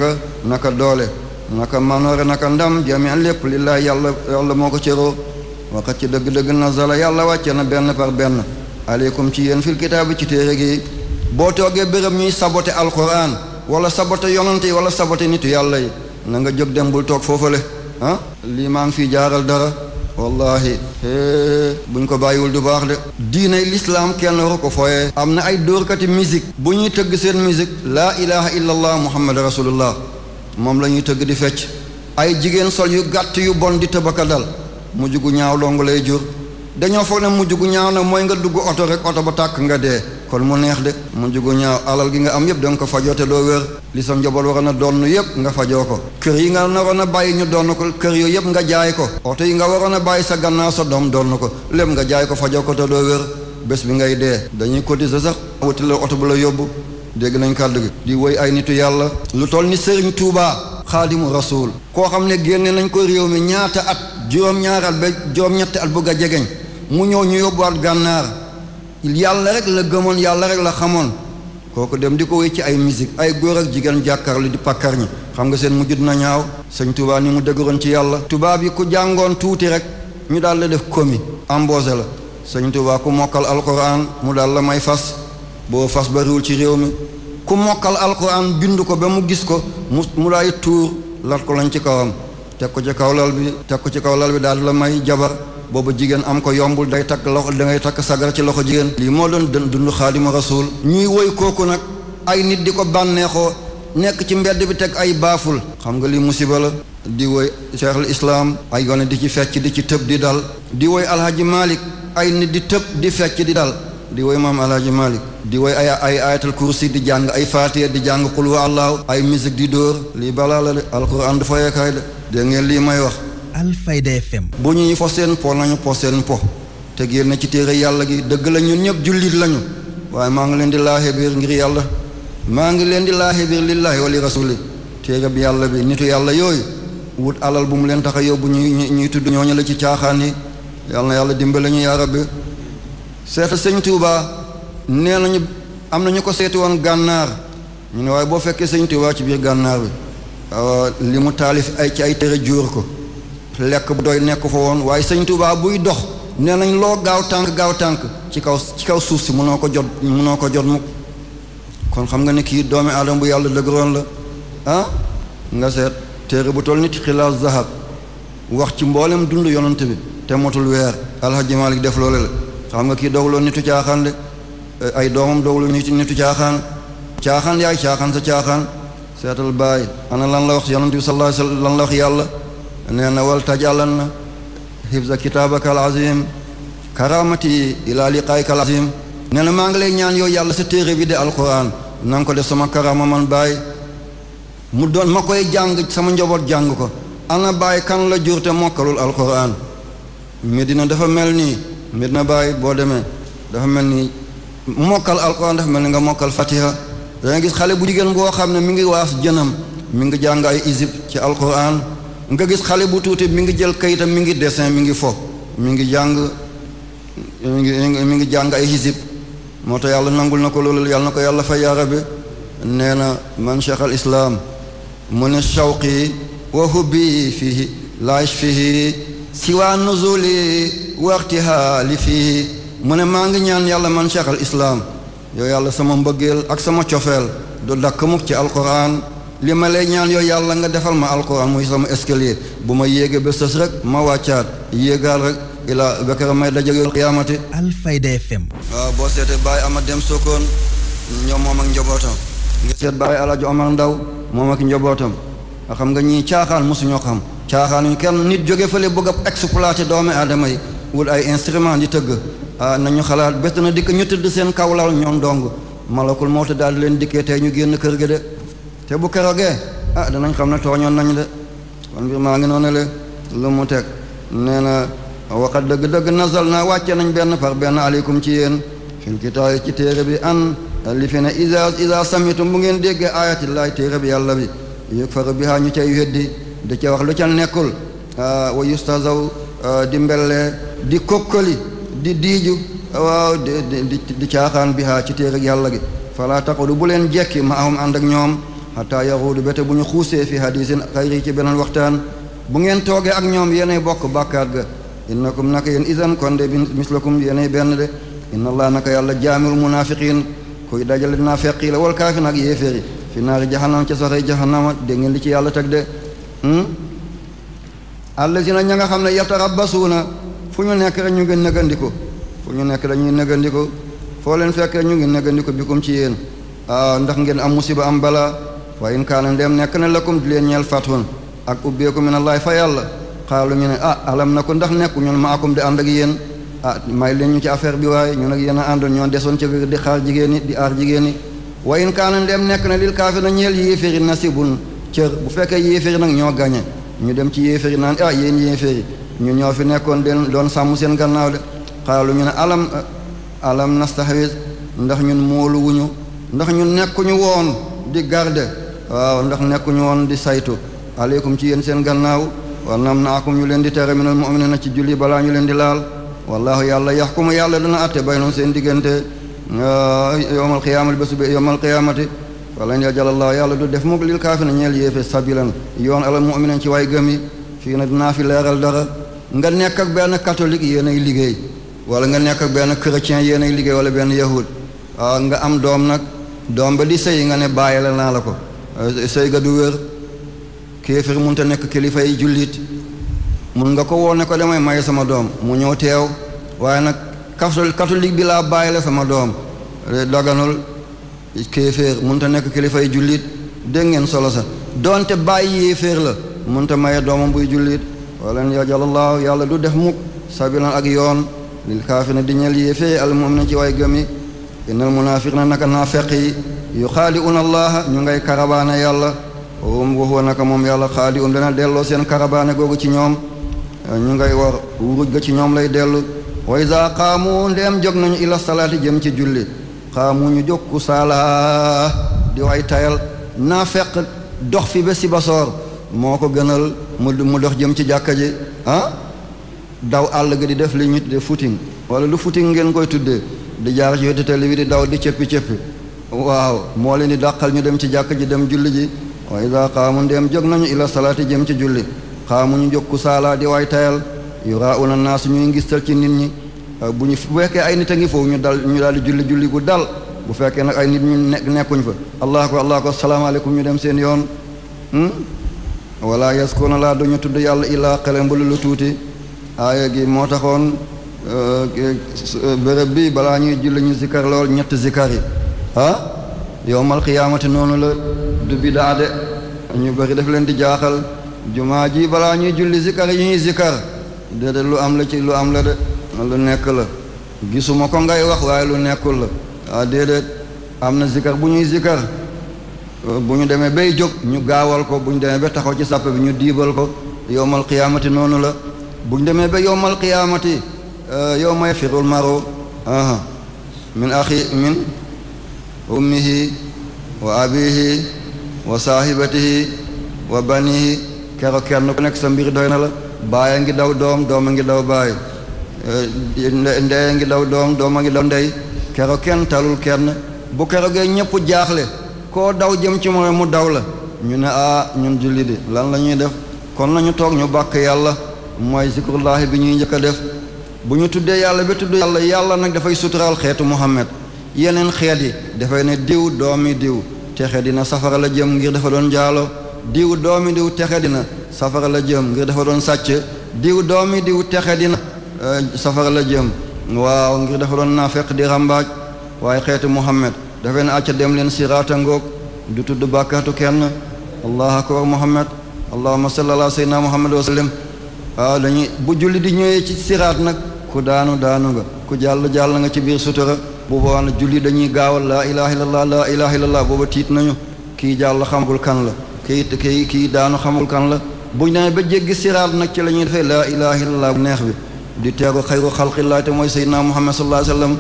naka doole naka manoore naka ndam jamian lépp lillaay yàlla yàlla moo ko cëroo waxat ci dëgg-dëgg nazala yàlla wàcce na benn par benn aleykum ci yéen fil kitaabi ci téere gi boo toogee béréb ñuy sabote alquran wala sabote yonante yi wala sabote nitu yàlla yi na nga jóg dem bul toog foofale ah lii maa ngi fii jaaral dara wallahi buñ ko bàyyiwul du baax de diinay lislaam kenn waru ko fooyee am na ay dóorkati musique bu ñuy tëgg seen musique laa ilaha illallah muhammad rasulullah moom la ñuy tëgg di fecc ay jigéen sol yu gàtt yu bon di tëbaka dal mujj gu ñaaw dong lay jur dañoo foog ne mujj gu ñaaw nag mooy nga dugg oto rek oto ba tàkk nga dee kon mu neex de mujj gu ñaaw alal gi nga am yëpp da nga ko fajoo te doo wér li sa njaboot waroon a donn yëpp nga fajoo ko kër yi nga naroon a bàyyi ñu donn ko kër yooyu yëpp nga jaay ko oto yi nga waroon a bàyyi sa gannaaw sa doom donn ko lépp nga jaay ko fajoo ko te doo wér bés bi ngay dee dañuy cotiser sax wuti la oto bu la dégg nañ kàddu di woy ay nitu yàlla lu toll ni sëriñ Touba xaadimu rasuul koo xam ne génne nañ ko réew mi ñaata at juróom-ñaar at ba juróom-ñetti at bëgg a jegeñ mu ñëw ñu yóbbuwaat gànnaar yàlla rek la gëmoon yàlla rek la xamoon kooku dem di ko wéy ci ay musique ay góor ak jigéen jàkkaarlu di pàkkar ñi xam nga seen mujj na ñaaw sëñ Touba ni mu dëgëroon ci yàlla tubaab yi ku jàngoon tuuti rek ñu daal la def commis embauché la sëñ Touba ku mokkal alquran mu daal la may fas boo fas bariwul ci réew mi ku mokkal alquran bind ko ba mu gis ko mu mu lay tuur lat ko lañ ci kawam teg ko ci kaw lal bi teg ko ci kaw lal bi daal di la may jabar booba jigéen am ko yombul day takk loxo da ngay takk sagar ci loxo jigéen lii moo doon dund xaadima rasul ñuy woy kooku nag ay nit di ko bànneexoo nekk ci mbedd bi teg ay baaful xam nga li musiba la di woy cheikhul islaam ay gone di ci fecc di ci tëb di dal di woy alhaji malik ay nit di tëb di fecc di dal di woy maam alaaji malik di woy ay ay ayatal kursi di jàng ay faatiya di jàng qul huwa allahu ay musique di dóor lii balaa la de alquran du fayekaay de dégg ngeen lii may wax alfayda fm bu ñuy fo seen po nañu po seen po te génn ci téere yàlla gi dëgg la ñun ñëpp jullit lañu waaye maa ngi leen di laaxe biir ngir yàlla maa ngi leen di laaxe biir lillaahi wali rasuli téere bi yàlla bi nitu yàlla yooyu wut alal bu mu leen tax a yóbbu ñuy ñuy tudd ñooñu la ci caaxaan yi yàlla na yàlla dimbale ñu yaa rabbi seeta sëñ Tuuba nee nañu am na ñu ko seeti woon gànnaar ñu ne waaye boo fekkee sëñ Tuuba ci biir gànnaar bi li mu taalif ay ci ay tere jóor ko lekk bu doy nekk fa woon waaye sëñ Tuuba buy dox nee nañ loo gaaw tànk gaaw tànk ci kaw ci suuf si mënoo ko jot mënoo ko jot mukk kon xam nga ne kii doomi aadama bu yàlla dëgëroon la ah nga seet téere bu toll nit xilaas zahab wax ci mboolem dund yonante bi te motul weer alhaji Malik def loole la xam nga kii doogloon nitu caaxaan de eh, ay doomam dooglu nitu caaxaan caaxaan yaay caaxaan sa caaxaan seetal bàyyi ana lan la wax yonent bi sallallahu alayhi wasallam yàlla nee na wal tajalan na hifza kitaabaka al azim karamati ila liqaayka al azim nee maa ngi lay ñaan yow yàlla sa téere bi de alquran na nga ko de sama karama man bàyyi mu doon ma koy jàng sama njaboot jàng ko ana bàyyi kan la jurte mokkalul alquran Medina dafa mel nii na Baye boo demee dafa mel ni mokkal alquran dafa mel ni nga mokkal fatiha da gis xale bu jigéen boo xam ne mi ngi waas jënam mi ngi jàng ay isib ci alquran nga gis xale bu tuuti mi ngi jël kayitam mi ngi desin mi ngi fo mi ngi jàng mu ngi mi ngi jàng ay isib moo tax yàlla nangul na ko loolu yàlla na ko yàlla fa yaa rabbi na man cheikh al islam mu ne shawqi wa hubbi fihi laash fihi siwaa nuzuli waxtihaali fii mu ne maa ngi ñaan yàlla man cheikh al islaam yow yàlla sama mbëggeel ak sama cofeel du dakk mukk ci alquran li ma lay ñaan yow yàlla nga defal ma alquran muy sama escalier bu ma yéegee ba sës rek ma wàccaat yéegaal rek ilaa bekara may dajeg yoon qiyaamati alfayda fm waaw boo seetee Baye ama Dem Sokone ñoom moom ak njabootam nga seet Baye Alaaji Omar Ndaw moom ak njabootam nga xam nga ñii caaxaan mosuñoo caaxaanuñ kenn nit jóge fële bëgg a exploiter doomi aadama yi wul ay instrument di tëgg ah nañu xalaat bés na dikk ñu tëdd seen kawlal ñoom dong malakul moo te daal di leen dikkee tey ñu génn kër gi de te bu kerogee ah danañ xam ne tooñoon nañ de kon bi maa ngi noonu le lu mu teg nee na waxat dëgg-dëgg nasal naa wàcce nañ benn par benn aleykum ci yéen fil kitaabi ci téere bi an li fi ne isa isa samitum bu ngeen déggee ayatillahi téere bi yàlla bi yëg faru bihaa da ca wax lu ca nekkul ah, wa yustazaw ah, di mbelle di kokkoli di diiju waaw di di caaxaan bi haa ci téereg yàlla gi fala taqodu bu leen jekki maahum ànd ak ñoom xataa yaruudu bete bu ñu xuusee fi hadisin xayri ci beneen waxtaan bu ngeen toogee ak ñoom yeney bokk bàkkaat ga innakum naka yéen isan konde mislakum yeney benn de inna allah naka yàlla jaamil munaafiqiin kuy dajale dinaa feqii la wal kaafi nag yéeféeri fi naari jahannam ca saxey jahannama dégg ngeen li ci yàlla teg de Hmm? allazina ña nga xam ne yatarabbasuuna fu ñu nekk rek ñu ngi nëgandiko fu ñu nekk dañuy nëgandiko foo leen fekk rek ñu ngi nëgandiko bikum ci yéen a ah, ndax ngeen am musiba am bala fa in kaana ndem nekk na lakum di leen ñeel fatun ak ubbeeku min allaay fa yàlla xaalu ñu ne ah alam na ko ndax nekku ñun maakum di ànd ak yéen ah may leen ñu ci affaire bi waaye ñun ak yéen a àndoon ñoo desoon ci biir di xaar jigéen ñi di aar jigéen ñi wa in kaana ndem nekk na lil kaafir na ñeel yéeféri nasibun cër bu fekkee yéeféri nag ñoo gañe ñu dem ci yéeféri naan ah yéen yéeféri ñu ñoo fi nekkoon den doon sàmm seen gannaaw de xaalu ñu ne alam alam nastahwiz ndax ñun moolu ndax ñun nekkuñu woon di garde waaw ndax nekkuñu woon di saytu aleykum ci yéen seen gannaaw wa nam naakum ñu leen di tere minal mu'minina ci julli balaa ñu leen di laal wallaahu yàlla yaxkumu yàlla na dana bay baynoon seen diggante ah, yowmal qiyaamati bésu yowmal qiyaamati wala yajalallaa yàlla du def mukk lil kaafina ñeel yéefe sabilan yoon alal mu'minin ci way gëm yi fii na dinaa fi leeral dara nga nekk ak benn catholique yéen ay liggéey wala nga nekk benn chrétien yéen ay liggéey wala benn yahud ah, nga am doom nag doom ba di sëy nga ne bàyyi la naa la ko eh, sëy ga du wér kéefir mun te nekk kilifa yi jullit mun nga ko woon ne ko damay may sama doom mu ñëw teew waaye nag catholique bi laa bàyyi la sama doom eh, daganul kéeféer mënta nekk kilifay jullit dégg ngeen solo sa doonte bàyyi yéeféer la munta maye doomam buy jullit walan yajalallaahu yàlla du def mukk sabilan ak yoon lil kaafina di ñeel yéeféer almu'minin ci way gëmi innal munaafiqina naka naafeq yi yu xaadi una allaha ñu ngay karabaane yàlla wum waxuwa naka moom yàlla xaadi un dana delloo seen karabaane googu ci ñoom ñu ngay war wuruj ga ci ñoom lay dellu wa iza qaamu ndeem jóg nañu ila salaati jëm ci julli xaamu ñu jóg saala di way tayal naa feq dox fi ba si basoor moo ko gënal mu mu dox jëm ci jàkka ji ah daw àll ga di def li ñu tuddee footing wala lu footing ngeen koy tuddee di jaar ci wetu tali di daw di cëppi cëppi waaw moo leen di dàqal ñu dem ci jàkka ji dem julli ji wa ida xaamu ndeem jog nañu ila salaati jëm ci julli xaamu ñu jokku saala di way tayal yura una naa suñuy ngistal ci nit ñi Euh, bu ñu bu fekkee ay nit a ngi foofu ñu dal ñu daal di julli julli gu dal bu fekkee nag ay nit ñu nekkuñ fa allah ko allah ko salaamaaleykum ñu dem seen yoon hmm? wala yaskuna laa duñu tudd yàlla illaa xelen ba lu tuuti aaya gi moo taxoon euh, euh, bërëb bi balaa ñuy julli ñu zikkar lool ñetti zikkar yi ah yowmal xiyaamati noonu la du bidaa de ñu bëri daf leen di jaaxal jumaa ji balaa ñuy julli zikkar yi ñuy zikkar déedéet lu am la ci lu am la de lu nekk la gisuma ko ngay wax waaye lu nekkul la ah déedéet am na zikar bu ñuy zikar euh, bu ñu demee bay jóg ñu gaawal ko bu ñu demee ba taxaw ci sàpp bi ñu diibal ko yowmal qiyaamati noonu la bu ñu demee ba yowmal qiyaamati euh, yowma yafirul maro min axi min ummihi wa abihi wa saahibatihi wa banihi kero kenn ku nekk sa mbir doy na la baay a ngi daw doom doom a ngi daw baay ndey a ngi daw doom doom a ngi daw ndey kero kenn talul kenn bu gee ñëpp jaaxle koo daw jëm ci mooy mu daw la ñu ne a ah, ñun julli di lan la ñuy def kon nañu toog ñu bàkk yàlla moy zikrullahi bi ñuy njëkk a def bu ñu tuddee yàlla ba tudd yàlla yàlla nag dafay suturaal xeetu Muhammad yeneen xeet yi dafay ne diw doomi diw texe dina safara la jëm ngir dafa doon jaaloo diw doomi diw texe dina safara la jëm ngir dafa doon sàcc diw doomi diw texe dina Euh, safara la jëm waaw ngir dafa doon naa fekk di ràmbaaj waaye xeetu muhammad dafa ne acca dem leen siraata ngoog du tudd bàkkaatu kenn allah akbar muhammad allahuma salli ala sayyidina muhammad wa sallim waaw bu julli di ñëwee ci siraat nag ku daanu daanu nga ku jàll jàll nga ci biir sutura boobu waan julli dañuy gaawal laa ilaha illallah laa ilaha illallah booba tiit nañu kii jàll xamul kan la kii kii daanu xamul kan la buñ demee ba jéggi siraat nag neex bi di teeru xayru xalqillaa te mooy seydinaa muhammad sallallahu alayhi wa sallam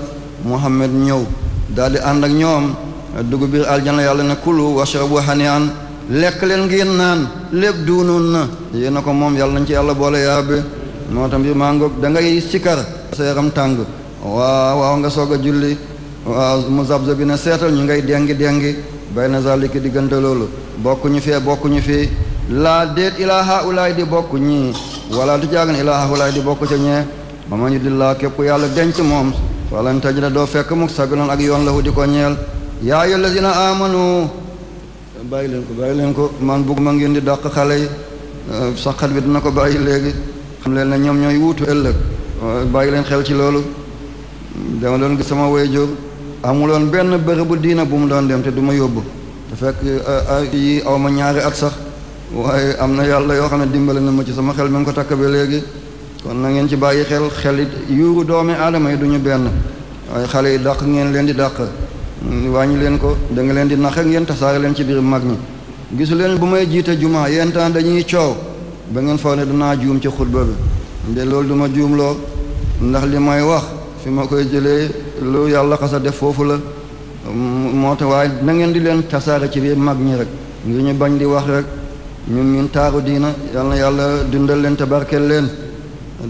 muhammad ñëw daal di ànd ak ñoom dugg biir aljana yàlla ne kulu washrabu hanian lekk leen ngeen naan lépp duunoon na yéen ko moom yàlla nañ ci yàlla boole yaa moo tam bi maa ngoog dangay ngay sikkar sa yaram tàng waaw waaw nga soog a julli waaw mu zabza bi ne seetal ñu ngay dengi dengi bay na diggante loolu bokkuñu fee bokkuñu fii laa déet ilaa haulaay di bokk ñii wala du jaagan ilaa haulaay di bokk ca ñee ba ma ñu di laa képp yàlla denc moom falan tajida doo fekk mu sabilan ak yoon lahu di ko ñeel yaa ayyuha allazina amanu bàyyi leen ko bàyyi leen ko man bugg ma ngeen di dàq xale yi euh, saxat bi dina ko bàyyi léegi xam leen ne ñoom ñooy wuutu ëllëg euh, bàyyi leen xel ci loolu dama doon gis sama waajur amuloon benn bërëbu diina bu mu doon dem te du ma yóbbu te fekk euh, yi aw ñaari at sax waaye am na yàlla yoo xam ne dimbale na ma ci sama xel mi nga ko takk ba léegi kon na ngeen ci bàyyi xel xelit yuuru doomi aadama yi du ñu benn waaye xale yi dàq ngeen leen di dàq wàññi leen ko da nga leen di nax ak ngeen tasaare leen ci biir mag ñi gisu leen bu may jiite juma yéen temps dañuy coow ba ngeen foog ne danaa ci xutba bi loolu du ma ndax li may wax fi ma koy jëlee lu yàlla xasa def foofu la moo tax na ngeen di leen tasaare ci biir mag ñi rek ngir ñu bañ di wax rek ñun ñun taaru diina yal na yàlla dundal leen te barkeel leen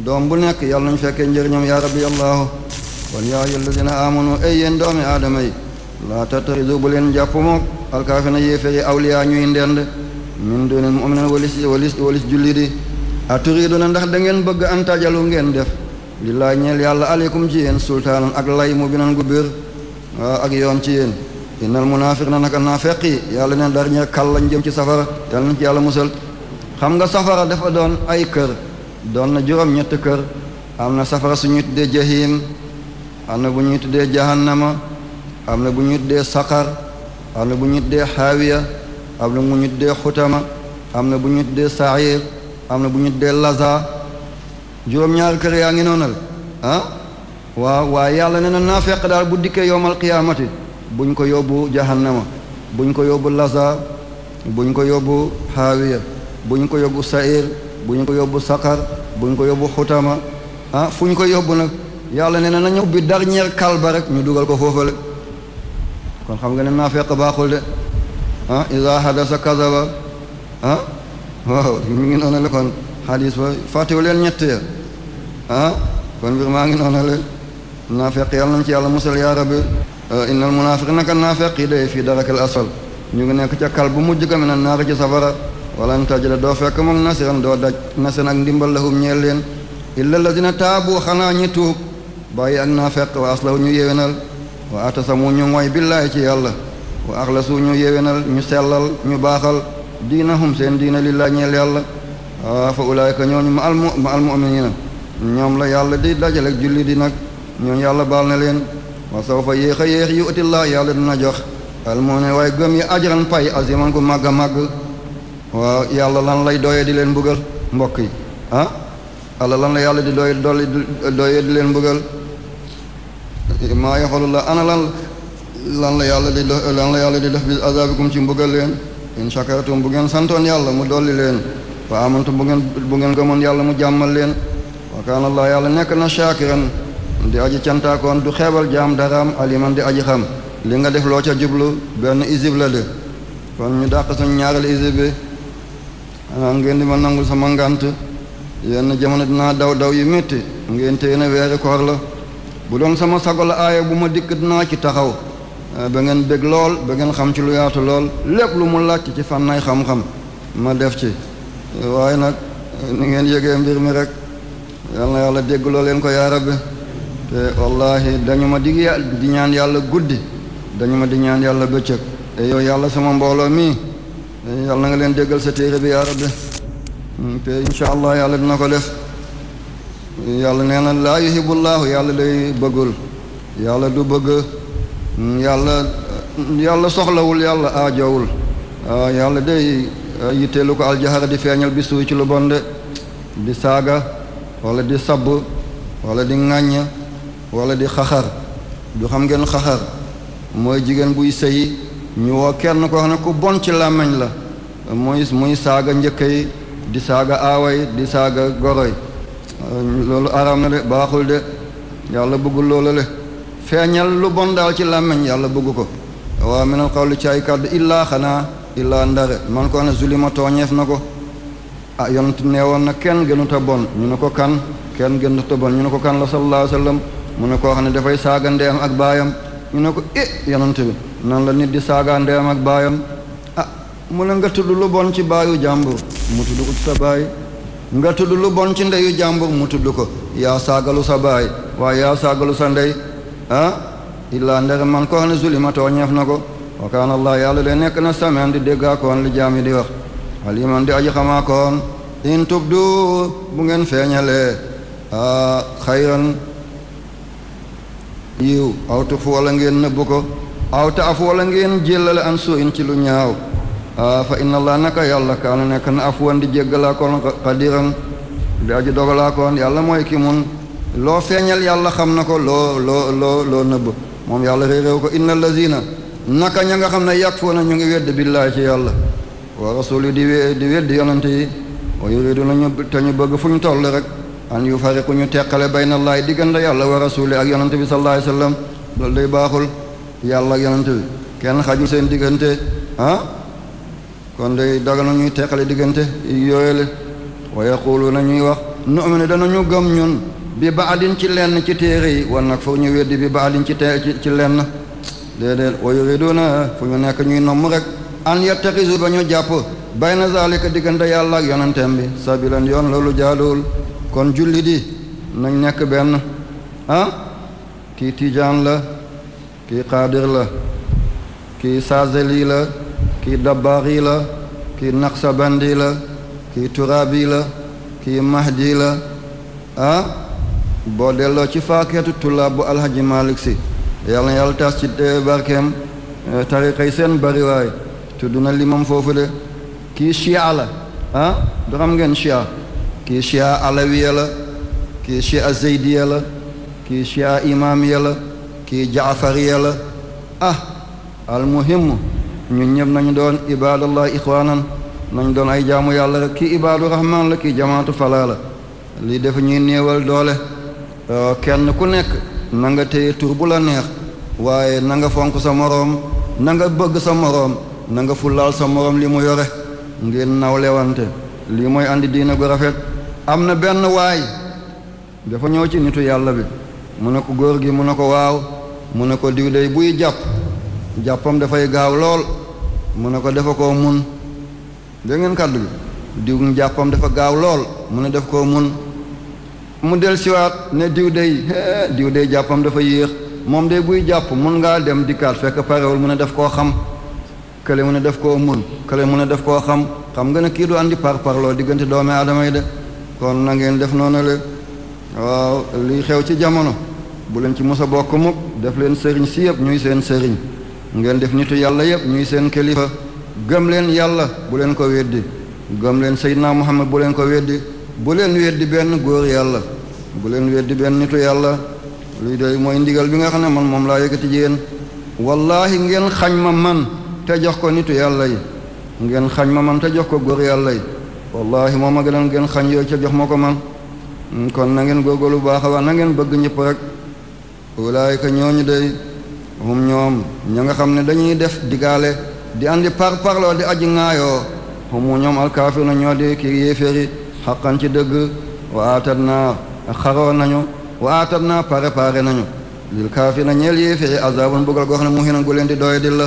doom bu nekk na nañ fekkee njëriñam yaa rabbi allahu kon yaa ayyuha alladina amanu ay yéen doomi aadama yi laa tattaxidu bu leen jàpp mook alkaafina yéeféri awliya ñuy ndend min duni mu'minin walis walis walis julli di aturidu na ndax da ngeen bëgg an tajalu ngeen def lillaay ñeel yàlla aleykum ci yéen sultaanan ak lay mu binan gu biir ak yoon ci yéen innal munaafiqiina naka a yi yàlla neen dar ñee kal lañ jëm ci safara yàlla nañ ci yàlla musal xam nga safara dafa doon ay kër doon na juróom ñetti kër am na safara su ñuy tuddee jahim am na bu ñuy tuddee jahannama am na bu ñuy dee saqar am na bu ñuy tuddee xaawiya am na bu ñuy tuddee xutama am na bu ñuy tuddee sair am na bu ñuy tuddee laza juróom-ñaari kër yaa ngi noonal ah? waaw waaye yàlla nee na naafeq daal bu dikkee yowmal qiyaamati buñ ko yóbbu jahannama buñ ko yóbbu lasa buñ ko yóbbu haawiya buñ ko yóbbu sair buñ ko yóbbu saqar buñ ko yóbbu xutama ah, fuñ ko yóbbu nag yàlla nee na nañu ubbi dernière kalba rek ñu dugal ko foofale kon xam nga ne naa fekk baaxul de ah isa hadasa kazaba ah waaw mi ngi noona le kon xadis ba fàttewu leen ñett ah, kon mbir maa ngi noona le naa fekk yàlla nañ ci yàlla musal yaa rabbi Euh, innal munaafiqiina naka naafeq yi day fii darakal asfal ñu ngi nekk ca kal bu mujj ka mina naari ci safara walan tajida doo fekk moom nasiran doo daj nasiran ak ndimbal lahum ñeel leen illa lazina taabu xanaa ñi tuub bàyyi ak naafeq wa aslahu ñu yéwénal wa atasamu ñu mooy billaahi ci yàlla wa axlasu ñu yéwénal ñu sellal ñu baaxal diinahum seen diina lillaa ñeel yàlla wa fa ulaayika ñooñu ma al ma al ñoom la yàlla di dajale julli di nag na leen wa soo yéex a yéex yu utillah yàlla dina jox al moo ne waaye gëm yi ajran pay aziman gu màgg a màgg waaw yàlla lan lay dooyee di leen mbugal mbokk yi ah allah lan la yàlla di dooy dolli dooyee di leen mbugal maa yaxolu la ana lan lan la di do lan la di def bi azabikum ci mbugal leen in shakartum bu ngeen santoon yàlla mu dolli leen wa amantum bu ngeen bu yàlla mu jàmmal leen wa kaana allah yàlla na shakiran di aji cantaakoon du xeebal jaam daraam aliman di aji xam li nga def loo ca jublu benn isib la de kon ñu dàq suñ ñaareel isib bi ah, ngeen di ma nangul sama ngant yenn jamono dinaa daw daw yu métti ngeen téye na weeri koor la bu doon sama sago la aaya bu ma dikk dinaa ci taxaw ah, ba ngeen bég lool ba ngeen xam ci lu yaatu lool lépp lu mu làcc ci fànnaay xam-xam ma def ci waaye nag ni ngeen yëgee mbir mi rek yal na yàlla dégg loo leen ko yaa te wallahi dañu ma di di ñaan yàlla guddi dañu ma di ñaan yàlla bëccëg te yow yàlla sama mbooloo mii yàlla nanga leen déggal sa téere bi yaa rabbi hmm, te incha allah yàlla dina ko def yàlla nee na laa yuhibullaahu yàlla day bëggul yàlla du bëgg hmm, yàlla yàlla soxlawul yàlla aajowul waaw ah, yàlla day ah, yitteelu ko aljahara di feeñal bi ci lu bonde di saaga wala di sabb wala di ŋàññ wala di xaxar du xam ngeen xaxar mooy jigéen buy sëyi ñu woo kenn ko xam ne ku bon ci làmmiñ la muy muy saaga njëkk yi di saaga aawa di saaga goro yi euh, loolu araam na de baaxul de yàlla bëggul loolu le feeñal lu bon daal ci làmmiñ yàlla bëgg ko waaw mi ne xawlu ci ay illaa xanaa illaa ndare man ko ne zulima tooñeef na ko ah nee woon na kenn gënut bon ñu ne ko kan kenn gënut bon ñu ne ko kan la sallallahu alayhi mu ne koo xam ne dafay saaga ndeyam ak baayam ñu ne ko eh yonent nan la nit di saaga ndeyam ak baayam ah mu ne nga tudd lu bon ci baayu jàmbur mu tudd ko ci sa baay lu bon ci ndeyu jàmbur mu tudd ko yaa saagalu sa baay waaye yaa saagalu sa ndey ah illaa ndere man koo xam zulima tooñeef na ko wa kaana allah yàlla de nekk na samen di déggaakoon li jaam yi di wax aliman di aji xamaa koon in tubdu bu ngeen feeñalee ah, xayran yiw aw tufu wala ngeen nëbbu ko aw taafu wala ngeen jéllale an soo in ci lu ñaaw fa inna allah naka yàlla kaana nekk na afuwan di jéggalaa koon xadiran di aji dogalaa koon yàlla mooy ki mun loo feeñal yàlla xam na ko loo loo loo loo nëbb moom yàlla réeréew ko inna lazina naka ña nga xam ne yakfuuna ñu ngi wedd billaay ci yàlla wa rasul di di weddi yonante yi wa yuridu nañu te ñu fu ñu toll rek an yu fariqu ñu teqale baynallaay diggante yàlla wa rasuli ak yonante bi sallallahu alayhi wasallam loolu day baaxul yàlla ak bi kenn xajul seen diggante ah kon day dagana ñuy teqale diggante yooyale wa yaquluuna ñuy wax nu'minu danañu gëm ñun bi baadin ci lenn ci téere yi wan nag foog ñu weddi bi baadin ci tee ci lenn déedéet wa yuriduna fu ñu nekk ñuy nomm rek an yattaxisu ba ñu jàpp bayna zalika diggante yàlla ak yonanteem bi sabilan yoon loolu jaaduwul kon julli di nañ nekk benn ah kii tijaan la kii xaadir la kii saazeli la kii dabbaari la kii naqsabandi la kii turaabi la kii mahdi la ah, boo delloo ci faakeetu tullaab bu alhaji malik si yàlla na yàlla ci barkeem eh, tariqa seen bariwaay tudd na limam foofu de kii chia la ah ngeen chia kii chia alawiya la kii chia zeydiya la kii chia imaamiya la kii jaafariya la ah almuhim ñu ñëpp nañu doon ibadallah ixwaanan nañu doon ay jaamu yàlla rek kii ibaadu rahman la kii jamaatu falaa la lii dafa ñuy néewal doole euh, kenn ku nekk nanga nga téye neex waaye nanga fonk sa moroom nanga nga bëgg sa moroom na fullaal sa moroom li mu yore ngeen nawlewante lii mooy andi diina gu rafet am na benn waay dafa ñëw ci nitu yàlla bi mu ne ko góor gi mu ne ko waaw mu ne ko diw day buy jàpp jàppam dafay gaaw lool mu ne ko defa koo mun da ngeen kàddu bi diw dafa gaaw lool mu ne def koo mun mu del siwaat ne diw day diw day jàppam dafa yéex moom day buy jàpp mun ngaa dem dikkaat fekk parewul mu ne def koo xam kële mu ne def koo mun kële mu ne def koo xam xam nga ne kii du andi par parloo diggante doomi aadama yi de kon na ngeen def noonu le waaw liy xew ci jamono bu leen ci mos a bokk mukk def leen sëriñ si yëpp ñuy seen sëriñ ngeen def nittu yàlla yëpp ñuy seen kilifa gëm leen yàlla bu leen ko weddi gëm leen Seydina Muhammad bu leen ko weddi bu leen weddi benn góor yàlla bu leen weddi benn nitu yàlla luy doy mooy ndigal bi nga xam ne man moom laa yëkkati ci yéen wallaahi ngeen xañ ma man te jox ko nitu yàlla yi ngeen xañ ma man te jox ko góor yàlla yi wallahi moom a gënoon ngeen xañ yooyu jox ma man mm, kon na ngeen góorgóorlu baax a na ngeen bëgg ñëpp rek ulaayika ñooñu day hum ñoom ña nga xam ne dañuy def digaale di andi par parloo di aji ŋaayoo humu ñoom alkaafir na ñoo di kii yéeféeri xaqan ci dëgg wa aatat naa xaroo nañu wa aatat naa pare pare nañu lil kaafir na ñeel yéeféeri azabun bëggal goo xam ne mu leen di doy di la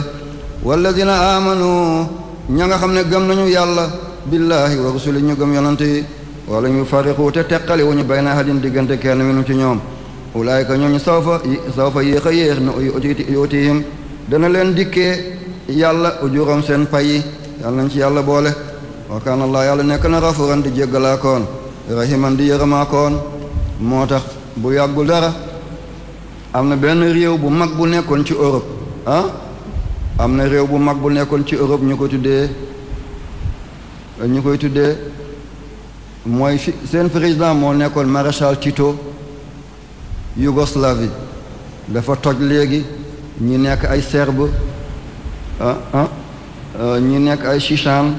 wallazina amanu ña xam ne gëm nañu yàlla billaahi wa rusuli ñu gëm yonante yi wala ñu fariqu te teqali wu ñu bayna hadin diggante kenn minu ci ñoom ulaayka ñooñu saw fa saw fa yéex a yéex na dana leen dikkee yàlla ujuram seen pay yi yàlla nañ ci yàlla boole wa kaana allah yàlla nekk na rafuran di jéggalaa koon rahiman di yërëmaa koon moo tax bu yàggul dara am na benn réew bu mag bu nekkoon ci Europe ah am na réew bu mag bu nekkoon ci Europe ñu ko tuddee ñu koy tuddee mooy fi président moo nekkoon maréchal Tito Yougoslavie dafa toj léegi ñi nekk ay serbe ah, ah, ah, ñu nekk ay chichan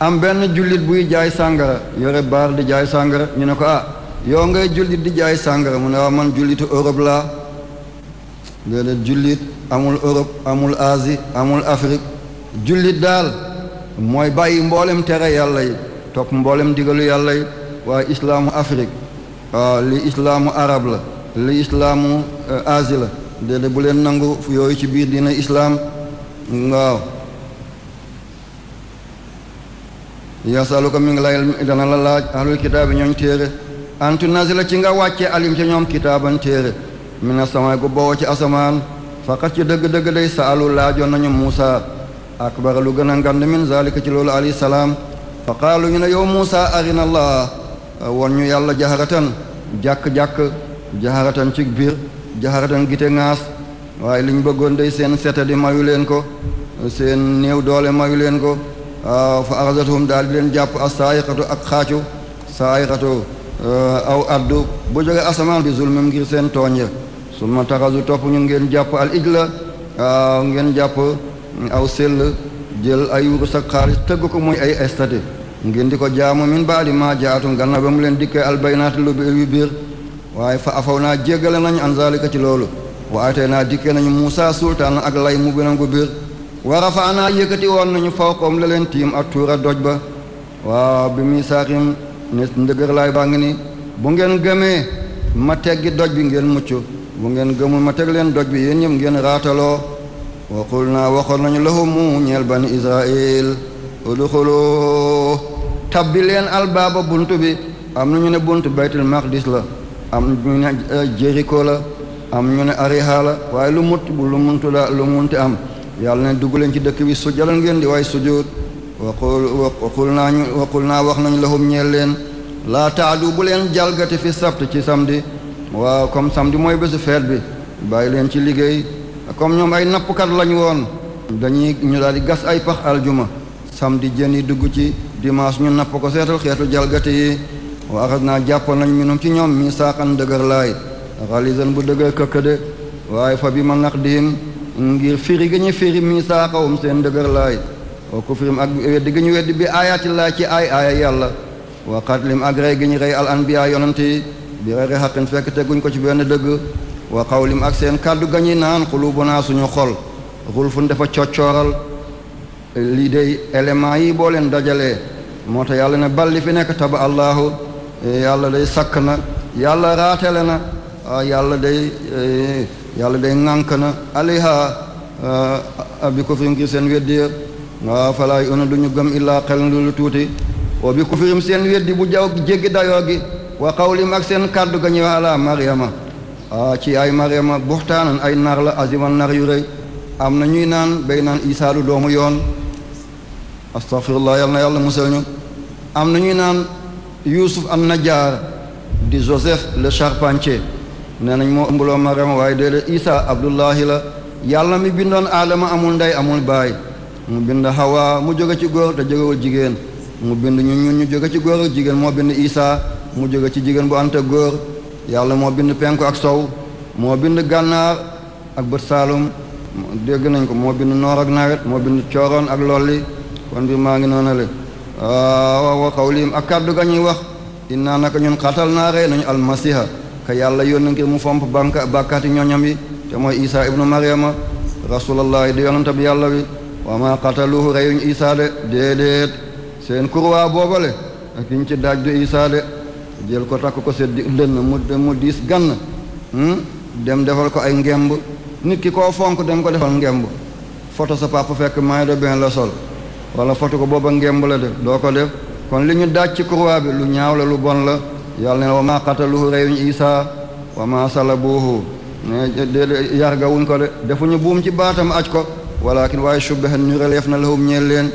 am benn jullit buy jaay sàngara yore baar di jaay sàngara ñu ne ko ah yow ngay jullit di jaay sàngara mu ne waaw man jullitu Europe laa déedéet jullit amul Europe amul Asie amul Afrique jullit daal mooy bàyyi mboolem tere yàlla yi topp mboolem digalu yàlla yi waaye islaamu Afrique li islaamu arab la li islaamu eh, Asie la déedéet bu leen nangu yooyu ci biir dina islaam waaw yasaluka mi ngi lay dana la laaj ahlul kitaab yi ñooñ téere antu nazila ci nga wàcce alim ci ñoom kitaaban téere mi na samay gu boowo ci asamaan faqat ci dëgg-dëgg sa saalu laajoon nañu Muusa ak lu gën a ngand ci loolu alayhi salaam fa qaalu ñu ne yow muusa arina won ñu yàlla jaharatan jàkk-jàkk jaharatan ci biir jaharatan gite ŋaas waaye li ñu bëggoon day seen seta di mayu leen ko seen néew doole mayu leen ko fa axasatuhum daal di leen jàpp ak saayixatu ak xaacu saayixatu euh, aw addu bu jóge asamaan bi zulmim ngir seen tooñ ya summa taxasu topp ñu ngeen jàpp al ijla ngeen jàpp aw sell jël ay wurus ak xaalis tëgg ko muy ay estati ngeen di ko jaamu min baadi maa jaatum gannaaw ba mu leen dikkee albaynaati lu yu biir waaye fa afaw naa jéggale nañu an zalika ci loolu wa atee naa dikkee nañu Muusaa sultaan ak lay mu binam ko biir wa rafaa naa yëkkati woon nañu fawqoom la leen tiim ak tuura doj ba waa bi muy saaxim ne ndëgër laay baa ngi ni bu ngeen gëmee ma teggi doj bi ngeen mucc bu ngeen gëmul ma teg leen doj bi yéen ñëpp ngeen raataloo wa qul naa waxoon nañu lahumu ñeel bani israil uduxulu tabbi leen baaba bunt bi am na ñu ne bunt baytul maqdis la am ñu la am ñu ne ariha la waaye lu mut bu lu muntu la lu munti am yàlla ne dugg leen ci dëkk bi sujjalan ngeen di waaye sujjóot waqul waqul naa ñu wax nañu lahum ñeel leen laa taadu bu leen jalgati fi sabt ci samedi waaw comme samedi mooy bésu feet bi bàyyi leen ci liggéey comme ñoom ay nappkat lañu woon dañuy ñu daal di gas ay pax aljuma samedi jën yi dugg ci dimanche ñu napp ko seetal xeetu jalgati yi wa axas naa jàpp nañ minum ci ñoom mi saaqan dëgër laay xalisan bu dëgër këkk de waaye fa bi ma nax diim ngir firi gi ñu firi mi saaqawum seen dëgër laay wa kufrim ak weddi gi ñu weddi bi aayaati laay ci ay aaya yàlla wa xatlim ak rey gi ñu rey al anbiya yonante yi bi rey xaqin fekk teguñ ko ci benn dëgg wa xawlim ak seen kàddu gañuy naan xulubunaa suñu xol xulfun dafa coccooral lii dey éléments yi boo leen dajalee moo tax yàlla na balli fi nekk taba allahu yàlla day sakk na yàlla raatale na ah, yàlla day eh, yàlla day ŋànk na aliha ah, bi kufrim ngir seen weddiya waaw ah, falaa yu'minu duñu gëm illaa xelen lu tuuti wa bi kufrim seen weddi bu jaw jéggi wa xawlim ak seen kàddu gañuy wax ala mariama Ah, ci ay mariama buxtaanan ay nar la aziman nar yu rëy am na ñuy naan bay naan isaalu doomu yoon astaghfirullah yal na yàlla musal ñu am na ñuy naan yuusuf an najjaar di joseph le charpentier nee nañ moo ëmbaloo mariama waaye déedéet isaa abdullahi la yàlla mi bindoon aadama amul ndey amul baay mu bind hawa mu jóge ci góor te jógewul jigéen mu bind ñu ñun ñu jóge ci góor jigéen moo bind isaa mu jóge ci jigéen bu ànd góor yàlla moo bind penku ak sow moo bind gànnaar ak bët saalum dégg nañ ko moo bind noor ak nawet moo bind cooroon ak lolli kon bi maa ngi noonale waaw wa qawlihim ak kàddu ga ñuy wax innaa naka ñun xatal naa rey nañu almasiha ka yàlla yónni ngir mu fomp banka bàkkaati ñoñam yi te mooy isaa ibnu mariama rasulallaahi di yonante bi yàlla bi wa maa xataluhu reyuñ isaa de déedéet seen kurwaa boobale ak kiñ daaj du isaa de jël ko takk ko seddi dënn mu mu diis gann hmm? dem defal ko ay ngemb nit ki koo fonk dem ko defal ngemb foto sa papa fekk maay de benn la sol wala foto ko booba ngemb la def doo ko def kon li ñu daaj ci croix bi lu ñaaw la lu bon la yàlla ne wa maa qataluhu reyuñ isaa wa maa salabuhu ne de yarga ko de defuñu buum ci baatam aj ko walakin waaye shubbaha ñu releef na lahum ñeel leen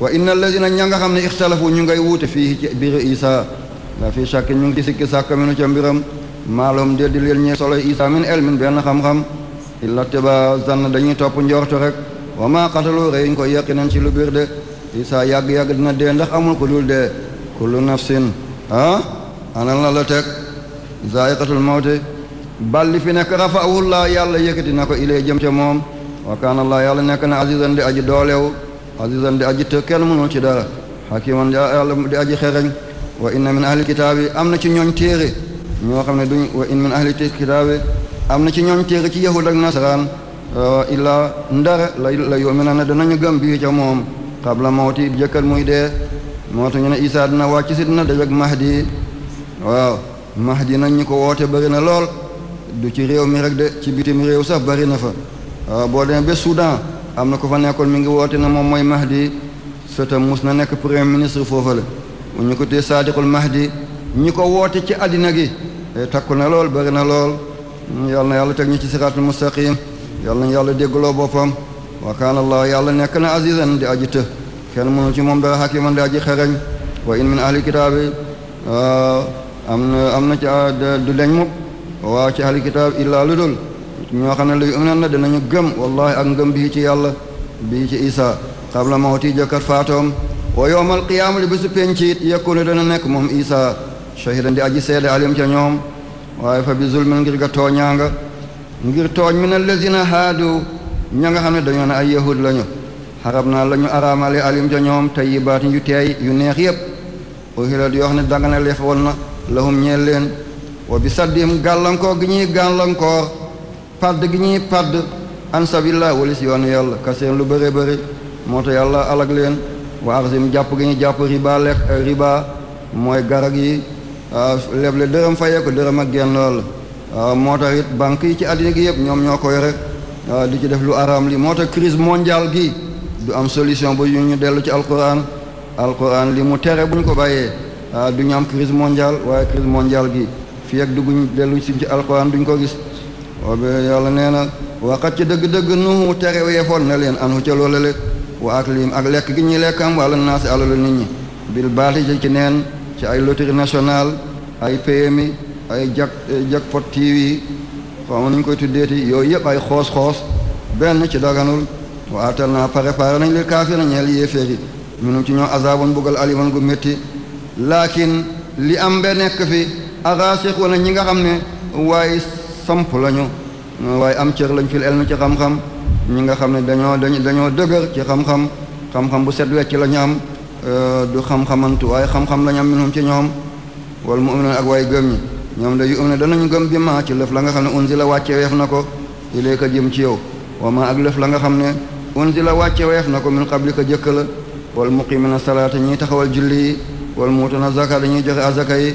wa inna allazina ña nga xam ne ixtalafu ñu ngay wuute fii ci biir isaa la fii shakki ñu ngi ci sikki sàkk minu ca mbiram maalum déet di ñee solo isa min elmin benn xam-xam illa tiba zann dañuy topp njortu rek wa ma qatalu reyuñ ko yaqinan ci lu biir de isa yàgg-yàgg dina dee ndax amul ku dul dee kullu nafsin ah anal na la teg zaiqatul mawti balli fi nekk rafawullaa yàlla yëkkati na ko ilay jëm ca moom wa kaana yàlla nekk na azizan di aji doolew azizan di aji të kenn ci dara hakiman di aji xereñ wa inna min ahli kitaabi am na ci ñooñ téere ñoo xam ne duñ wa in min ahli am na ci ñooñ téere ci yahud ak nasaraan euh, illaa ndara la la yomina na danañu gëm bii ca moom xabla mawti jëkkat muy dee moo tax ñu ne isaa dina wàcc si dina dajeg mahdi waaw mahdi nag ñu ko wootee bëri na lool du ci réew mi rek de ci bitim réew sax bëri na fa waaw euh, boo demee ba Soudan am na ko fa nekkoon mi ngi wootee na moom mooy mahdi sëtam mus na nekk premier ministre foofale ñu ko tuddee saadiqul mahdi ñi ko woote ci àddina gi eh, takku na lool bëri na lool yal na yàlla teg ñu ci siraatul mustaqim yal nañu yàlla déggloo boppam wa kaana allah yàlla nekk na azizan di aji të kenn mënu ci moom dara hakiman di aji xereñ wa in min ahli kitaabi ah, am na am na ci ah, du deñ mukk waa ci ahli kitaab illaa lu dul ñoo xam ne la yu am na danañu gëm wallahi ak ngëm bii ci yàlla bii ci isaa qabla mawti jëkkat faatoom wa yowmal qiyaama li bésu pénciit yekkoonu dana nekk moom isa shahidan di aji seede alim ca ñoom waaye fa bi zulmin ngir ga tooñaa ngir tooñ min allazina haadu ña nga xam ne dañoo ne ay yahud lañu xarab naa la ñu araamale alim ca ñoom tayyibaat yu teey yu neex yépp uhilat yoo xam ne danga ne lef na lahum ñeel leen wa bi saddihim gàllankoor gi ñuy gàllankoor padd gi ñuy padd an sabilillah walis yoonu yàlla kaseen lu bëre bëri moo tax yàlla wa arzim jàpp gi ñu jàpp riba lekk euh, riba mooy garag yi euh, leble dërëm fayee ko dërëm ak genn lool euh, moo tax it yi ci àddina gi yëpp ñoom ñoo ko yore di ci def lu araam li moo tax crise mondiale gi du am solution ba ñu dellu ci alquran alquran li mu tere bu ko bàyyee du ñu am crise mondiale waaye crise mondiale gi fii ak dugguñ dellu si ci alquran duñ ko gis obe yàlla nee na waxat ci dëgg-dëgg nuhu tere weefoon na leen anu ca loolale wa aklihim ak lekk gi ñuy lekk am wàlla naasi alalu nit ñi bil baati ci ci neen ci ay loterie national ay PMI ay jak eh, jackpot TV xaw nañ koy tuddeeti yooyu yëpp ay xoos-xoos benn ci daganul waatal naa préparé nañ lil kaafir na ñeel yéeféer yi minum ci ñoo azabun buggal aliman gu métti laakin li am be nekk fi araasix wala ñi nga xam ne waaye samp lañu waaye am cër lañ fi elmi ci xam-xam ñi nga xam ne dañoo dañu dañoo dëgër ci xam-xam xam-xam bu set wecc la ñu euh, du xam-xamantu waaye xam-xam la ñu am ci ñoom wal mu'minuuna ak waaye gëm ñi ñoom da yu am ne danañu gëm bi ma ci lëf la nga xam ne unzila wàcce weef na ko ilayka jëm ci yow wa ma ak lëf la nga xam ne unzila wàcce weef na ko min qablika jëkk la wal muqiimina salaata ñiy taxawal julli yi wal muutuna zakaat ñuy joxe azaka yi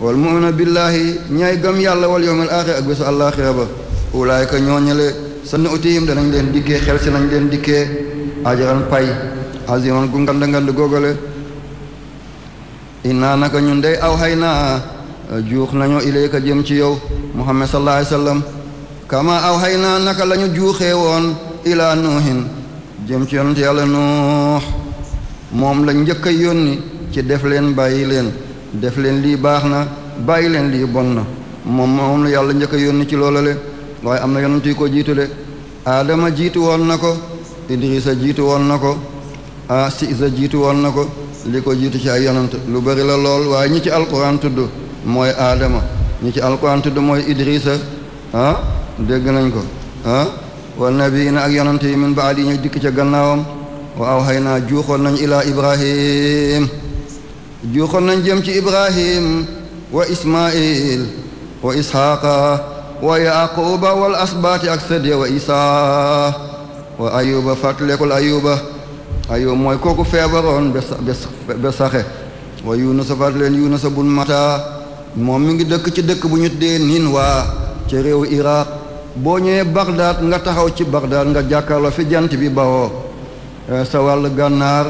wal mu'minu billaahi ñay gëm yàlla wal yawmil aaxir ak bésu àllaaxira ba ulaayka ñooñale sa nu utihim danañ leen dikkee xel si nañ leen dikkee ajaran pay aziman gu ngand ngand góogale inaa naka ñun dey aw xay naa juux nañu ilayka jëm ci yow muhammad sallallahu alayhi wasallam kama aw xay naa naka lañu juuxee woon ilaa nuuhin jëm ci yonent yàlla nuux moom la njëkk a yónni ci def leen bàyyi leen def leen lii baax na bàyyi leen lii bon na moom moom la yàlla njëkk a yónni ci loolale waaye am na yonent yi ko jiitu de aadama jiitu woon na ko idrisa jiitu woon na ko a jiitu woon na ko li ko jiitu ci ay yonent lu bari la lool waaye ñi ci alquran tudd mooy aadama ñi ci alquran tudd mooy idrisa ah dégg nañ ko ah wa nabiina ak yonent yi min baadi ñu dikk ca gannaawam wa awxay naa juuxoon nañ ilaa ibrahim juuxoon nañ jëm ci ibrahim wa ismail wa isxaaqa wa yaquuba wal asbaati ak sët ya wa isaa wa ayuba fàttalekul ayuba ayuba mooy kooku feebaroon ba saxe wa yunusa fàttaleen yunusa bun mata moom mu ngi dëkk ci dëkk bu ñu dee niin waa ci réewu iraq boo ñëwee bagdaad nga taxaw ci bagdaad nga jàkkaarloo fi jant bi bawoo eh, sa wàll gànnaar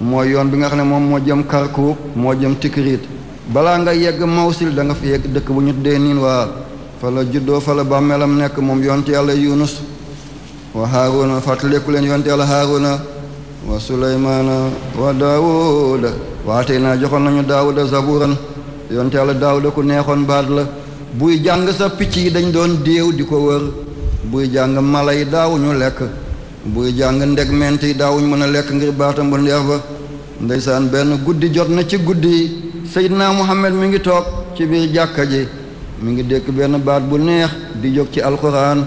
mooy yoon bi nga xam ne moom moo jëm karkuuk moo jëm tikrit balaa nga yegg mawsil da nga fi yegg dëkk bu ñu dee niin waa fa la fala bàmmeelam nekk moom yonte yàlla yunus wa haaruna fàttaleku leen yonte yàlla haaruna wa suleymaana wa daawuda waatey naa joxoon nañu daawuda zaburan yonte yàlla daawuda ku neexoon baat la buy jàng sa picc yi dañ doon déew di ko wër buy jàng mala yi daawuñu lekk buy jàng ndegment yi daawuñu mën a lekk ngir baata bu ndeex ba ndeysaan benn guddi jot na ci guddi yi Seydina Muhammad mi ngi toog ci biir jàkka ji mi ngi dékk benn baat bu neex di jóg ci alquran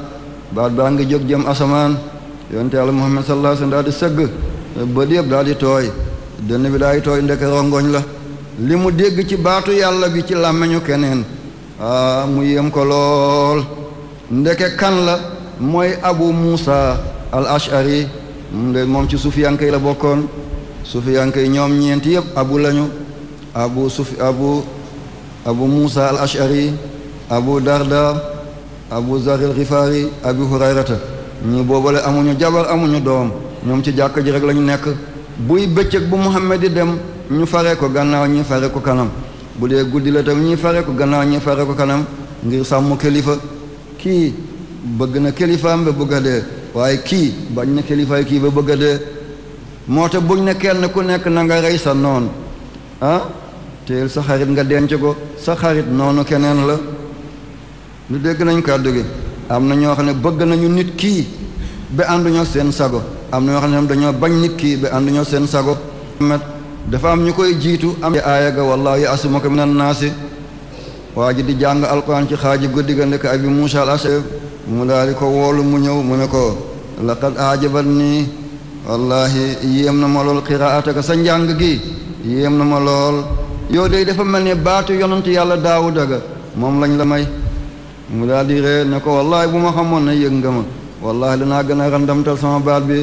baat baa ngi jóg jëm asamaan yonte yàlla muhammad sallallahu alayhi wasallam daal di sëgg bët yëpp daal di tooy dënn bi daal di tooy ndeke rongoñ la li mu dégg ci baatu yàlla bi ci làmmeñu keneen ah, mu yéem ko lool ndeke kan la mooy abu muusa al ashari de moom ci sufiyanke yi la bokkoon sufiyanke yi ñoom ñeenti yëpp abu lañu abu sufi abu abu muusa al ashari abu darda abu zaril xifaari abi hurayrata ñi boobale amuñu jabar amuñu doom ñoom ci jàkk ji rek lañu nekk buy bëccëg bu muhammad dem ñu fare ko gannaaw ñi fare ko kanam bu dee guddi la tam ñi fare ko gannaaw ñi fare ko kanam ngir sàmm kilifa kii bëgg na kilifaam ba bëgg a dee waaye kii bañ na kilifaay kii ba bëgg a dee moo tax buñ ne kenn ku nekk na rey sa noon ah sa xarit nga denc ko sa xarit noonu keneen la lu dégg nañ kàddu gi am na ñoo xam ne bëgg nañu nit kii ba ànduñoo seen sago am na ñoo xam ne dañoo bañ nit kii ba ànduñoo seen sago met dafa am ñu koy jiitu am aaya ga wallaahu ya'simuka minan naasi waa ji di jàng alquran ci xaaji guddi ga ndekk abi muusa al mu daal ko woolu mu ñëw mu ne ko laqad ajabat nii wallaahi yéem na ma lool qiraataka sa njàng gi yéem na ma lool yow de dafa mel ni baatu yonent yàlla daawuda ga moom lañ la may mu daal di ree ne ko wallaahi bu ma xamoon ne yëg nga ma wallaahi danaa gën a randamtal sama baat bi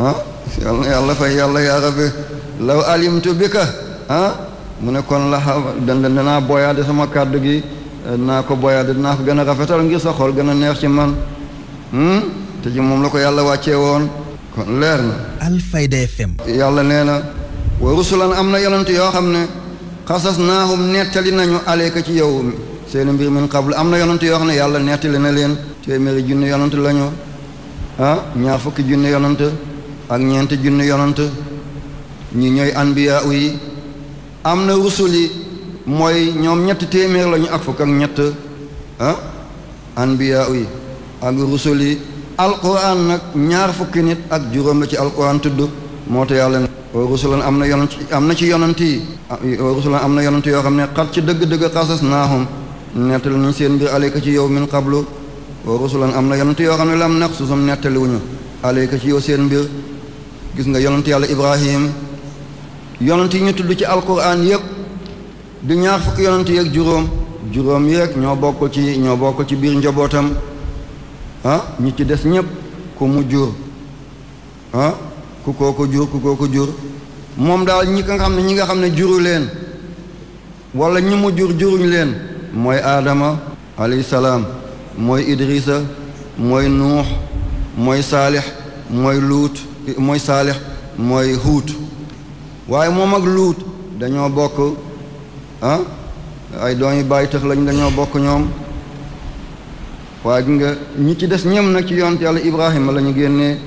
ah yàlla fay yàlla yaa rabbi law alimtu bi ka ah mu kon la xam boyaade sama kàddu gi naa ko boyaade dinaa ko gën a rafetal ngir sa xol gën a neex ci man hmm? te ci moom la ko yàlla wàcce woon kon leer na Alfayda FM yàlla nee na wa rusulan am na yonent yoo xam ne xasas naahum nettali nañu aleyka ci yow seeni mbir min qablu am na yonent yoo xam ne yàlla nettali na leen téeméeri junni yonent la ñu ah ñaar fukki junni yonent ak ñeenti junni yonent ñi ñooy anbiya yi am na rusul yi mooy ñoom ñetti téeméer la ak fukk ak ñett ah anbiya ak rusul yi alquran nag ñaar fukki nit ak juróom la ci alquran tudd moo te yàlla rusulan am na yonent am na ci yonent yi ah, rusulan am na yonent yoo xam ne xat ci dëgg-dëgg xasas naahum nettali nañ seen mbir alayka ci yow min qablu wa rusulan am na yonent yoo xam ne lam naqsusum nettaliwuñu alayka ci yow seen mbir gis nga yonent yàlla ibrahim yonent yi ñu tudd ci alquran yëpp du ñaar fukki yonent yeeg juróom juróom yeeg ñoo bokkul ci ñoo bokkul ci biir njabootam ah ñi ci des ñépp ku mu jur ah ku koo jur ku koo jur moom daal ñi nga xam ne ñi nga xam ne juru leen wala ñi mu jur juruñ leen mooy aadama alayhi salaam mooy idrisa mooy nuux mooy saalix mooy luut mooy saalix mooy huut waaye moom ak luut dañoo bokk ah, ay doom yu bàyyi tëx lañ dañoo bokk ñoom waaye gi nga ñi ci des ñem nag ci yonent yàlla ibrahima la ñu génne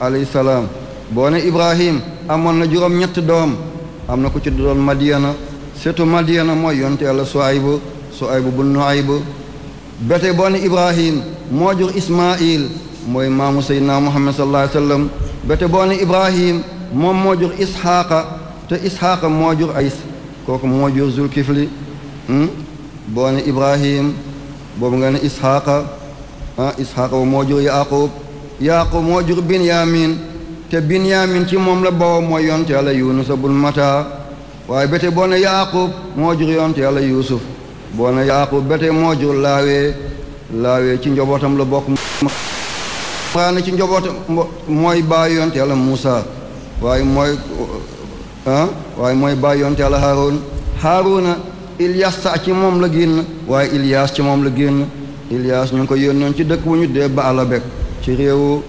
alayhi salaam boo ne ibrahim amoon na juróom ñett doom am na ku ci doon madiana surtout madiana mooy yonent yàlla suwaybu Suaybu bun Nuayb ba tey boo ne Ibrahim moo jur Ismail mooy maamu Seydina Muhammad sallallahu alayhi wa sallam ba boo ne Ibrahim moom moo jur Isxaaqa te Isxaaqa moo jur Ays kooku moo jur Zulkifli hmm? boo ne Ibrahim boobu nga ne Isxaaqa ah Isxaaqa Yaaqub Yaaqub moo Binyamin te Binyamin ci moom la bawoo mooy yonte yàlla Yunus bun Mata waaye ba tey Yaaqub moo yonte yàlla Yuusuf boo ne yaaqub ba moo jur laawee laawee ci njobootam la bokk waa ne ci njobootam mooy bàyyi yonte yàlla Muusa mooy ah waaye mooy bàyyi yonte ci moom la génn waaye Ilias ci moom la génn Ilias ñu ngi ko ci dëkk bu dee ba alabek ci réewu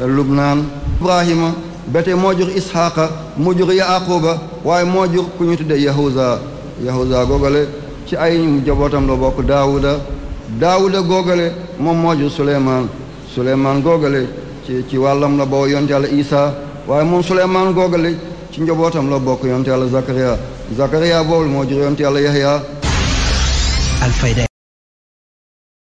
eh, Lubnaan Ibrahima bete moo jur Isxaaqa mu jur Yaaquba waaye moo jur ku ñu tuddee Yahuza Yahuza googale ci ay njabootam la bokk daawuda daawuda googale moom moo jur suleymaan suleymaan googale ci ci wàllam la boo yonte yàlla isa waaye moom suleymaan googale ci njobootam loo bokk yonte yàlla zakariya zakariya boobu moo jur yonte yàlla yahya alfayda